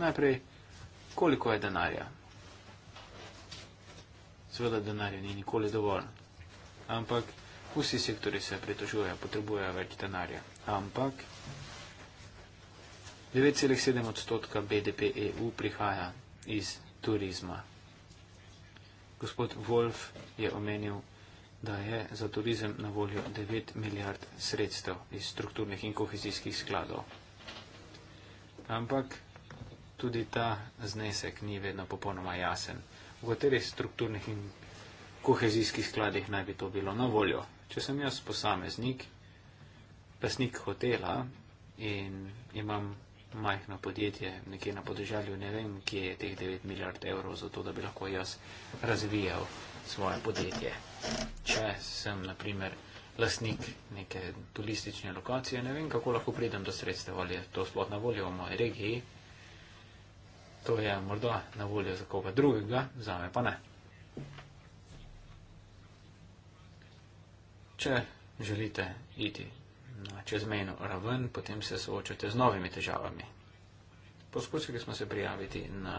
Najprej, koliko je denarja? Seveda denarja ni nikoli dovolj, ampak vsi sektori se pritožujejo, potrebujejo več denarja. Ampak 9,7 odstotka BDP EU prihaja iz turizma. Gospod Wolf je omenil, da je za turizem na voljo 9 milijard sredstev iz strukturnih in kohezijskih skladov. Ampak tudi ta znesek ni vedno popolnoma jasen, v katerih strukturnih in kohezijskih skladih naj bi to bilo na voljo. Če sem jaz posameznik, lasnik hotela in imam majhno podjetje nekje na podeželju, ne vem, kje je teh 9 milijard evrov za to, da bi lahko jaz razvijal svoje podjetje če sem, na primer, lasnik neke turistične lokacije, ne vem, kako lahko pridem do sredstev, ali je to sploh na voljo v moji regiji. To je morda na voljo za koga drugega, za me pa ne. Če želite iti na čezmejno raven, potem se soočate z novimi težavami. Poskusili smo se prijaviti na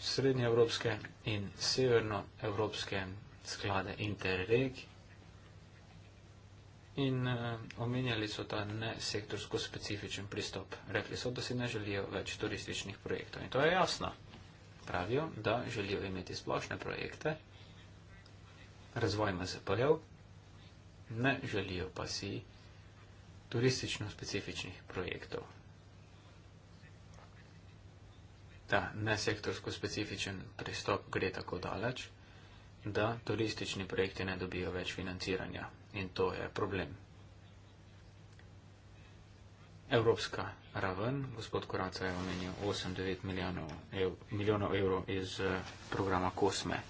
srednjeevropske in severnoevropske sklade Interreg. In uh, omenjali so ta nesektorsko specifičen pristop. Rekli so, da si ne želijo več turističnih projektov. In to je jasno. Pravijo, da želijo imeti splošne projekte, razvoj MSP-jev, ne želijo pa si turistično specifičnih projektov. ta nesektorsko specifičen pristop gre tako daleč, da turistični projekti ne dobijo več financiranja in to je problem. Evropska raven, gospod Koraca je omenil 8-9 milijonov, ev, milijonov evrov iz eh, programa Kosme.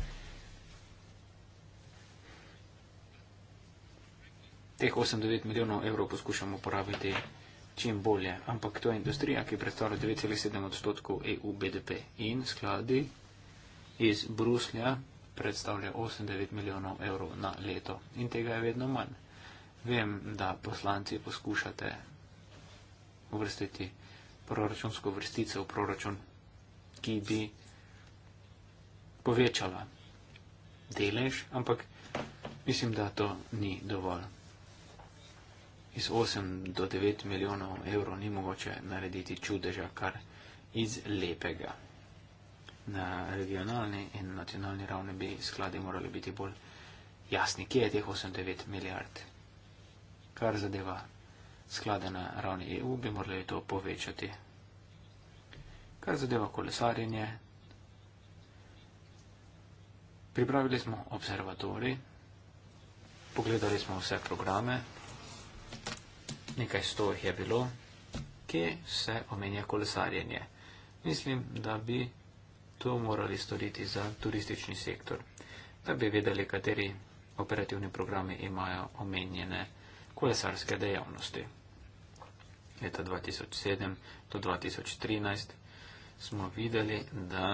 Teh 8-9 milijonov evrov poskušamo porabiti čim bolje, ampak to je industrija, ki predstavlja 9,7 odstotkov EU BDP in skladi iz Bruslja predstavlja 8-9 milijonov evrov na leto in tega je vedno manj. Vem, da poslanci poskušate uvrstiti proračunsko vrstico v proračun, ki bi povečala delež, ampak mislim, da to ni dovolj iz 8 do 9 milijonov evrov ni mogoče narediti čudeža kar iz lepega. Na regionalni in nacionalni ravni bi skladi morali biti bolj jasni, kje je teh 8-9 milijard. Kar zadeva sklade na ravni EU, bi morali to povečati. Kar zadeva kolesarjenje, pripravili smo observatori, pogledali smo vse programe, nekaj sto jih je bilo, ki se omenja kolesarjenje. Mislim, da bi to morali storiti za turistični sektor, da bi vedeli, kateri operativni programi imajo omenjene kolesarske dejavnosti. Leta 2007 do 2013 smo videli, da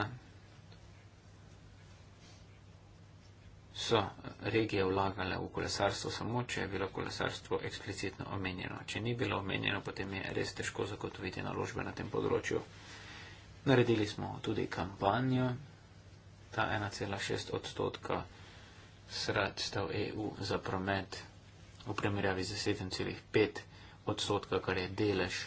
so regije vlagale v kolesarstvo samo, če je bilo kolesarstvo eksplicitno omenjeno. Če ni bilo omenjeno, potem je res težko zagotoviti naložbe na tem področju. Naredili smo tudi kampanjo, ta 1,6 odstotka sredstev EU za promet v primerjavi za 7,5 odstotka, kar je delež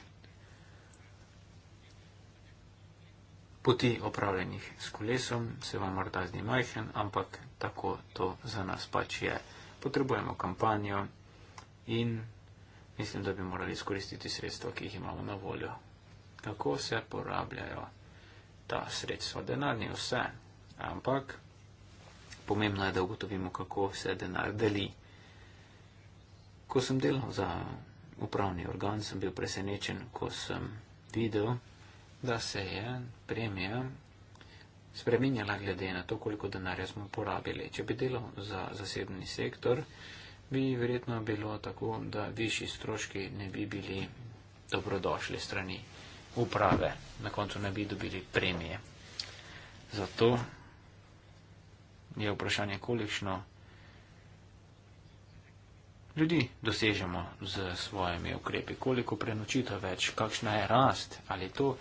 poti opravljenih s kolesom, se vam morda zdi majhen, ampak tako to za nas pač je. Potrebujemo kampanjo in mislim, da bi morali izkoristiti sredstva, ki jih imamo na voljo. Kako se porabljajo ta sredstva? Denar ni vse, ampak pomembno je, da ugotovimo, kako se denar deli. Ko sem delal za upravni organ, sem bil presenečen, ko sem videl, da se je premija spreminjala glede na to, koliko denarja smo porabili. Če bi delal za zasebni sektor, bi verjetno bilo tako, da višji stroški ne bi bili dobrodošli strani uprave. Na koncu ne bi dobili premije. Zato je vprašanje, kolikšno ljudi dosežemo z svojimi ukrepi, koliko prenočita več, kakšna je rast, ali to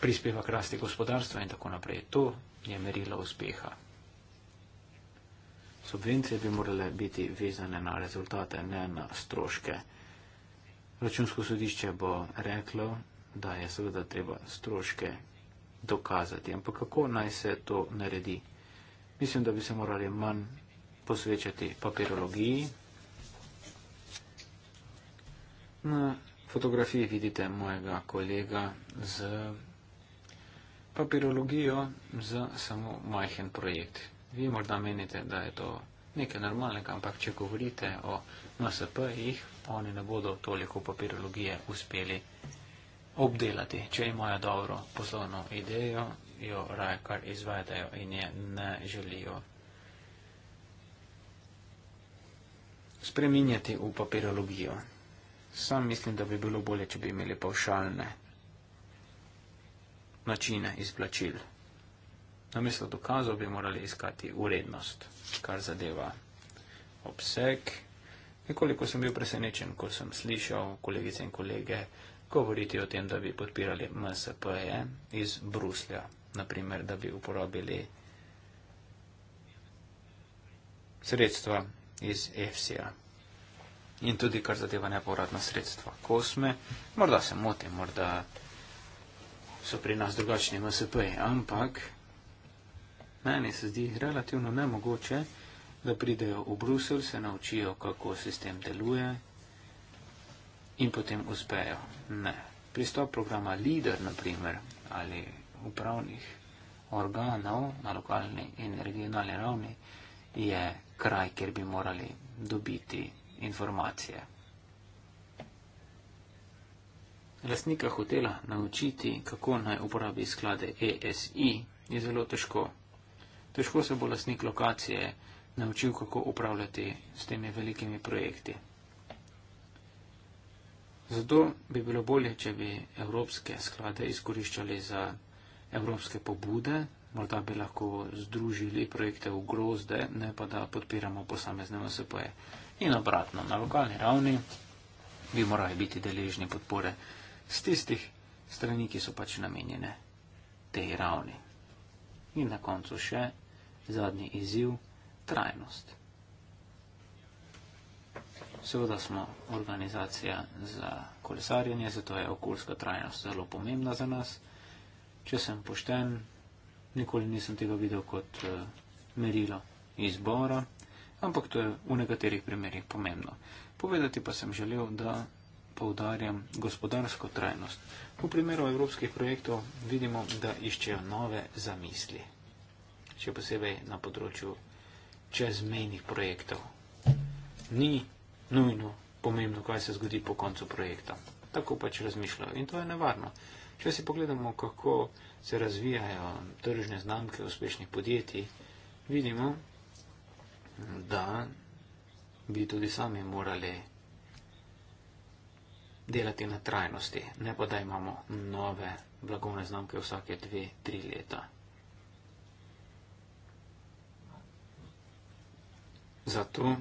prispeva k rasti gospodarstva in tako naprej. To je merilo uspeha. Subvencije bi morale biti vezane na rezultate, ne na stroške. Računsko sodišče bo reklo, da je seveda treba stroške dokazati. Ampak kako naj se to naredi? Mislim, da bi se morali manj posvečati papirologiji. Na fotografiji vidite mojega kolega z papirologijo za samo majhen projekt. Vi morda menite, da je to nekaj normalnega, ampak če govorite o MSP-jih, oni ne bodo toliko papirologije uspeli obdelati. Če imajo dobro poslovno idejo, jo raje kar izvedajo in je ne želijo spreminjati v papirologijo. Sam mislim, da bi bilo bolje, če bi imeli pavšalne načine izplačil. Namesto dokazov bi morali iskati urednost, kar zadeva obseg. Nekoliko sem bil presenečen, ko sem slišal kolegice in kolege govoriti o tem, da bi podpirali MSPE iz Bruslja, naprimer, da bi uporabili sredstva iz EFSI-ja in tudi kar zadeva nepovratna sredstva kosme. Morda se motim, morda so pri nas drugačni MSP, ampak meni se zdi relativno nemogoče, da pridejo v Bruselj, se naučijo, kako sistem deluje in potem uspejo. Ne. Pristop programa LIDER, naprimer, ali upravnih organov na lokalni in regionalni ravni je kraj, kjer bi morali dobiti informacije lasnika hotela naučiti, kako naj uporabi sklade ESI, je zelo težko. Težko se bo lasnik lokacije naučil, kako upravljati s temi velikimi projekti. Zato bi bilo bolje, če bi evropske sklade izkoriščali za evropske pobude, morda bi lahko združili projekte v grozde, ne pa da podpiramo posamezne MSP-je. In obratno, na lokalni ravni bi morali biti deležni podpore z tistih strani, ki so pač namenjene tej ravni. In na koncu še zadnji izziv - trajnost. Seveda smo organizacija za kolesarjenje, zato je okoljska trajnost zelo pomembna za nas. Če sem pošten, nikoli nisem tega videl kot eh, merilo izbora, ampak to je v nekaterih primerjih pomembno. Povedati pa sem želel, da poudarjam gospodarsko trajnost. V primeru evropskih projektov vidimo, da iščejo nove zamisli, še posebej na področju čezmejnih projektov. Ni nujno pomembno, kaj se zgodi po koncu projekta. Tako pač razmišljajo in to je nevarno. Če si pogledamo, kako se razvijajo tržne znamke uspešnih podjetij, vidimo, da bi tudi sami morali delati na trajnosti, ne pa da imamo nove blagovne znamke vsake dve, tri leta. Zato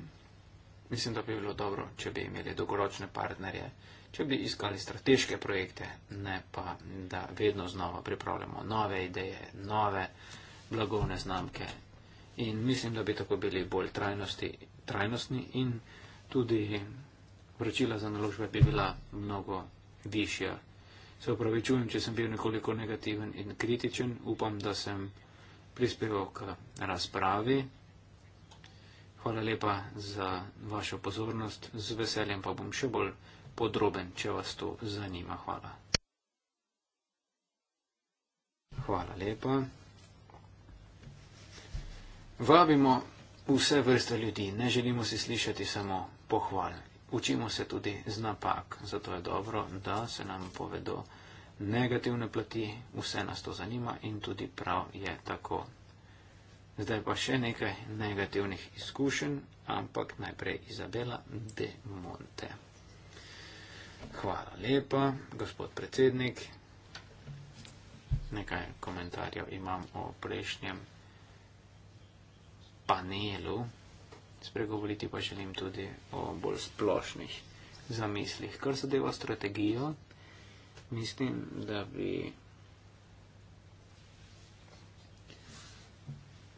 mislim, da bi bilo dobro, če bi imeli dolgoročne partnerje, če bi iskali strateške projekte, ne pa da vedno znova pripravljamo nove ideje, nove blagovne znamke. In mislim, da bi tako bili bolj trajnosti, trajnostni in tudi vračila za naložbe bi bila mnogo višja. Se upravičujem, če sem bil nekoliko negativen in kritičen. Upam, da sem prispeval k razpravi. Hvala lepa za vašo pozornost. Z veseljem pa bom še bolj podroben, če vas to zanima. Hvala. Hvala lepa. Vabimo vse vrste ljudi. Ne želimo si slišati samo pohvalen učimo se tudi z napak. Zato je dobro, da se nam povedo negativne plati, vse nas to zanima in tudi prav je tako. Zdaj pa še nekaj negativnih izkušenj, ampak najprej Izabela de Monte. Hvala lepa, gospod predsednik. Nekaj komentarjev imam o prejšnjem panelu, spregovoriti pa želim tudi o bolj splošnih zamislih. Kar zadeva strategijo, mislim, da bi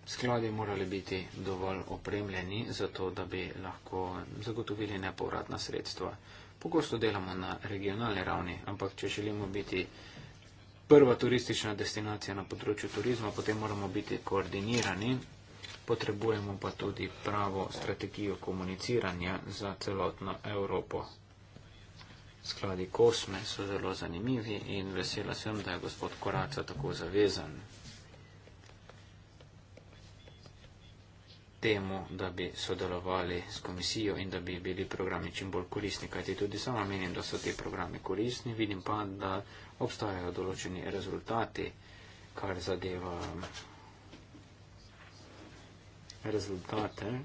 skladi morali biti dovolj opremljeni, zato da bi lahko zagotovili nepovratna sredstva. Pogosto delamo na regionalni ravni, ampak če želimo biti prva turistična destinacija na področju turizma, potem moramo biti koordinirani potrebujemo pa tudi pravo strategijo komuniciranja za celotno Evropo. Skladi kosme so zelo zanimivi in vesela sem, da je gospod Koraca tako zavezan temu, da bi sodelovali s komisijo in da bi bili programi čim bolj koristni, kajti tudi sama menim, da so ti programi koristni, vidim pa, da obstajajo določeni rezultati, kar zadeva rezultate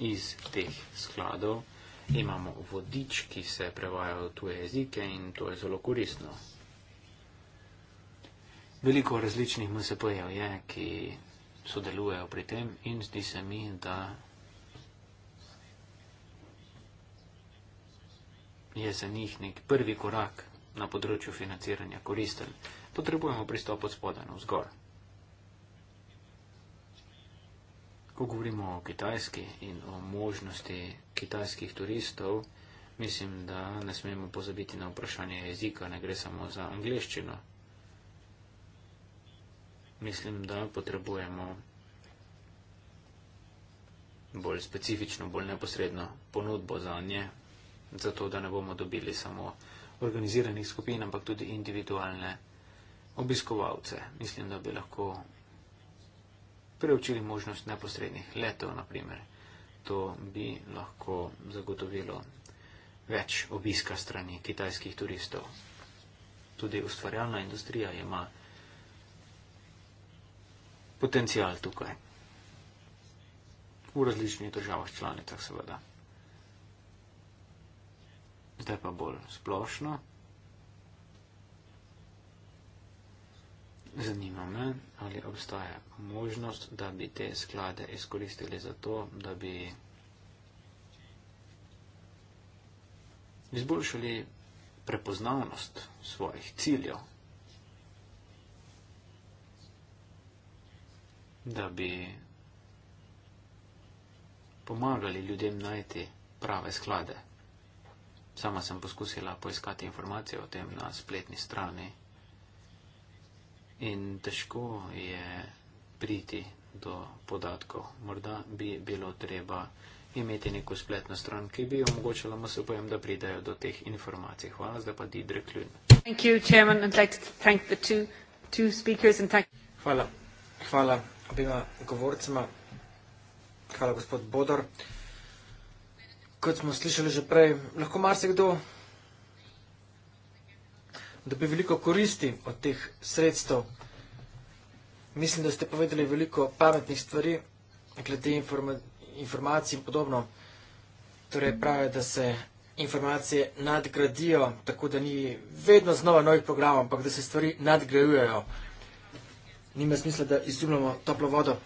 iz teh skladov. Imamo vodič, ki se prevaja v tuje jezike in to je zelo koristno. Veliko različnih MSP-jev je, ki sodelujejo pri tem in zdi se mi, da je za njih nek prvi korak na področju financiranja koristen. Potrebujemo pristop od spodaj na vzgor. Ko govorimo o Kitajski in o možnosti kitajskih turistov, mislim, da ne smemo pozabiti na vprašanje jezika, ne gre samo za angliščino. Mislim, da potrebujemo bolj specifično, bolj neposredno ponudbo za nje, zato da ne bomo dobili samo organiziranih skupin, ampak tudi individualne obiskovalce. Mislim, da bi lahko preučili možnost neposrednih letov, naprimer. To bi lahko zagotovilo več obiska strani kitajskih turistov. Tudi ustvarjalna industrija ima potencial tukaj. V različnih državah članicah seveda. Zdaj pa bolj splošno. Zanima me, ali obstaja možnost, da bi te sklade izkoristili za to, da bi izboljšali prepoznavnost svojih ciljev, da bi pomagali ljudem najti prave sklade. Sama sem poskusila poiskati informacije o tem na spletni strani in težko je priti do podatkov. Morda bi bilo treba imeti neko spletno stran, ki bi omogočala MSP-jem, da pridajo do teh informacij. Hvala, zdaj pa Didre Kljun. Hvala. Hvala obima govorcema. Hvala, gospod Bodor. Kot smo slišali že prej, lahko marsikdo dobi veliko koristi od teh sredstev. Mislim, da ste povedali veliko pametnih stvari, glede informa informacij in podobno. Torej pravijo, da se informacije nadgradijo, tako da ni vedno znova novih programov, ampak da se stvari nadgrajujejo. Nima smisla, da izumljamo toplo vodo.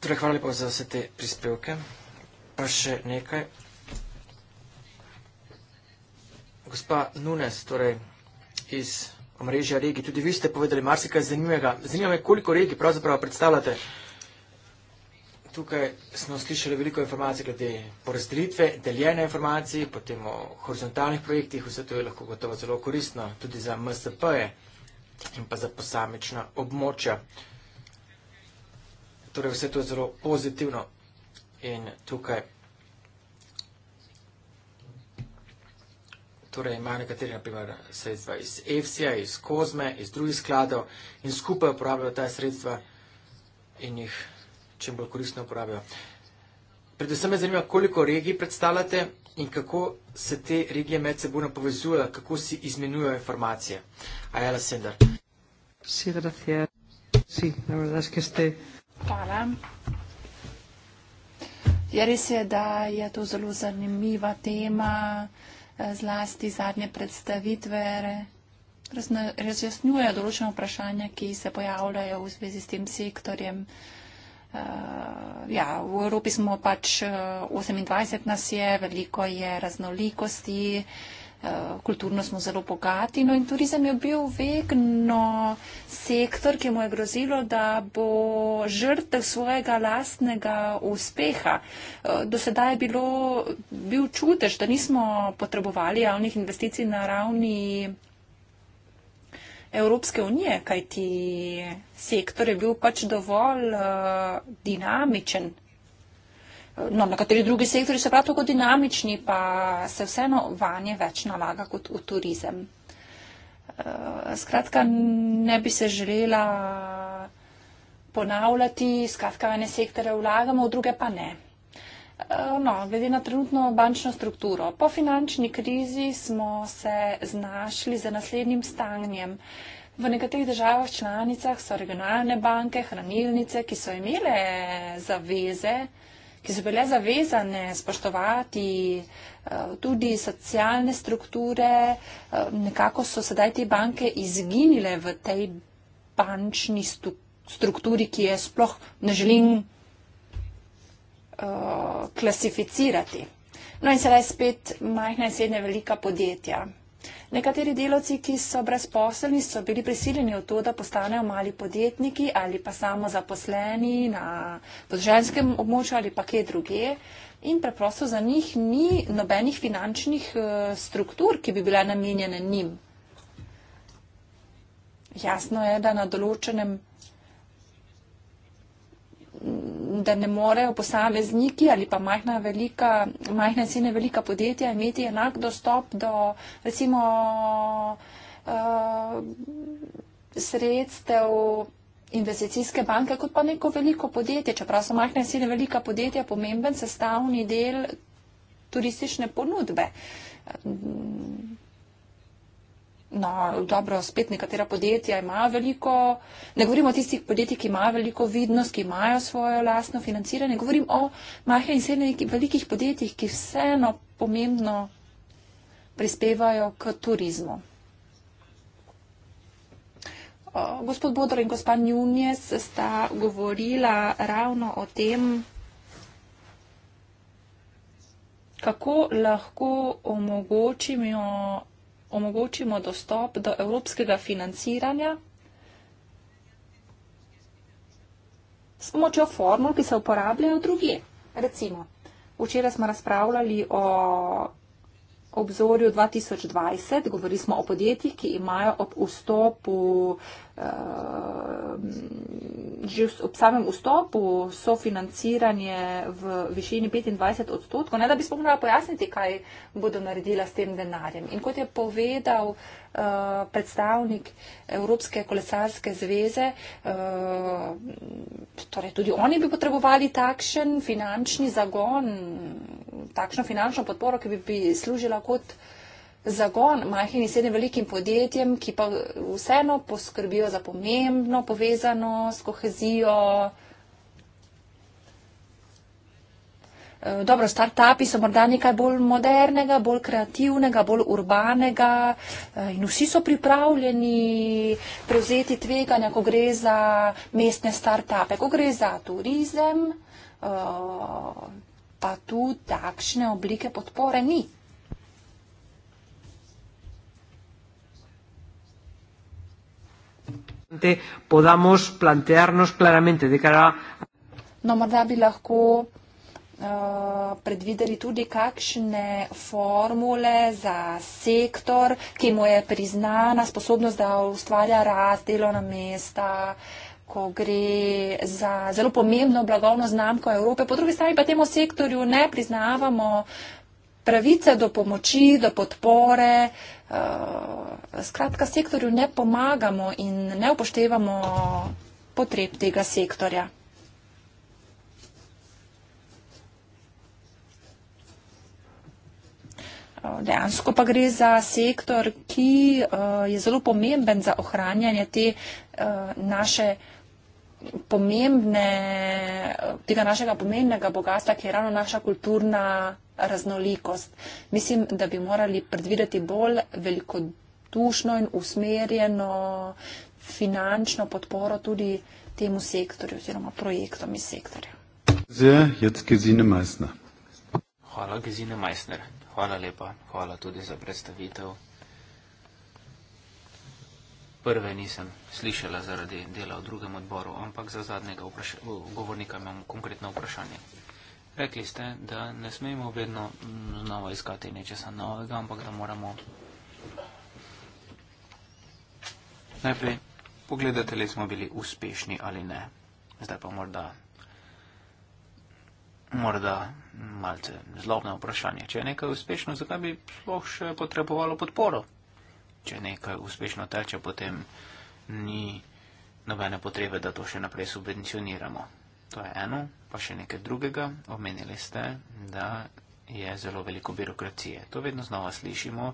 Torej, hvala lepa za vse te prispevke. Pa še nekaj. Gospa Nunes, torej iz omrežja regij, tudi vi ste povedali marsikaj zanimivega. Zanima me, koliko regij pravzaprav predstavljate. Tukaj smo slišali veliko informacij glede porazdelitve, deljene informacije, potem o horizontalnih projektih, vse to je lahko gotovo zelo koristno, tudi za MSP-je in pa za posamična območja. Torej vse to je zelo pozitivno in tukaj torej imajo nekateri naprimer sredstva iz EFSI-ja, iz COSME, iz drugih skladov in skupaj uporabljajo ta sredstva in jih čim bolj koristno uporabljajo. Predvsem me zanima, koliko regij predstavljate in kako se te regije med seboj povezujejo, kako si izmenjujejo informacije. Ajala Sender. Sí, gracias. Sí, la verdad es que este. Hvala. Ja, res je, da je to zelo zanimiva tema zlasti zadnje predstavitve razjasnjujejo določene vprašanja, ki se pojavljajo v zvezi s tem sektorjem. Uh, ja, v Evropi smo pač 28 eh, nas je, veliko je raznolikosti, uh, Eh, kulturno smo zelo bogati. No in turizem je bil vedno sektor, ki mu je grozilo, da bo žrtev svojega lastnega uspeha. Eh, do sedaj je bilo, bil čudež, da nismo potrebovali javnih investicij na ravni. Evropske unije, kajti sektor je bil pač dovolj uh, dinamičen, no, nekateri drugi sektori so prav tako dinamični, pa se vseeno vanje več nalaga kot v turizem. Eh, skratka, ne bi se želela ponavljati, skratka, ene sektore vlagamo, v druge pa ne. Eh, no, glede na trenutno bančno strukturo. Po finančni krizi smo se znašli za naslednjim stanjem. V nekaterih državah članicah so regionalne banke, hranilnice, ki so imele zaveze, ki so bile zavezane spoštovati eh, tudi socialne strukture, eh, nekako so sedaj te banke izginile v tej bančni strukturi, ki je sploh ne želim eh, klasificirati. No in sedaj spet majhna in srednja velika podjetja. Nekateri deloci, ki so brezposelni, so bili prisiljeni v to, da postanejo mali podjetniki ali pa samo zaposleni na podželjskem območju ali pa kje druge. In preprosto za njih ni nobenih finančnih eh, struktur, ki bi bile namenjene njim. Jasno je, da na določenem da ne morejo posamezniki ali pa majhna, velika, majhna in srednja velika podjetja imeti enak dostop do recimo uh, sredstev investicijske banke kot pa neko veliko podjetje. Čeprav so majhna in srednja velika podjetja pomemben sestavni del turistične ponudbe. Uh, no, dobro, spet nekatera podjetja imajo veliko, ne govorim o tistih podjetjih, ki imajo veliko vidnost, ki imajo svojo lastno financiranje, govorim o majhnih in srednjih velikih podjetjih, ki vseeno pomembno prispevajo k turizmu. Gospod Bodor in gospod Njunjes sta govorila ravno o tem, kako lahko omogočimo omogočimo dostop do evropskega financiranja s pomočjo formul, ki se uporabljajo drugje. Recimo, včeraj smo razpravljali o obzorju 2020, govorili smo o podjetjih, ki imajo ob vstopu, eh, že ob samem vstopu sofinanciranje v višini 25 odstotkov, ne da bi spomnila pojasniti, kaj bodo naredila s tem denarjem. In kot je povedal, Eh, predstavnik Evropske kolesarske zveze, eh, torej tudi oni bi potrebovali takšen finančni zagon, takšno finančno podporo, ki bi, bi služila kot zagon majhnim in srednjim velikim podjetjem, ki pa vseeno poskrbijo za pomembno povezanost, kohezijo, Eh, dobro, start-upi so morda nekaj bolj modernega, bolj kreativnega, bolj urbanega eh, in vsi so pripravljeni prevzeti tveganja, ko gre za mestne start-upe, ko gre za turizem, eh, pa tu takšne oblike podpore ni. Podamoš plantearnos claramente, da kar. No, morda bi lahko. Eh, predvideli tudi kakšne formule za sektor, ki mu je priznana sposobnost, da ustvarja rast delovna mesta, ko gre za zelo pomembno blagovno znamko Evrope. Po drugi strani pa temu sektorju ne priznavamo pravice do pomoči, do podpore. Eh, skratka, sektorju ne pomagamo in ne upoštevamo potreb tega sektorja. Dejansko pa gre za sektor, ki eh, je zelo pomemben za ohranjanje te eh, naše pomembne, tega našega pomembnega bogatstva, ki je ravno naša kulturna raznolikost. Mislim, da bi morali predvideti bolj velikodušno in usmerjeno finančno podporo tudi temu sektorju oziroma projektom iz sektorja. Zdaj, jaz, Gesine Meissner. Hvala, Gesine Meissner. Hvala lepa, hvala tudi za predstavitev. Prve nisem slišala zaradi dela v drugem odboru, ampak za zadnjega govornika imam konkretno vprašanje. Rekli ste, da ne smemo vedno znova iskati nečesa novega, ampak da moramo najprej pogledati, ali smo bili uspešni ali ne. Zdaj pa morda morda malce zlobno vprašanje. Če je nekaj uspešno, zakaj bi sploh še potrebovalo podporo? Če nekaj uspešno teče, potem ni nobene potrebe, da to še naprej subvencioniramo. To je eno, pa še nekaj drugega. Omenili ste, da je zelo veliko birokracije. To vedno znova slišimo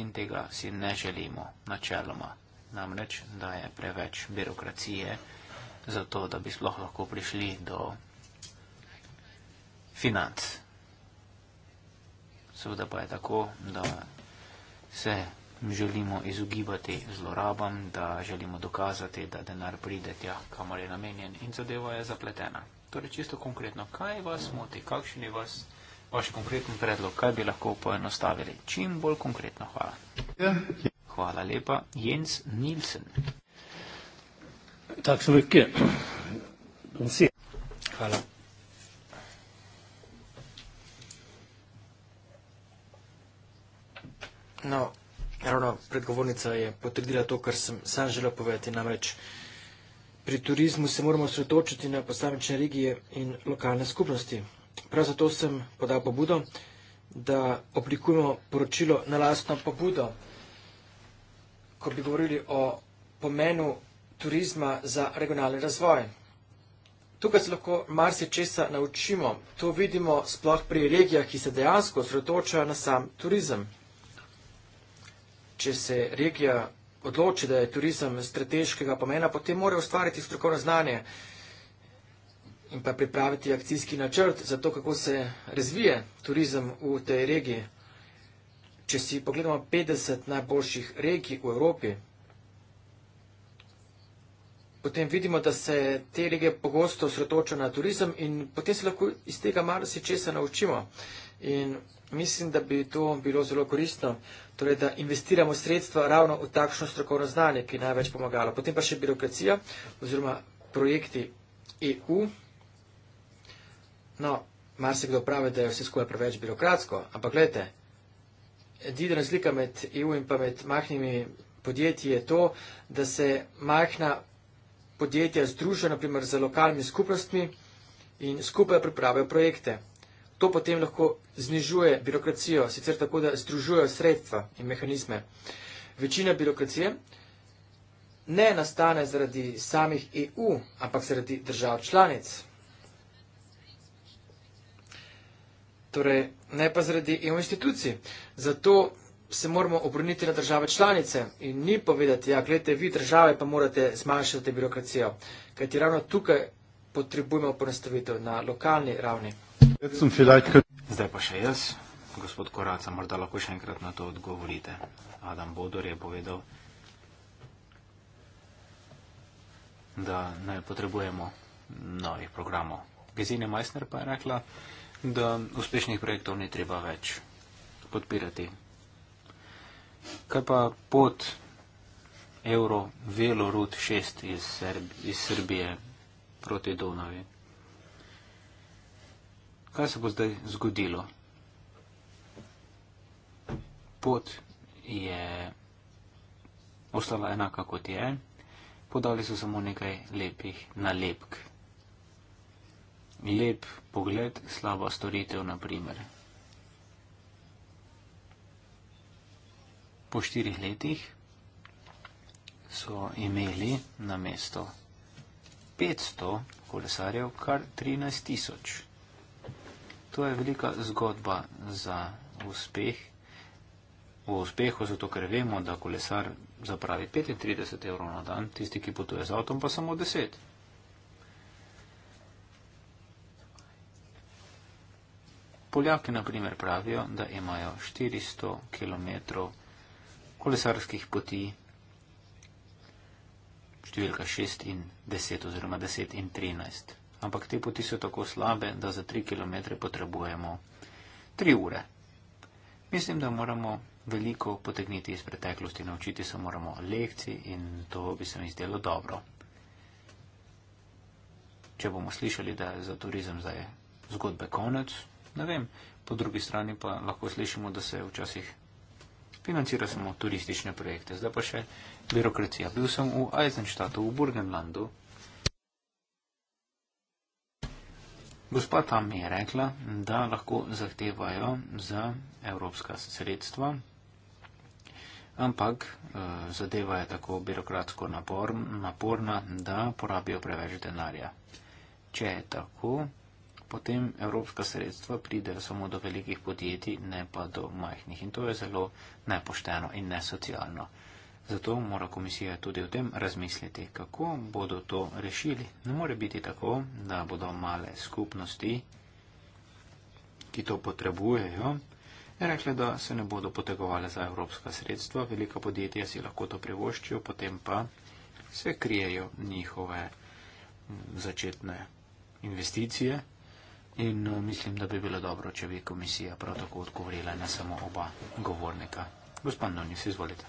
in tega si ne želimo načeloma. Namreč, da je preveč birokracije za to, da bi sploh lahko prišli do financ. Seveda pa je tako, da se želimo izogibati zlorabam, da želimo dokazati, da denar pride tja, kamor je namenjen in zadeva je zapletena. Torej, čisto konkretno, kaj vas moti, kakšen je vas, vaš konkreten predlog, kaj bi lahko poenostavili? Čim bolj konkretno, hvala. Hvala lepa, Jens Nilsen. Tak, Hvala. No, ravno predgovornica je potrdila to, kar sem sam želel povedati. Namreč pri turizmu se moramo osredotočiti na posamične regije in lokalne skupnosti. Prav zato sem podal pobudo, da oblikujemo poročilo na lastno pobudo. Ko bi govorili o pomenu turizma za regionalni razvoj. Tukaj se lahko marsikaj naučimo. To vidimo sploh pri regijah, ki se dejansko osredotočajo na sam turizem če se regija odloči, da je turizem strateškega pomena, potem mora ustvariti strokovno znanje in pa pripraviti akcijski načrt za to, kako se razvije turizem v tej regiji. Če si pogledamo 50 najboljših regij v Evropi, potem vidimo, da se te regije pogosto osredotočajo na turizem in potem se lahko iz tega malo si česa naučimo. In Mislim, da bi to bilo zelo koristno, torej, da investiramo sredstva ravno v takšno strokovno znanje, ki je največ pomagalo. Potem pa še birokracija oziroma projekti EU. No, mar se kdo pravi, da je vse skupaj preveč birokratsko, ampak gledajte, edina razlika med EU in pa med mahnimi podjetji je to, da se mahna podjetja združijo naprimer z lokalnimi skupnostmi in skupaj pripravijo projekte. To potem lahko znižuje birokracijo, sicer tako, da združujejo sredstva in mehanizme. Večina birokracije ne nastane zaradi samih EU, ampak zaradi držav članic. Torej, ne pa zaradi EU institucij. Zato se moramo obrniti na države članice in ni povedati, ja, gledajte, vi države pa morate zmanjšati birokracijo, kajti ravno tukaj potrebujemo ponastavitev na lokalni ravni. Zdaj pa še jaz, gospod Koraca, morda lahko še enkrat na to odgovorite. Adam Bodor je povedal, da ne potrebujemo novih programov. Gezine Meissner pa je rekla, da uspešnih projektov ni treba več podpirati. Kaj pa pot Euro Velorut 6 iz, Serb iz Srbije proti Donavi? kaj se bo zdaj zgodilo? Pot je ostala enaka kot je, podali so samo nekaj lepih nalepk. Lep pogled, slaba storitev, na primer. Po štirih letih so imeli na mesto 500 kolesarjev kar 13 tisoč to je velika zgodba za uspeh. V uspehu zato, ker vemo, da kolesar zapravi 35 evrov na dan, tisti, ki potuje z avtom, pa samo 10. Poljaki, na primer, pravijo, da imajo 400 km kolesarskih poti, številka 6 in 10 oziroma 10 in 13 ampak te poti so tako slabe, da za tri kilometre potrebujemo tri ure. Mislim, da moramo veliko potegniti iz preteklosti, naučiti se moramo lekcij in to bi se mi zdelo dobro. Če bomo slišali, da je za turizem zdaj zgodbe konec, ne vem, po drugi strani pa lahko slišimo, da se včasih financira samo turistične projekte. Zdaj pa še birokracija. Bil sem v Eisenstadtu, v Burgenlandu. Gospa tam mi je rekla, da lahko zahtevajo za evropska sredstva, ampak e, zadeva je tako birokratsko napor, naporna, da porabijo preveč denarja. Če je tako, potem evropska sredstva pridejo samo do velikih podjetij, ne pa do majhnih in to je zelo nepošteno in nesocialno. Zato mora komisija tudi o tem razmisliti, kako bodo to rešili. Ne more biti tako, da bodo male skupnosti, ki to potrebujejo, rekle, da se ne bodo potegovali za evropska sredstva, velika podjetja si lahko to privoščijo, potem pa se krijejo njihove mm, začetne investicije. In no, mislim, da bi bilo dobro, če bi komisija prav tako odgovorila na samo oba govornika. Gospod Donjus, izvolite.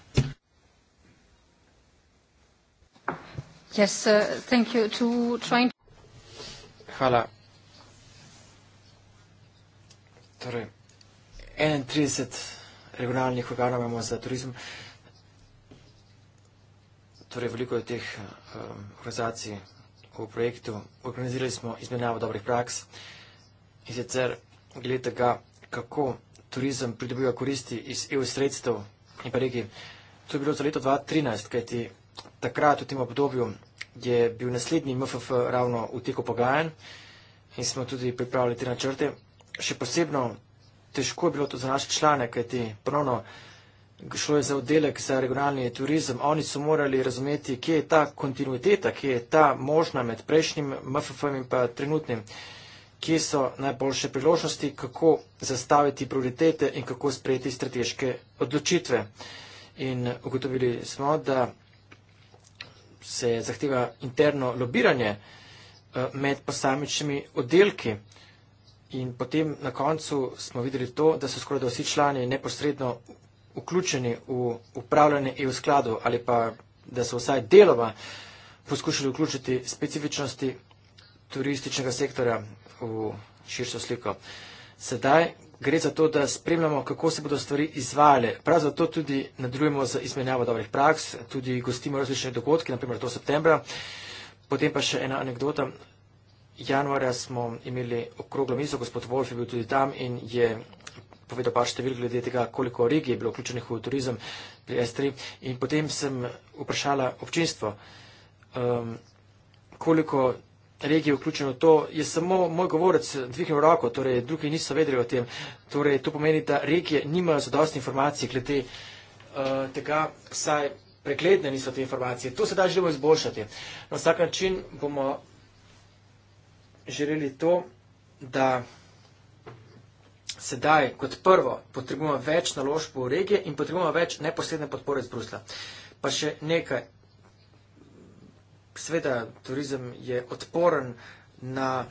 Yes, uh, thank you to trying. Hvala. Torej, 31 regionalnih organov imamo za turizem. Torej, veliko je teh um, organizacij v projektu. Organizirali smo izmenjavo dobrih praks in sicer glede tega, kako turizem pridobiva koristi iz EU sredstev in pa regij. To je bilo za leto 2013, kajti takrat v tem obdobju je bil naslednji MFF ravno v teku pogajanj in smo tudi pripravili te načrte. Še posebno težko je bilo to za naše člane, kajti ponovno šlo je za oddelek za regionalni turizem. Oni so morali razumeti, kje je ta kontinuiteta, kje je ta možna med prejšnjim MFF-om in pa trenutnim, kje so najboljše priložnosti, kako zastaviti prioritete in kako sprejeti strateške odločitve. In ugotovili smo, da se zahteva interno lobiranje eh, med posamičnimi oddelki. In potem na koncu smo videli to, da so skoraj da vsi člani neposredno vključeni v upravljanje EU skladov ali pa da so vsaj delova poskušali vključiti specifičnosti turističnega sektorja v širšo sliko. Sedaj, gre za to, da spremljamo, kako se bodo stvari izvajale. Prav zato tudi nadaljujemo z izmenjavo dobrih praks, tudi gostimo različne dogodke, naprimer do septembra. Potem pa še ena anekdota. Januarja smo imeli okroglo mizo, gospod Wolf je bil tudi tam in je povedal pa številk glede tega, koliko regij je bilo vključenih v turizem pri S3. In potem sem vprašala občinstvo, um, koliko regije vključeno. To je samo moj govorec dvignil roko, torej drugi niso vedeli o tem. Torej, to pomeni, da regije nimajo zadosti informacij glede uh, tega, saj pregledne niso te informacije. To se da želimo izboljšati. Na vsak način bomo želeli to, da. Sedaj, kot prvo, potrebujemo več naložb v regije in potrebujemo več neposredne podpore iz Brusla. Pa še nekaj, Sveda, turizem je odporen na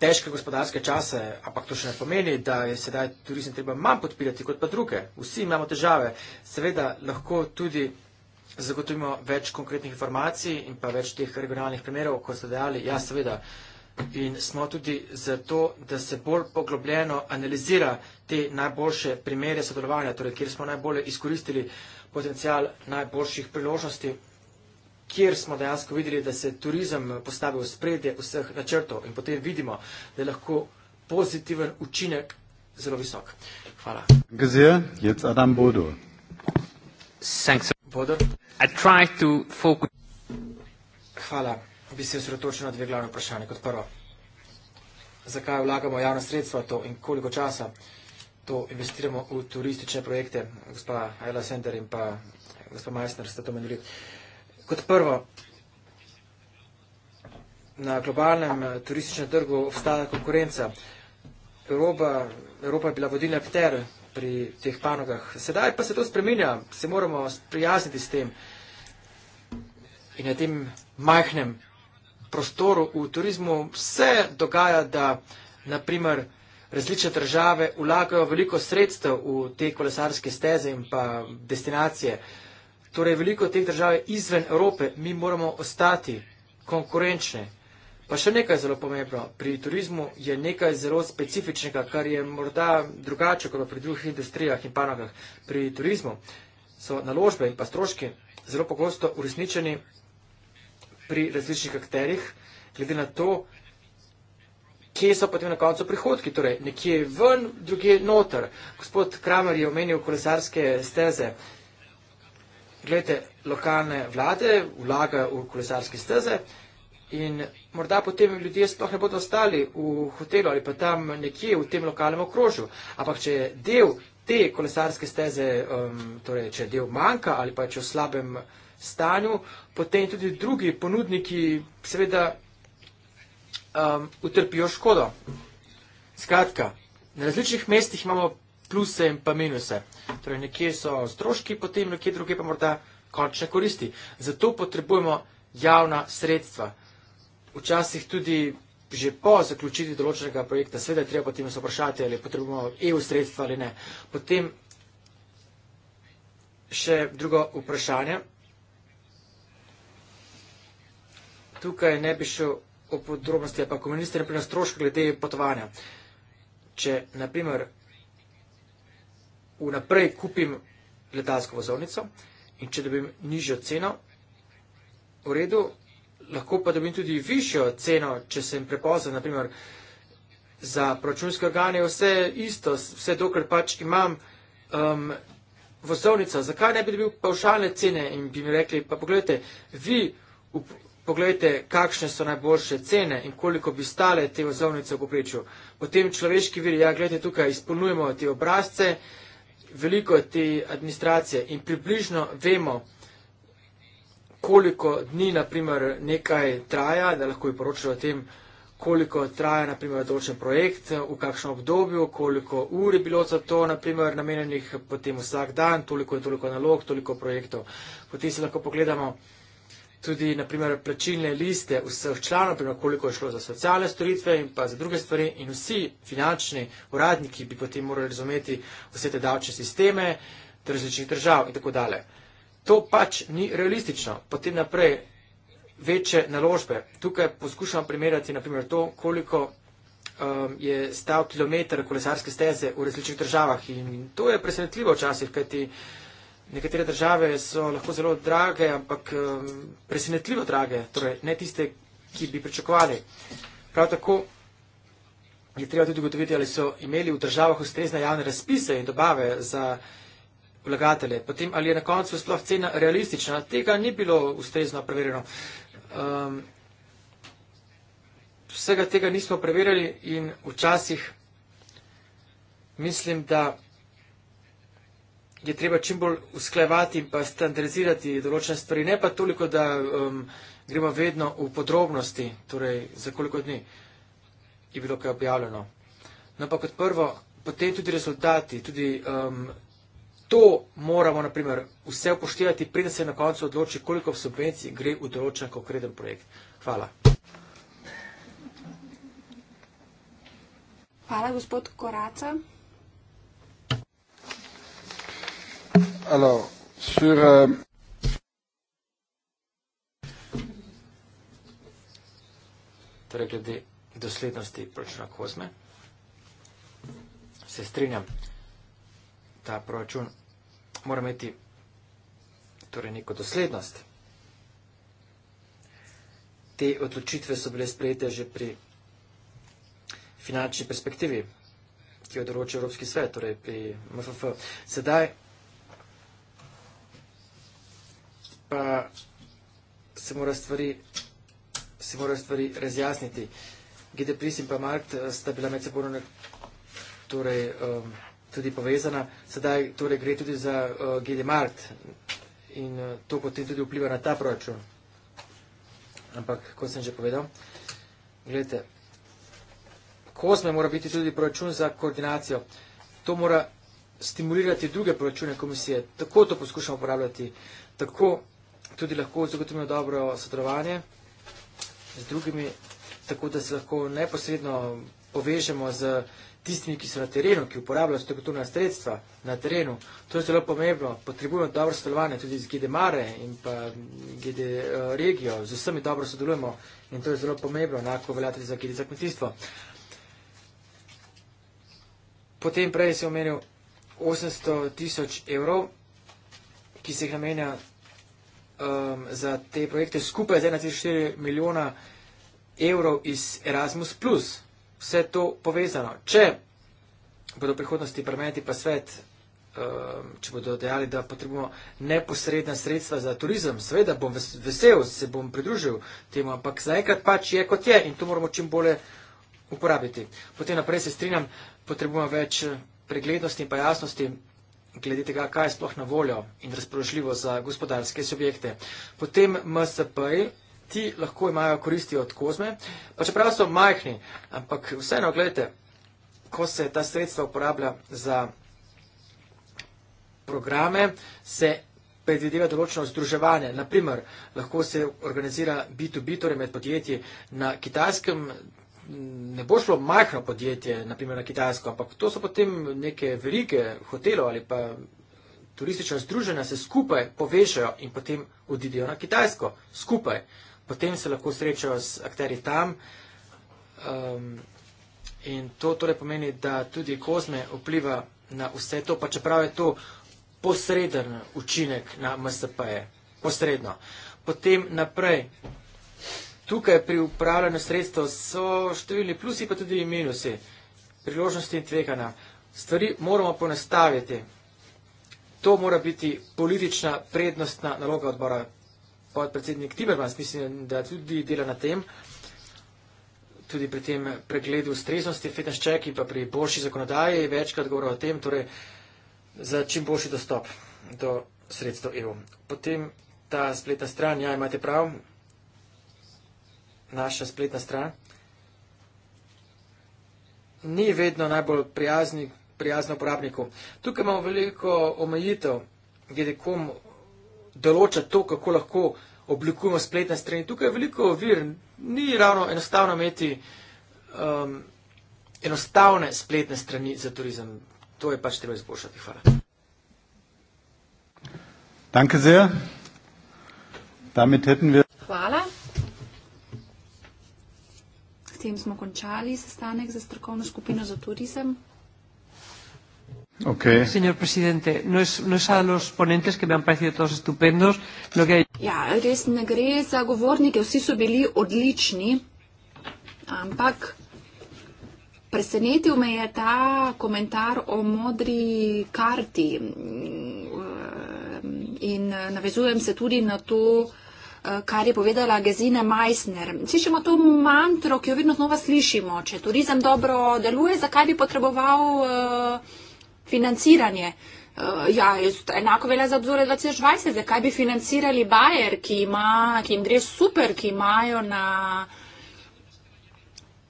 težke gospodarske čase, ampak to še ne pomeni, da je sedaj turizem treba manj podpirati kot pa druge. Vsi imamo težave. Seveda lahko tudi zagotovimo več konkretnih informacij in pa več teh regionalnih primerov, kot ste dejali. Ja, seveda. In smo tudi zato, da se bolj poglobljeno analizira te najboljše primere sodelovanja, torej kjer smo najbolje izkoristili potencial najboljših priložnosti kjer smo dejansko videli, da se turizem postavi v spredje vseh načrtov in potem vidimo, da je lahko pozitiven učinek zelo visok. Hvala. Gazir, jaz Adam Bodo. Thanks. Bodo. I try to focus. Hvala. Bi se osredotočil na dve glavne vprašanje. Kot prvo, zakaj vlagamo javna sredstva to in koliko časa to investiramo v turistične projekte, gospa Ajla Sender in pa gospa Majsner, ste to menili. Uh, Kot prvo, na globalnem eh, turističnem trgu obstaja konkurenca. Evropa, Evropa je bila vodilna pter pri teh panogah. Sedaj pa se to spreminja, se moramo sprijazniti s tem. In na tem majhnem prostoru v turizmu se dogaja, da naprimer različne države vlagajo veliko sredstev v te kolesarske steze in pa destinacije. Uh, Torej, veliko teh držav je izven Evrope, mi moramo ostati konkurenčni. Pa še nekaj zelo pomembno. Pri turizmu je nekaj zelo specifičnega, kar je morda drugače kot pri drugih industrijah in panogah. Pri turizmu so naložbe in pa stroški zelo pogosto uresničeni pri različnih akterjih, glede na to, kje so potem na koncu prihodki. Torej, nekje ven, druge noter. Gospod Kramer je omenil kolesarske steze. Glede, lokalne vlade vlagajo v kolesarske steze in morda potem ljudje sploh ne bodo ostali v hotelu ali pa tam nekje v tem lokalnem okrožju. Ampak če je del te kolesarske steze, um, torej če je del manjka ali pa če je v slabem stanju, potem tudi drugi ponudniki seveda um, utrpijo škodo. Skratka, na različnih mestih imamo pluse in pa minuse. Torej, nekje so stroški, potem nekje druge pa morda končne koristi. Zato potrebujemo javna sredstva. Včasih tudi že po zaključiti določenega projekta, seveda je treba potem se vprašati, ali potrebujemo EU sredstva ali ne. Potem še drugo vprašanje. Tukaj ne bi šel o podrobnosti, ampak ko minister je pri nas stroško glede potovanja. Če, na primer, vnaprej kupim letalsko vozovnico in če dobim nižjo ceno, v redu, lahko pa dobim tudi višjo ceno, če sem prepozen, naprimer, za proračunske organe, vse isto, vse dokler pač imam um, vozovnico, zakaj ne bi dobil paušalne cene in bi mi rekli, pa pogledajte, vi pogledajte, kakšne so najboljše cene in koliko bi stale te vozovnice v poprečju. Potem človeški vir, ja, gledajte, tukaj izpolnujemo te obrazce, veliko te administracije in približno vemo, koliko dni naprimer, nekaj traja, da lahko bi poročali o tem, koliko traja naprimer, določen projekt, v kakšnem obdobju, koliko ur je bilo za to naprimer, namenjenih potem vsak dan, toliko in toliko nalog, toliko projektov. Potem si lahko pogledamo, tudi naprimer plačilne liste vseh članov, naprimer koliko je šlo za socialne storitve in pa za druge stvari in vsi finančni uradniki bi potem morali razumeti vse te davčne sisteme različnih držav in tako dalje. To pač ni realistično. Potem naprej večje naložbe. Tukaj poskušam primerjati naprimer to, koliko um, je stal kilometr kolesarske steze v različnih državah in to je presenetljivo včasih, kajti Nekatere države so lahko zelo drage, ampak um, presenetljivo drage, torej ne tiste, ki bi pričakovali. Prav tako je treba tudi ugotoviti, ali so imeli v državah ustrezne javne razpise in dobave za vlagatelje. Potem, ali je na koncu sploh cena realistična, tega ni bilo ustrezno preverjeno. Um, vsega tega nismo preverjali in včasih mislim, da je treba čim bolj usklajevati in pa standardizirati določene stvari, ne pa toliko, da um, gremo vedno v podrobnosti, torej za koliko dni je bilo kaj objavljeno. No pa kot prvo, potem tudi rezultati, tudi um, to moramo naprimer vse upoštevati, preden se na koncu odloči, koliko v subvenciji gre v določen konkreten projekt. Hvala. Hvala, gospod Koraca. Alors, sur. Euh... Torej, glede doslednosti proračuna Kozme, se strinjam, da proračun mora imeti torej, neko doslednost. Te odločitve so bile sprejete že pri finančni perspektivi, ki jo določa Evropski svet, torej pri MFF. Sedaj se morajo stvari, se morajo stvari razjasniti. GDPRIS in pa Markt eh, sta bila med seboj torej, um, tudi povezana, sedaj torej gre tudi za uh, eh, GDMARKT in uh, to potem tudi vpliva na ta proračun. Ampak, kot sem že povedal, gledajte, Kosme mora biti tudi proračun za koordinacijo. To mora stimulirati druge proračune komisije. Tako to poskušamo uporabljati. Tako tudi lahko zagotovimo dobro sodelovanje z drugimi, tako da se lahko neposredno povežemo z tistimi, ki so na terenu, ki uporabljajo strukturna sredstva na terenu. To je zelo pomembno. Potrebujemo dobro sodelovanje tudi z GDMARE in pa GDRegijo. Eh, z vsemi dobro sodelujemo in to je zelo pomembno, enako velja tudi za GDZ kmetijstvo. Potem prej sem omenil 800 tisoč evrov, ki se jih namenja um, za te projekte skupaj za 1,4 milijona evrov iz Erasmus, plus. vse to povezano. Če bodo v prihodnosti parmeti pa svet, um, če bodo dejali, da potrebujemo neposredna sredstva za turizem, seveda bom vesel, se bom pridružil temu, ampak zaenkrat pač je kot je in to moramo čim bolje uporabiti. Potem naprej se strinjam, potrebujemo več preglednosti in pa jasnosti glede tega, kaj je sploh na voljo in razpoložljivo za gospodarske subjekte. Potem MSP, ti lahko imajo koristi od kozme, pa čeprav so majhni, ampak vseeno, gledajte, ko se ta sredstva uporablja za programe, se predvideva določeno združevanje. Naprimer, lahko se organizira B2B, torej med podjetji na kitajskem ne bo šlo majhno podjetje, naprimer na Kitajsko, ampak to so potem neke velike hotelov ali pa turistična združenja se skupaj povežajo in potem odidijo na Kitajsko skupaj. Potem se lahko srečajo s akteri tam. Um, in to torej pomeni, da tudi kozme vpliva na vse to, pa čeprav je to posreden učinek na MSP-je, posredno. Potem naprej tukaj pri upravljanju sredstev so številni plusi, pa tudi minusi, priložnosti in tvegana. Stvari moramo ponestaviti. To mora biti politična prednostna naloga odbora. Podpredsednik Timmermans mislim, da tudi dela na tem, tudi pri tem pregledu ustreznosti fitness check in pa pri boljši zakonodaji večkrat govori o tem, torej za čim boljši dostop do sredstev EU. Potem ta spletna stran, ja, imate prav naša spletna stran. Ni vedno najbolj prijazni, prijazno uporabniku. Tukaj imamo veliko omejitev, glede kom določa to, kako lahko oblikujemo spletne strani. Tukaj je veliko vir, ni ravno enostavno imeti um, enostavne spletne strani za turizem. To je pač treba izboljšati. Hvala. Danke sehr. Damit hätten wir. Hvala tem smo končali sestanek za strokovno skupino za turizem. Okay. Señor presidente, no es, no es a los ponentes que me han parecido todos estupendos. Lo que... Ja, res ne gre za govornike, vsi so bili odlični, ampak presenetil me je ta komentar o modri karti ehm, in eh, navezujem se tudi na to, Eh, kar je povedala Gezina Meissner. Slišimo to mantro, ki jo vedno znova slišimo. Če turizem dobro deluje, zakaj bi potreboval uh, financiranje? Uh, ja, enako velja za obzore 2020, zakaj bi financirali Bayer, ki, ima, ki jim gre super, ki imajo na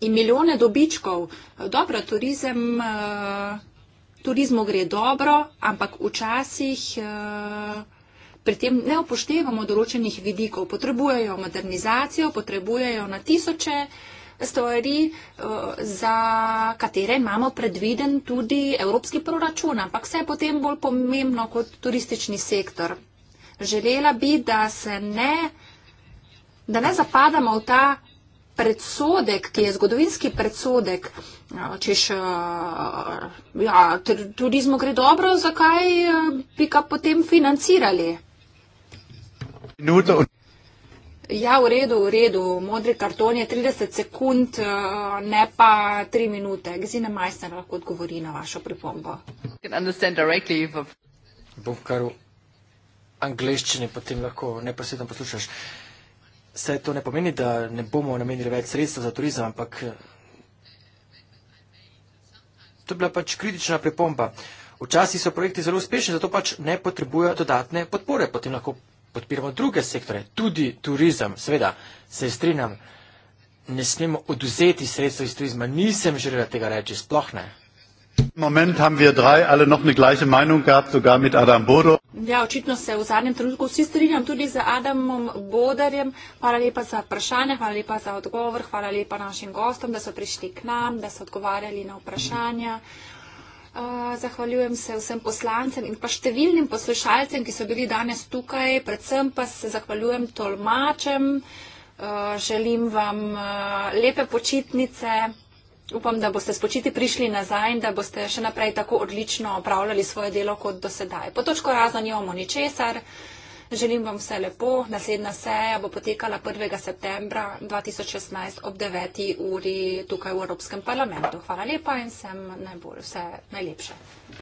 in milijone dobičkov. Dobro, turizem, uh, turizmu gre dobro, ampak včasih. Uh, pri tem ne upoštevamo določenih vidikov. Potrebujejo modernizacijo, potrebujejo na tisoče stvari, eh, za katere imamo predviden tudi evropski proračun, ampak vse je potem bolj pomembno kot turistični sektor. Želela bi, da se ne, da ne zapadamo v ta predsodek, ki je zgodovinski predsodek, ja, češ, eh, ja, turizmu gre dobro, zakaj eh, bi ga potem financirali minuto. Ja, v redu, v redu. Modri karton je 30 sekund, eh, ne pa 3 minute. Gzine Majsner lahko odgovori na vašo pripombo. Bom kar v angliščini potem lahko neposredno poslušaš. Se to ne pomeni, da ne bomo namenili več sredstva za turizem, ampak eh, to je bila pač kritična pripomba. Včasih so projekti zelo uspešni, zato pač ne potrebujejo dodatne podpore. Potem lahko podpiramo druge sektore, tudi turizem, seveda se strinjam, ne smemo oduzeti sredstva iz turizma, nisem želel tega reči, sploh ne. Moment, gehabt, Adam ja, očitno se v zadnjem trenutku vsi strinjam tudi z Adamom Bodarjem. Hvala lepa za vprašanje, hvala lepa za odgovor, hvala lepa našim gostom, da so prišli k nam, da so odgovarjali na vprašanja. Mm -hmm zahvaljujem se vsem poslancem in pa številnim poslušalcem, ki so bili danes tukaj, predvsem pa se zahvaljujem tolmačem. Želim vam lepe počitnice. Upam, da boste spočiti prišli nazaj in da boste še naprej tako odlično opravljali svoje delo kot do sedaj. Po točko razen imamo ničesar. Želim vam vse lepo. Naslednja seja bo potekala 1. septembra 2016 ob 9. uri tukaj v Evropskem parlamentu. Hvala lepa in sem najbolj vse najlepše.